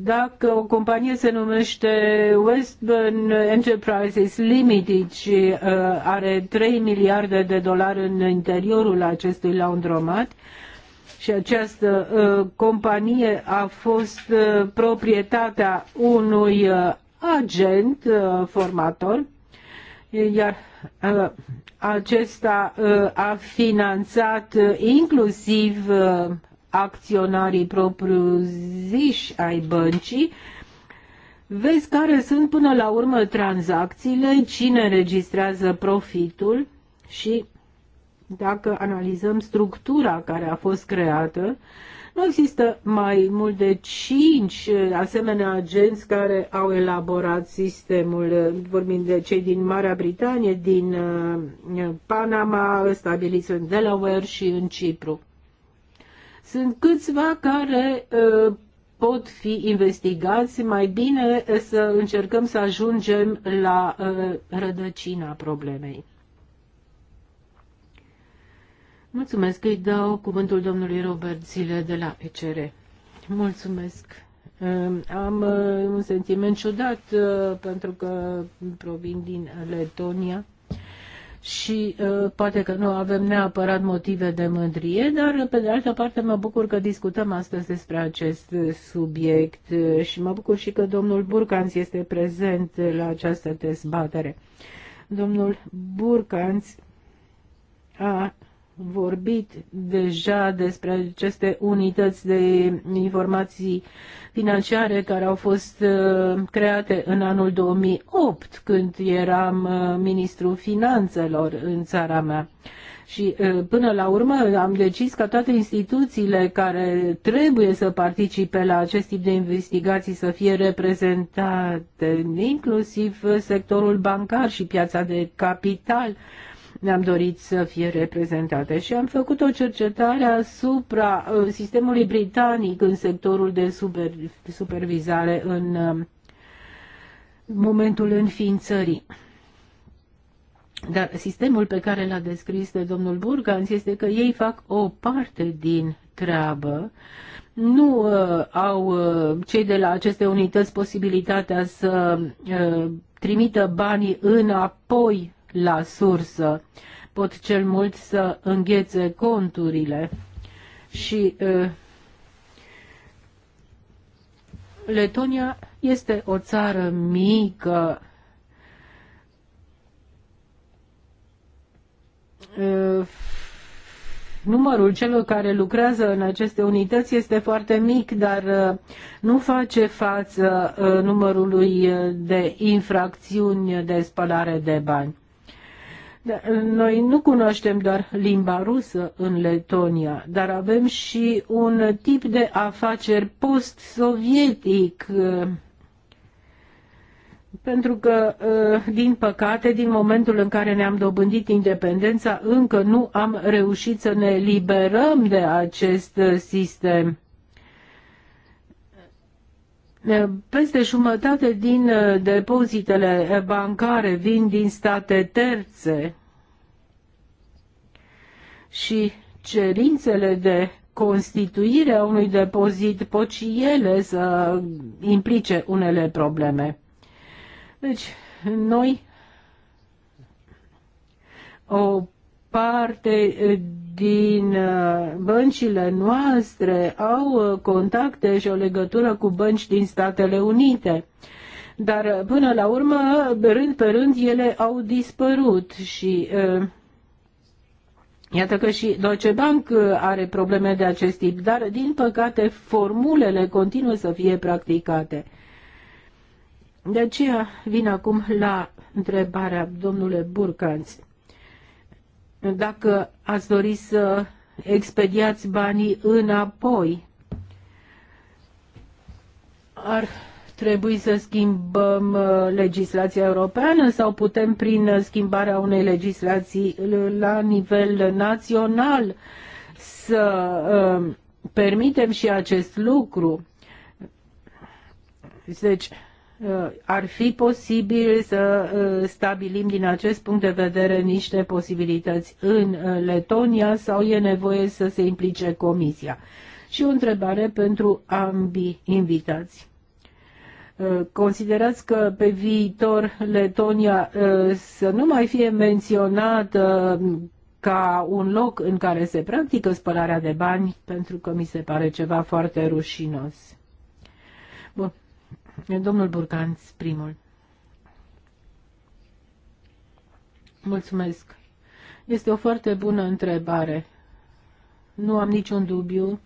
dacă o companie se numește Westburn Enterprises Limited și uh, are 3 miliarde de dolari în interiorul acestui laundromat și această uh, companie a fost uh, proprietatea unui uh, agent uh, formator, iar uh, acesta uh, a finanțat uh, inclusiv uh, acționarii propriu-ziși ai băncii, vezi care sunt până la urmă tranzacțiile, cine înregistrează profitul și dacă analizăm structura care a fost creată, nu există mai mult de cinci eh, asemenea agenți care au elaborat sistemul, vorbind de cei din Marea Britanie, din eh, Panama, stabiliți în Delaware și în Cipru. Sunt câțiva care ă, pot fi investigați, mai bine ă, să încercăm să ajungem la ă, rădăcina problemei. Mulțumesc, îi dau cuvântul domnului Robert Zile de la ECR. Mulțumesc. Am un sentiment ciudat pentru că provin din Letonia și uh, poate că nu avem neapărat motive de mândrie, dar uh, pe de altă parte mă bucur că discutăm astăzi despre acest uh, subiect uh, și mă bucur și că domnul Burcanț este prezent la această dezbatere. Domnul Burcanț a vorbit deja despre aceste unități de informații financiare care au fost uh, create în anul 2008, când eram uh, ministru finanțelor în țara mea. Și uh, până la urmă am decis ca toate instituțiile care trebuie să participe la acest tip de investigații să fie reprezentate, inclusiv sectorul bancar și piața de capital ne-am dorit să fie reprezentate și am făcut o cercetare asupra uh, sistemului britanic în sectorul de super, supervizare în um, momentul înființării. Dar sistemul pe care l-a descris de domnul Burgans este că ei fac o parte din treabă. Nu uh, au uh, cei de la aceste unități posibilitatea să uh, trimită banii înapoi la sursă. Pot cel mult să înghețe conturile și uh, Letonia este o țară mică. Uh, numărul celor care lucrează în aceste unități este foarte mic, dar nu face față numărului de infracțiuni de spălare de bani. Noi nu cunoaștem doar limba rusă în Letonia, dar avem și un tip de afaceri post-sovietic uh, pentru că, uh, din păcate, din momentul în care ne-am dobândit independența, încă nu am reușit să ne liberăm de acest sistem. Eh, peste jumătate din eh, depozitele eh, bancare vin din state terțe și cerințele de constituire a unui depozit pot și ele să implice unele probleme. Deci, noi o parte din uh, băncile noastre au uh, contacte și o legătură cu bănci din Statele Unite. Dar uh, până la urmă, rând pe rând, ele au dispărut și Iată că și Deutsche Bank are probleme de acest tip, dar din păcate formulele continuă să fie practicate. De aceea vin acum la întrebarea domnule Burcanți dacă ați dori să expediați banii înapoi, ar trebui să schimbăm uh, legislația europeană sau putem prin schimbarea unei legislații la nivel național să uh, permitem și acest lucru. Deci, Uh, ar fi posibil să uh, stabilim din acest punct de vedere niște posibilități în uh, Letonia sau e nevoie să se implice Comisia? Și o întrebare pentru ambii invitați. Considerați că pe viitor Letonia să nu mai fie menționată ca un loc în care se practică spălarea de bani, pentru că mi se pare ceva foarte rușinos. Bun, Domnul Burcanț, primul. Mulțumesc. Este o foarte bună întrebare. Nu am niciun dubiu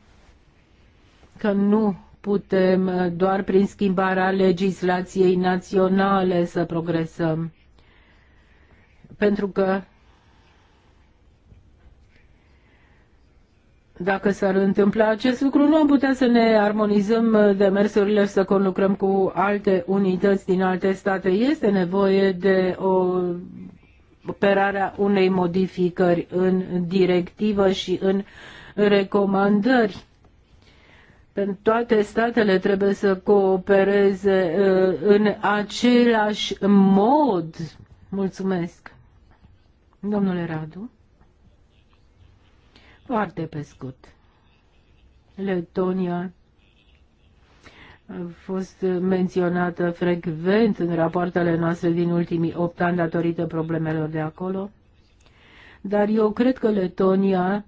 că nu putem uh, doar prin schimbarea legislației naționale să progresăm. Pentru că Dacă s-ar întâmpla acest lucru, nu am putea să ne armonizăm demersurile și să conlucrăm cu alte unități din alte state. Este nevoie de o operarea unei modificări în directivă și în recomandări. Toate statele trebuie să coopereze uh, în același mod. Mulțumesc. Domnule Radu. Foarte pe scurt. Letonia a fost menționată frecvent în rapoartele noastre din ultimii opt ani datorită problemelor de acolo, dar eu cred că Letonia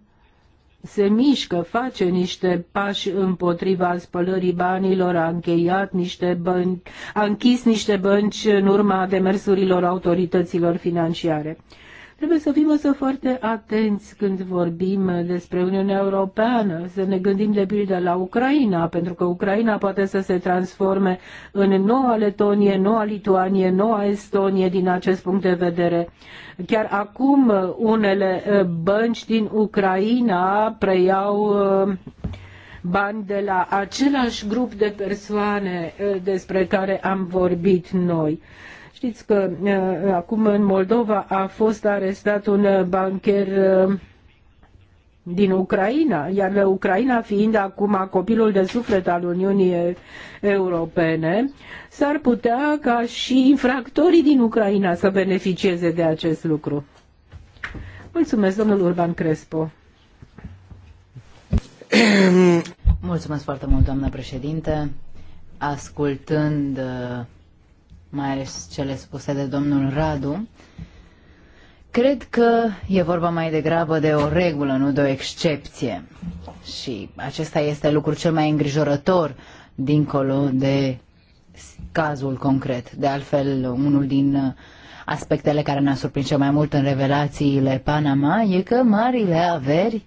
se mișcă, face niște pași împotriva spălării banilor, a încheiat niște bănci, a închis niște bănci în urma demersurilor autorităților financiare. Trebuie să fim însă foarte atenți când vorbim despre Uniunea Europeană, să ne gândim de pildă la Ucraina, pentru că Ucraina poate să se transforme în noua Letonie, noua Lituanie, noua Estonie din acest punct de vedere. Chiar acum unele eh, bănci din Ucraina preiau eh, bani de la același grup de persoane eh, despre care am vorbit noi. Știți că uh, acum în Moldova a fost arestat un uh, bancher uh, din Ucraina, iar Ucraina fiind acum copilul de suflet al Uniunii Europene, s-ar putea ca și infractorii din Ucraina să beneficieze de acest lucru. Mulțumesc, domnul Urban Crespo. Mulțumesc foarte mult, doamnă președinte. Ascultând mai ales cele spuse de domnul Radu. Cred că e vorba mai degrabă de o regulă, nu de o excepție. Și acesta este lucrul cel mai îngrijorător dincolo de cazul concret. De altfel, unul din uh, aspectele care ne-a surprins cel mai mult în revelațiile Panama e că marile averi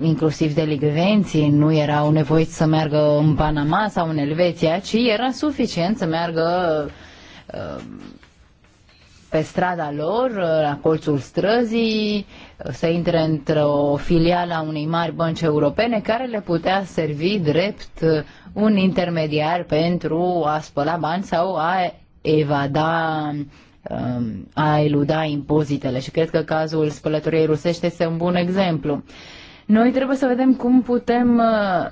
inclusiv delinvenții, nu erau nevoiți să meargă în Panama sau în Elveția, ci era suficient să meargă uh, pe strada lor, uh, la colțul străzii, uh, să intre într-o filială a unei mari bănci europene care le putea servi drept un intermediar pentru a spăla bani sau a evada um, a eluda impozitele și cred că cazul spălătoriei rusești este un bun exemplu. Noi trebuie să vedem cum putem uh,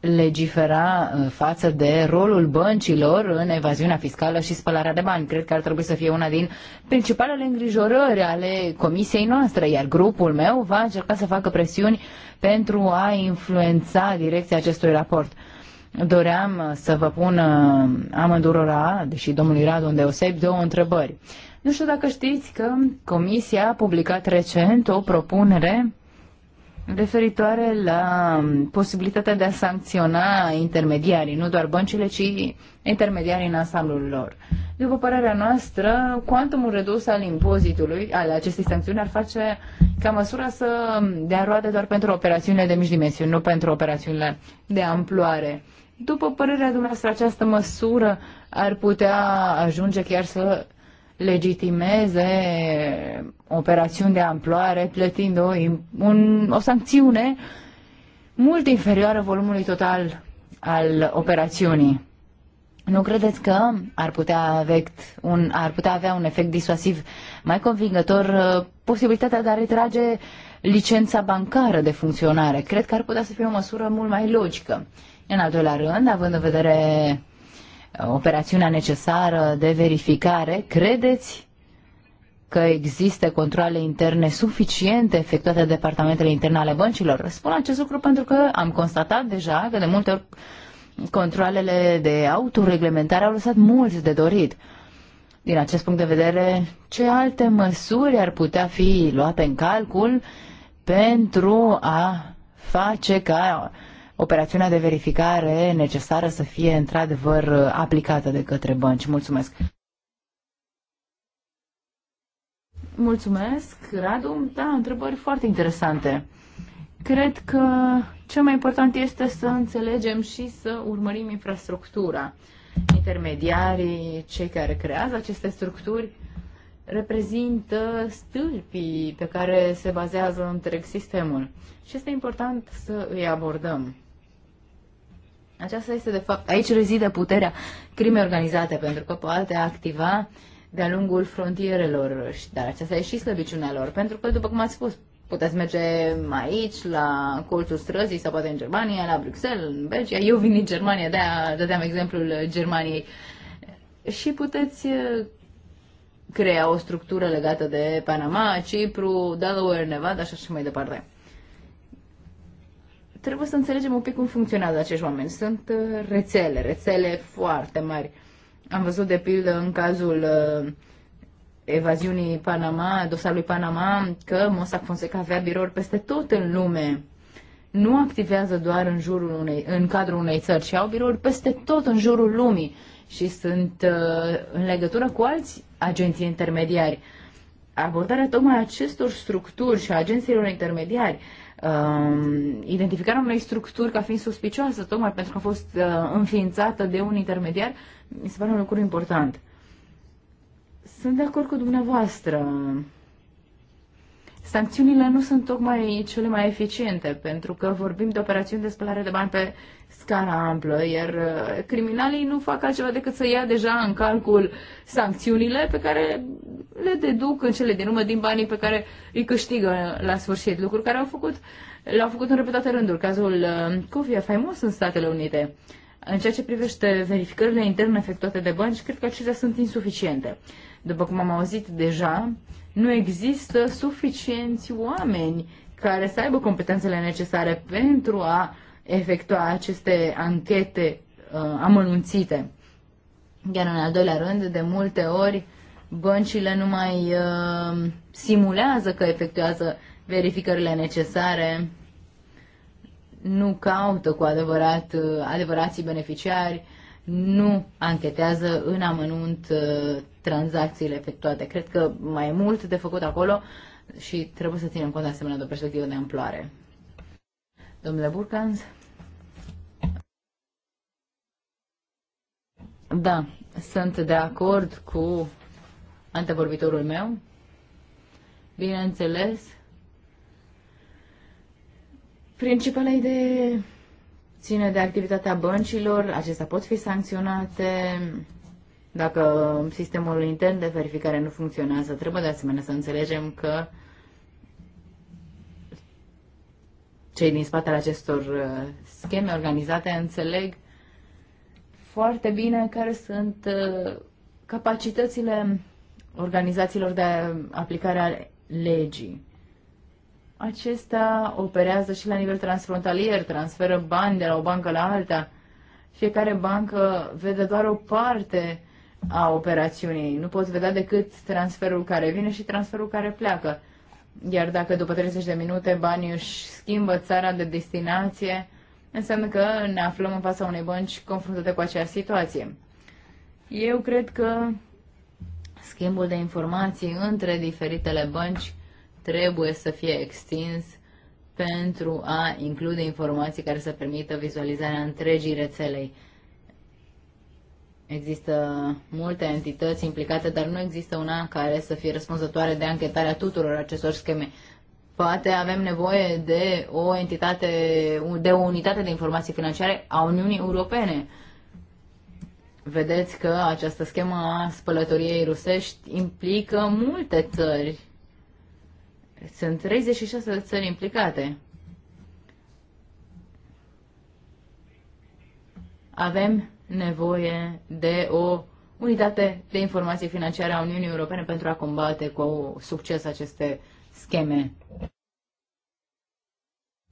legifera uh, față de rolul băncilor în evaziunea fiscală și spălarea de bani. Cred că ar trebui să fie una din principalele îngrijorări ale comisiei noastre, iar grupul meu va încerca să facă presiuni pentru a influența direcția acestui raport. Doream uh, să vă pun amândurora, deși domnului Radu îndeosebi, două întrebări. Nu știu dacă știți că Comisia a publicat recent o propunere referitoare la posibilitatea de a sancționa intermediarii, nu doar băncile, ci intermediarii în ansamblul lor. După părerea noastră, cuantumul redus al impozitului, al acestei sancțiuni, ar face ca măsura să dea roade doar pentru operațiunile de mici dimensiuni, nu pentru operațiunile de amploare. După părerea dumneavoastră, această măsură ar putea ajunge chiar să legitimeze operațiuni de amploare plătind o, un, o sancțiune mult inferioară volumului total al operațiunii. Nu credeți că ar putea, avect un, ar putea avea un efect disuasiv mai convingător uh, posibilitatea de a retrage licența bancară de funcționare? Cred că ar putea să fie o măsură mult mai logică. În al doilea rând, având în vedere operațiunea necesară de verificare, credeți că există controle interne suficiente efectuate de departamentele interne ale băncilor? Spun acest lucru pentru că am constatat deja că de multe ori controlele de autoreglementare au lăsat mult de dorit. Din acest punct de vedere, ce alte măsuri ar putea fi luate în calcul pentru a face ca operațiunea de verificare necesară să fie într-adevăr aplicată de către bănci. Mulțumesc! Mulțumesc, Radu. Da, întrebări foarte interesante. Cred că cel mai important este să înțelegem și să urmărim infrastructura. Intermediarii, cei care creează aceste structuri, reprezintă stâlpii pe care se bazează întreg sistemul. Și este important să îi abordăm. Aceasta este, de fapt, aici rezidă puterea crimei organizate, pentru că poate activa de-a lungul frontierelor, dar aceasta e și slăbiciunea lor, pentru că, după cum ați spus, puteți merge aici, la colțul străzii, sau poate în Germania, la Bruxelles, în Belgia. Eu vin din Germania, de-aia dădeam exemplul Germaniei. Și puteți uh, crea o structură legată de Panama, Cipru, Delaware, Nevada și așa mai departe trebuie să înțelegem un pic cum funcționează acești oameni. Sunt uh, rețele, rețele foarte mari. Am văzut, de pildă, în cazul uh, evaziunii Panama, dosarului Panama, că Mossack Fonseca avea birouri peste tot în lume. Nu activează doar în, jurul unei, în cadrul unei țări, ci au birouri peste tot în jurul lumii și sunt uh, în legătură cu alți agenții intermediari. Abordarea tocmai acestor structuri și agențiilor intermediari uh, uh, identificarea unei structuri ca fiind suspicioasă, tocmai pentru că a fost uh, înființată de un intermediar, mi se pare un lucru important. Sunt de acord cu dumneavoastră. Sancțiunile nu sunt tocmai cele mai eficiente, pentru că vorbim de operațiuni de spălare de bani pe scară amplă, iar uh, criminalii nu fac altceva decât să ia deja în calcul sancțiunile pe care le deduc în cele din urmă din banii pe care îi câștigă la sfârșit, lucruri care au făcut, le-au făcut în repetate rânduri. Cazul Covia, uh, faimos în Statele Unite. În ceea ce privește verificările interne efectuate de bănci, cred că acestea sunt insuficiente. După cum am auzit deja, nu există suficienți oameni care să aibă competențele necesare pentru a efectua aceste anchete uh, amănunțite. Iar în al doilea rând, de multe ori, băncile nu mai uh, simulează că efectuează verificările necesare, nu caută cu adevărat uh, adevărații beneficiari, nu anchetează în amănunt uh, tranzacțiile efectuate. Cred că mai mult de făcut acolo și trebuie să ținem cont de asemenea de o perspectivă de amploare. Domnule Burcanz? Da, sunt de acord cu antevorbitorul meu. Bineînțeles, principala idee ține de activitatea băncilor, acestea pot fi sancționate dacă sistemul intern de verificare nu funcționează. Trebuie de asemenea să înțelegem că cei din spatele acestor uh, scheme organizate înțeleg foarte bine care sunt uh, capacitățile organizațiilor de aplicare a legii. Acesta operează și la nivel transfrontalier, transferă bani de la o bancă la alta. Fiecare bancă vede doar o parte a operațiunii. Nu poți vedea decât transferul care vine și transferul care pleacă. Iar dacă după 30 de minute banii își schimbă țara de destinație, înseamnă că ne aflăm în fața unei bănci confruntate cu aceeași situație. Eu cred că schimbul de informații între diferitele bănci trebuie să fie extins pentru a include informații care să permită vizualizarea întregii rețelei. Există multe entități implicate, dar nu există una care să fie răspunzătoare de anchetarea tuturor acestor scheme. Poate avem nevoie de o entitate, de o unitate de informații financiare a Uniunii Europene. Vedeți că această schemă a spălătoriei rusești implică multe țări sunt 36 de țări implicate. Avem nevoie de o unitate de informații financiare a Uniunii Europene pentru a combate cu succes aceste scheme.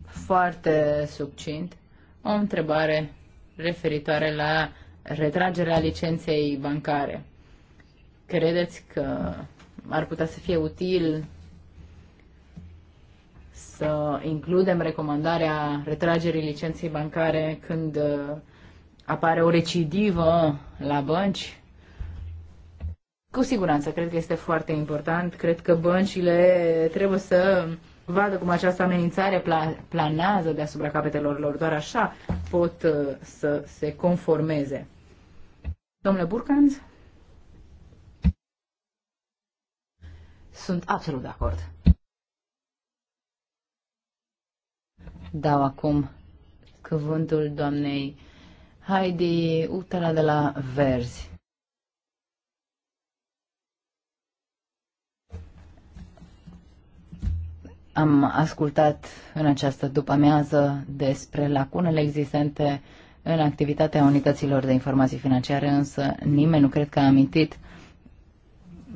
Foarte succint. O întrebare referitoare la retragerea licenței bancare. Credeți că ar putea să fie util să includem recomandarea retragerii licenței bancare când uh, apare o recidivă la bănci? Cu siguranță, cred că este foarte important. Cred că băncile trebuie să vadă cum această amenințare planează deasupra capetelor lor. Doar așa pot uh, să se conformeze. Domnule Burcanz? Sunt absolut de acord. Dau acum cuvântul doamnei Heidi Utala de la Verzi. Am ascultat în această după-amiază despre lacunele existente în activitatea unităților de informații financiare, însă nimeni nu cred că a amintit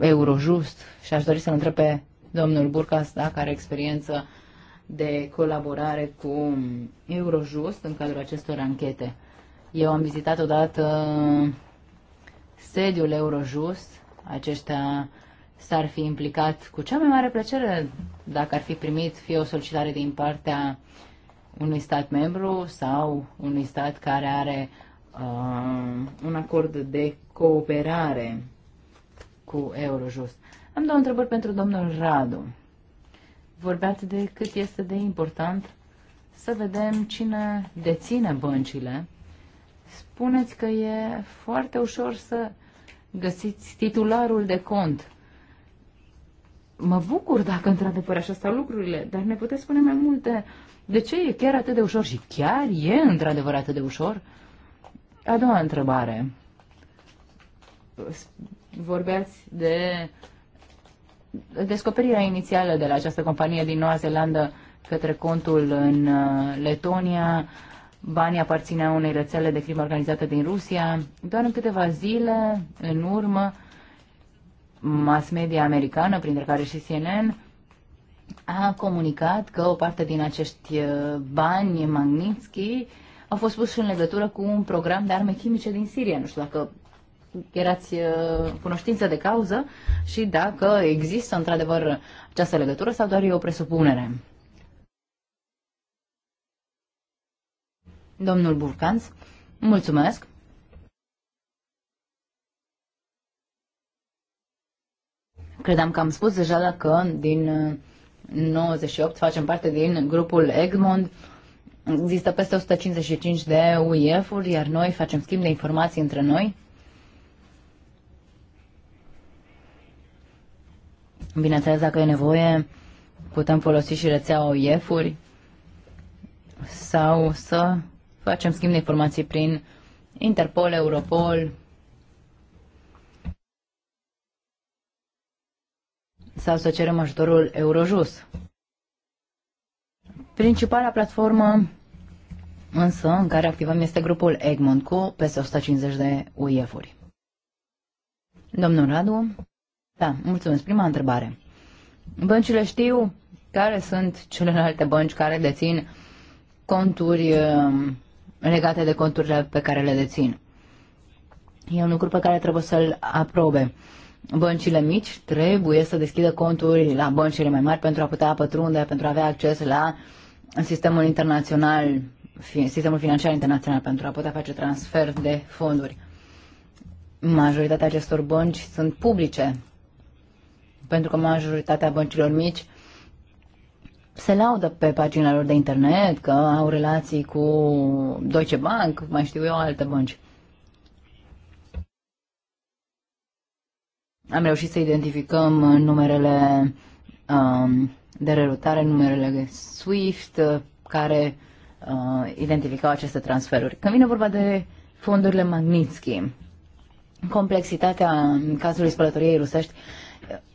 Eurojust și aș dori să-l întreb pe domnul Burcas dacă are experiență de colaborare cu Eurojust în cadrul acestor anchete. Eu am vizitat odată sediul Eurojust. Aceștia s-ar fi implicat cu cea mai mare plăcere dacă ar fi primit fie o solicitare din partea unui stat membru sau unui stat care are uh, un acord de cooperare cu Eurojust. Am două întrebări pentru domnul Radu vorbeați de cât este de important să vedem cine deține băncile. Spuneți că e foarte ușor să găsiți titularul de cont. Mă bucur dacă într-adevăr așa stau lucrurile, dar ne puteți spune mai multe. De ce e chiar atât de ușor și chiar e într-adevăr atât de ușor? A doua întrebare. Vorbeați de descoperirea inițială de la această companie din Noua Zeelandă către contul în uh, Letonia, banii aparțineau unei rețele de crimă organizată din Rusia. Doar în câteva zile în urmă, mass media americană, printre care și CNN, a comunicat că o parte din acești uh, bani Magnitsky au fost pus în legătură cu un program de arme chimice din Siria. Nu știu dacă erați uh, cunoștință de cauză și dacă există într-adevăr această legătură sau doar e o presupunere. Domnul Burcanț, mulțumesc. Credeam că am spus deja dacă din 98 uh, facem parte din grupul Egmont. Există peste 155 de UIF-uri, iar noi facem schimb de informații între noi. Bineînțeles, dacă e nevoie, putem folosi și rețeaua OIF-uri sau să facem schimb de informații prin Interpol, Europol sau să cerem ajutorul Eurojust. Principala platformă însă în care activăm este grupul Egmont cu peste 150 de UEF-uri. Domnul Radu, da, mulțumesc. Prima întrebare. Băncile știu care sunt celelalte bănci care dețin conturi um, legate de conturile pe care le dețin. E un lucru pe care trebuie să-l aprobe. Băncile mici trebuie să deschidă conturi la băncile mai mari pentru a putea pătrunde, pentru a avea acces la sistemul internațional, sistemul financiar internațional, pentru a putea face transfer de fonduri. Majoritatea acestor bănci sunt publice, pentru că majoritatea băncilor mici se laudă pe pagina lor de internet că au relații cu Deutsche Bank, mai știu eu, alte bănci. Am reușit să identificăm numerele um, de rerutare, numerele SWIFT, care uh, identificau aceste transferuri. Când vine vorba de fondurile Magnitsky, complexitatea în cazului spălătoriei rusești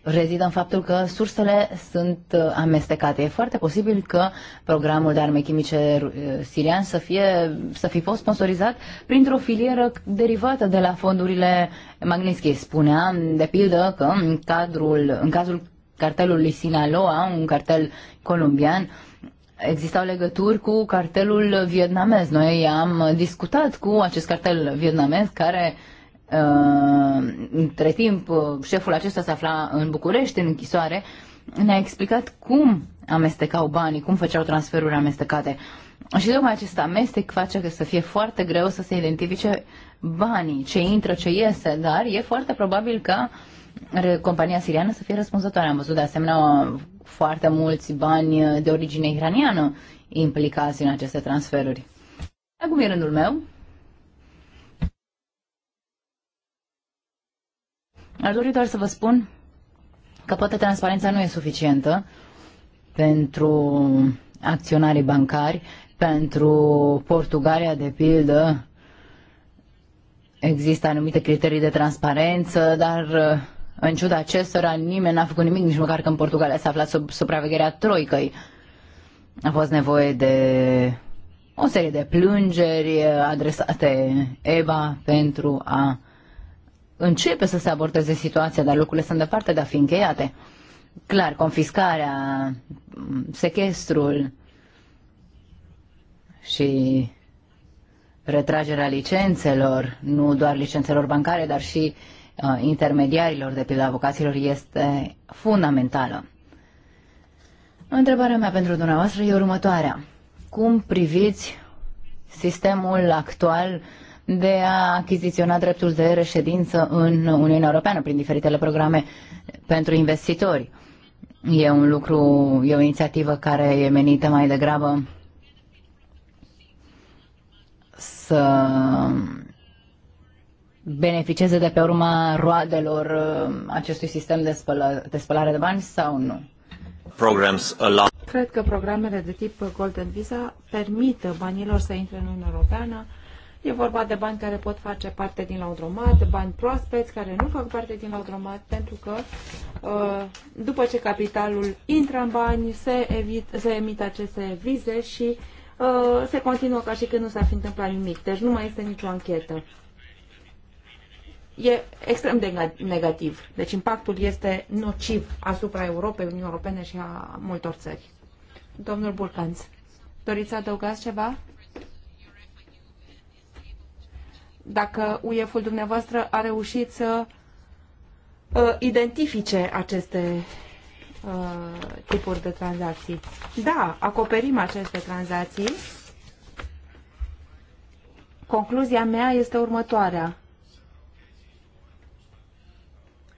rezidă în faptul că sursele sunt uh, amestecate. E foarte posibil că programul de arme chimice uh, sirian să, fie, să fi fost sponsorizat printr-o filieră derivată de la fondurile Magnitsky. Spunea, de pildă, că în, cadrul, în cazul cartelului Sinaloa, un cartel colombian, existau legături cu cartelul vietnamez. Noi am discutat cu acest cartel vietnamez care Uh, între timp, uh, șeful acesta se afla în București, în închisoare, ne-a explicat cum amestecau banii, cum făceau transferuri amestecate. Și tocmai acest amestec face că să fie foarte greu să se identifice banii, ce intră, ce iese, dar e foarte probabil că uh, compania siriană să fie răspunzătoare. Am văzut de asemenea foarte mulți bani de origine iraniană implicați în aceste transferuri. Acum e rândul meu Aș dori doar să vă spun că poate transparența nu e suficientă pentru acționarii bancari, pentru Portugalia, de pildă, există anumite criterii de transparență, dar uh, în ciuda acestora nimeni n-a făcut nimic, nici măcar că în Portugalia s-a aflat sub supravegherea troicăi. A fost nevoie de o serie de plângeri uh, adresate EBA pentru a începe să se abordeze situația, dar lucrurile sunt departe de a fi încheiate. Clar, confiscarea, sechestrul și retragerea licențelor, nu doar licențelor bancare, dar și uh, intermediarilor, de pildă avocaților, este fundamentală. Întrebarea mea pentru dumneavoastră e următoarea. Cum priviți sistemul actual uh, de a achiziționa dreptul de reședință în Uniunea Europeană prin diferitele programe pentru investitori. E un lucru, e o inițiativă care e menită mai degrabă să beneficieze de pe urma roadelor uh, acestui sistem de, spăla, de spălare de bani sau nu? Cred că programele de tip Golden Visa permit banilor să intre în Uniunea Europeană E vorba de bani care pot face parte din laudromat, bani proaspeți care nu fac parte din laudromat, pentru că uh, după ce capitalul intră în bani, se, evit, se emit aceste vize și uh, se continuă ca și când nu s-ar fi întâmplat nimic. Deci nu mai este nicio anchetă. E extrem de negativ. Deci impactul este nociv asupra Europei, Uniunii Europene și a multor țări. Domnul Burcanț, doriți să adăugați ceva? dacă UEF-ul dumneavoastră a reușit să uh, identifice aceste uh, tipuri de tranzacții. Da, acoperim aceste tranzacții. Concluzia mea este următoarea.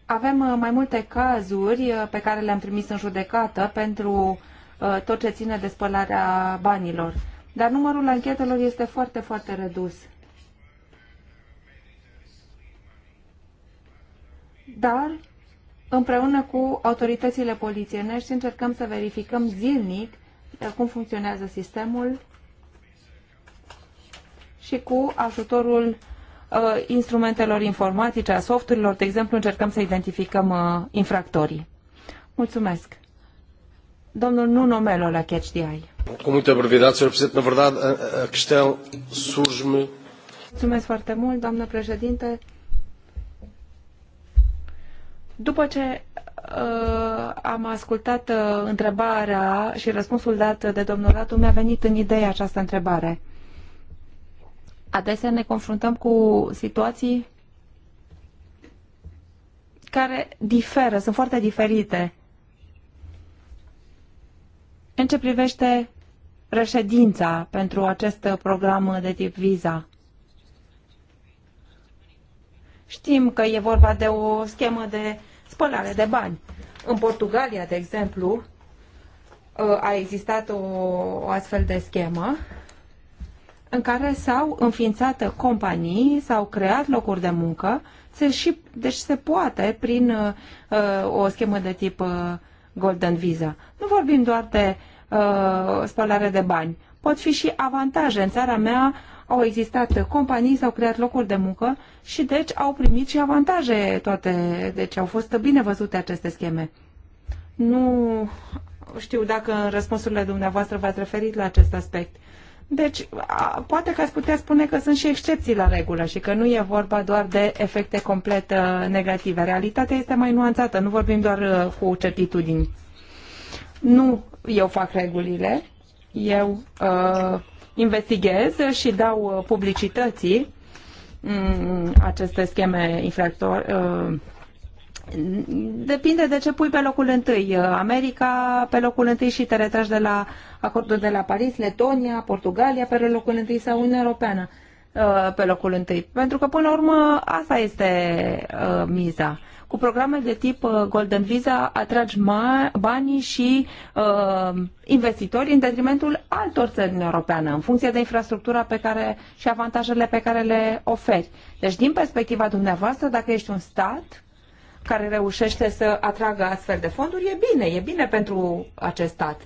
Avem uh, mai multe cazuri uh, pe care le-am trimis în judecată pentru uh, tot ce ține de spălarea banilor. Dar numărul anchetelor este foarte, foarte redus. dar împreună cu autoritățile și încercăm să verificăm zilnic cum funcționează sistemul și cu ajutorul uh, instrumentelor informatice, a softurilor, de exemplu, încercăm să identificăm uh, infractorii. Mulțumesc. Domnul Nuno Melo la Catch the Eye. Cu multă brevidade, Sr. reprezintă, na verdad a, a a, surge-me... Mulțumesc foarte mult, doamnă președinte. După ce uh, am ascultat uh, întrebarea și răspunsul dat de domnul Ratu, mi-a venit în idee această întrebare. Adesea ne confruntăm cu situații care diferă, sunt foarte diferite. În ce privește reședința pentru acest program de tip Visa, Știm că e vorba de o schemă de spălare de bani. În Portugalia, de exemplu, ă, a existat o, o astfel de schemă în care s-au înființat companii, s-au creat locuri de muncă, se și, deci se poate prin uh, o schemă de tip uh, Golden Visa. Nu vorbim doar de uh, spălare de bani. Pot fi și avantaje. În țara mea au existat companii, s-au creat locuri de muncă și deci au primit și avantaje toate, deci au fost bine văzute aceste scheme. Nu știu dacă în răspunsurile dumneavoastră v-ați referit la acest aspect. Deci, a, poate că ați putea spune că sunt și excepții la regulă și că nu e vorba doar de efecte complet uh, negative. Realitatea este mai nuanțată, nu vorbim doar uh, cu certitudini. Nu eu fac regulile, eu uh, investighez și dau uh, publicității mm, aceste scheme infractor. Uh, depinde de ce pui pe locul întâi. Uh, America pe locul întâi și te retragi de la acordul de la Paris, Letonia, Portugalia pe locul întâi sau Uniunea Europeană pe locul întâi. Pentru că, până la urmă, asta este miza. Cu programe de tip uh, Golden Visa atragi banii și uh, investitori în detrimentul altor țări în Europeană, în funcție de infrastructura pe care și avantajele pe care le oferi. Deci, din perspectiva dumneavoastră, dacă ești un stat care reușește să atragă astfel de fonduri, e bine, e bine pentru acest stat.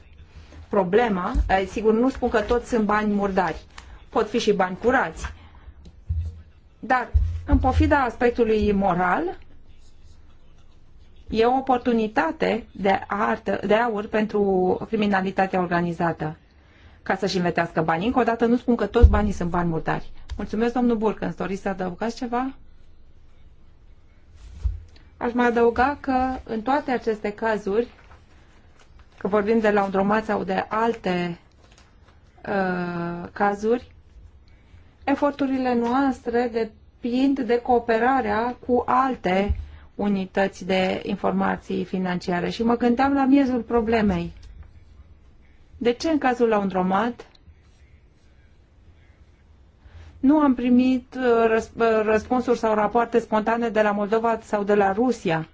Problema, eh, sigur, nu spun că toți sunt bani murdari, pot fi și bani curați, dar în pofida aspectului moral, e o oportunitate de, artă, de aur pentru criminalitatea organizată ca să-și invetească banii. Încă o dată nu spun că toți banii sunt bani murdari. Mulțumesc, domnul Burcă. Îți doriți să adăugați ceva? Aș mai adăuga că în toate aceste cazuri, că vorbim de la un sau de alte uh, cazuri, eforturile noastre depind de cooperarea cu alte unități de informații financiare și mă gândeam la miezul problemei. De ce în cazul la un dromat nu am primit uh, uh, răspunsuri sau rapoarte spontane de la Moldova sau de la Rusia,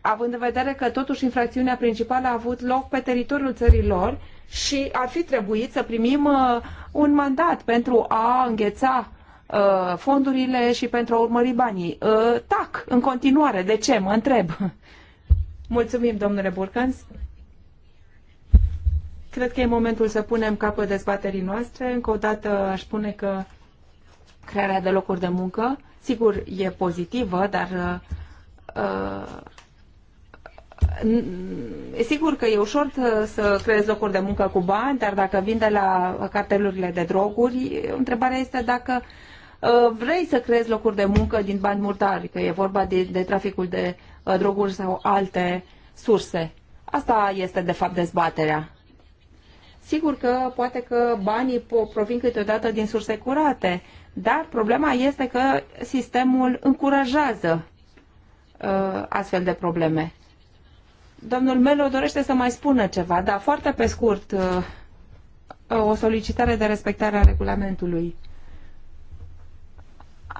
având în vedere că totuși infracțiunea principală a avut loc pe teritoriul țărilor și ar fi trebuit să primim uh, un mandat pentru a îngheța Uh, fondurile și pentru a urmări banii. Uh, tac, în continuare, de ce? Mă întreb. Mulțumim, domnule Burcans. Cred că e momentul să punem capăt dezbaterii noastre. Încă o dată aș spune că crearea de locuri de muncă, sigur, e pozitivă, dar uh, E uh, sigur că e ușor să creezi locuri de muncă cu bani, dar dacă vin de la cartelurile de droguri, întrebarea este dacă Uh, vrei să creezi locuri de muncă din bani murdari, că e vorba de, de traficul de uh, droguri sau alte surse. Asta este, de fapt, dezbaterea. Sigur că poate că banii provin câteodată din surse curate, dar problema este că sistemul încurajează uh, astfel de probleme. Domnul Melo dorește să mai spună ceva, dar foarte pe scurt, uh, o solicitare de respectare a regulamentului.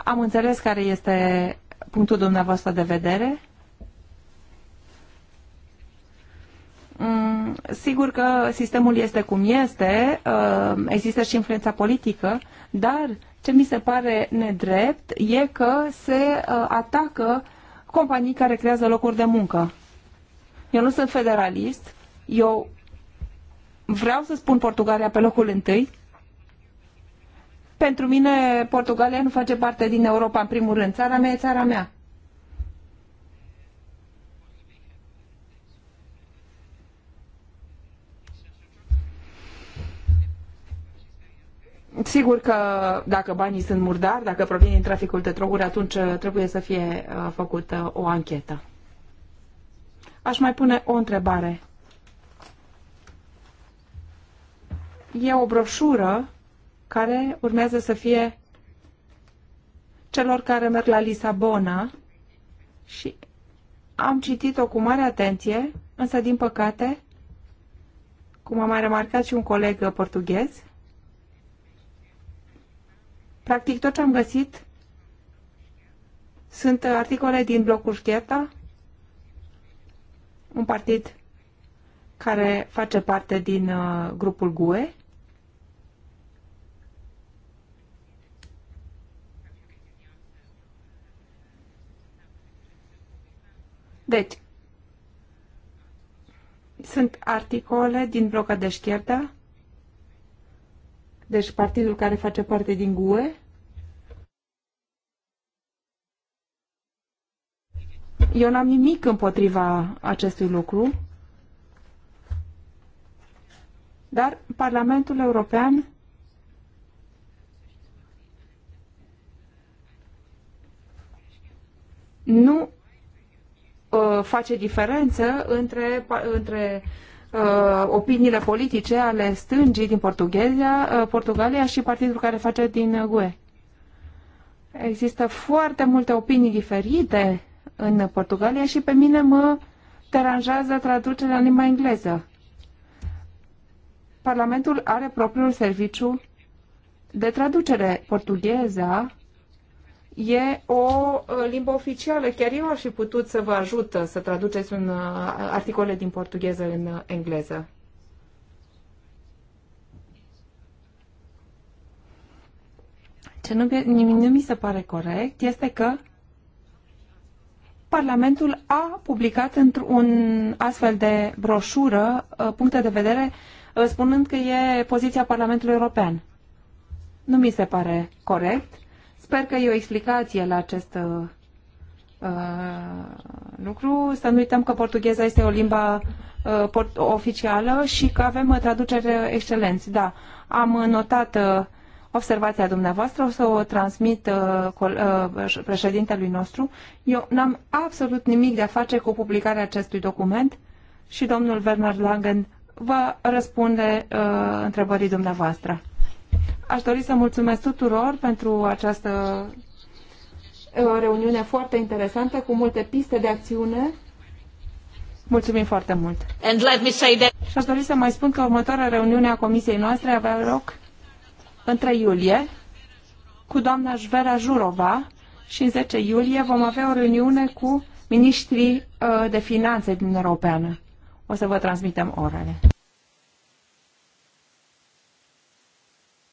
Am înțeles care este punctul dumneavoastră de vedere. Mm, sigur că sistemul este cum este, uh, există și influența politică, dar ce mi se pare nedrept e că se uh, atacă companii care creează locuri de muncă. Eu nu sunt federalist, eu vreau să spun Portugalia pe locul întâi, pentru mine Portugalia nu face parte din Europa, în primul rând. Țara mea e țara mea. Sigur că dacă banii sunt murdari, dacă provin din traficul de droguri, atunci uh, trebuie să fie uh, făcută o anchetă. Aș mai pune o întrebare. E o broșură care urmează să fie celor care merg la Lisabona și am citit-o cu mare atenție, însă din păcate, cum a mai remarcat și un coleg portughez, practic tot ce am găsit sunt articole din blocul Șcheta, un partid care face parte din uh, grupul GUE, Deci, sunt articole din bloca de șchierda, deci partidul care face parte din GUE, Eu n-am nimic împotriva acestui lucru, dar Parlamentul European nu Uh, face diferență între, între uh, opiniile politice ale stângii din Portugalia, uh, Portugalia și partidul care face din GUE. Există foarte multe opinii diferite în Portugalia și pe mine mă deranjează traducerea în limba engleză. Parlamentul are propriul serviciu de traducere. portugheză e o uh, limbă oficială. Chiar eu aș fi putut să vă ajut uh, să traduceți un uh, articole din portugheză în engleză. Ce nu, nu mi se pare corect este că Parlamentul a publicat într-un astfel de broșură puncte de vedere spunând că e poziția Parlamentului European. Nu mi se pare corect Sper că e o explicație la acest uh, uh, lucru. Să nu uităm că portugheza este o limba uh, oficială și că avem uh, traducere uh, excelenți. Da, am notat uh, observația dumneavoastră, o să o transmit uh, uh, președintelui nostru. Eu n-am absolut nimic de a face cu publicarea acestui document și domnul Werner Langen vă răspunde uh, întrebării dumneavoastră. Aș dori să mulțumesc tuturor pentru această reuniune foarte interesantă, cu multe piste de acțiune. Mulțumim foarte mult! And let me say that... Și aș dori să mai spun că următoarea reuniune a comisiei noastre avea loc în 3 iulie cu doamna Jvera Jurova și în 10 iulie vom avea o reuniune cu ministrii uh, de finanțe din Europeană. O să vă transmitem orele.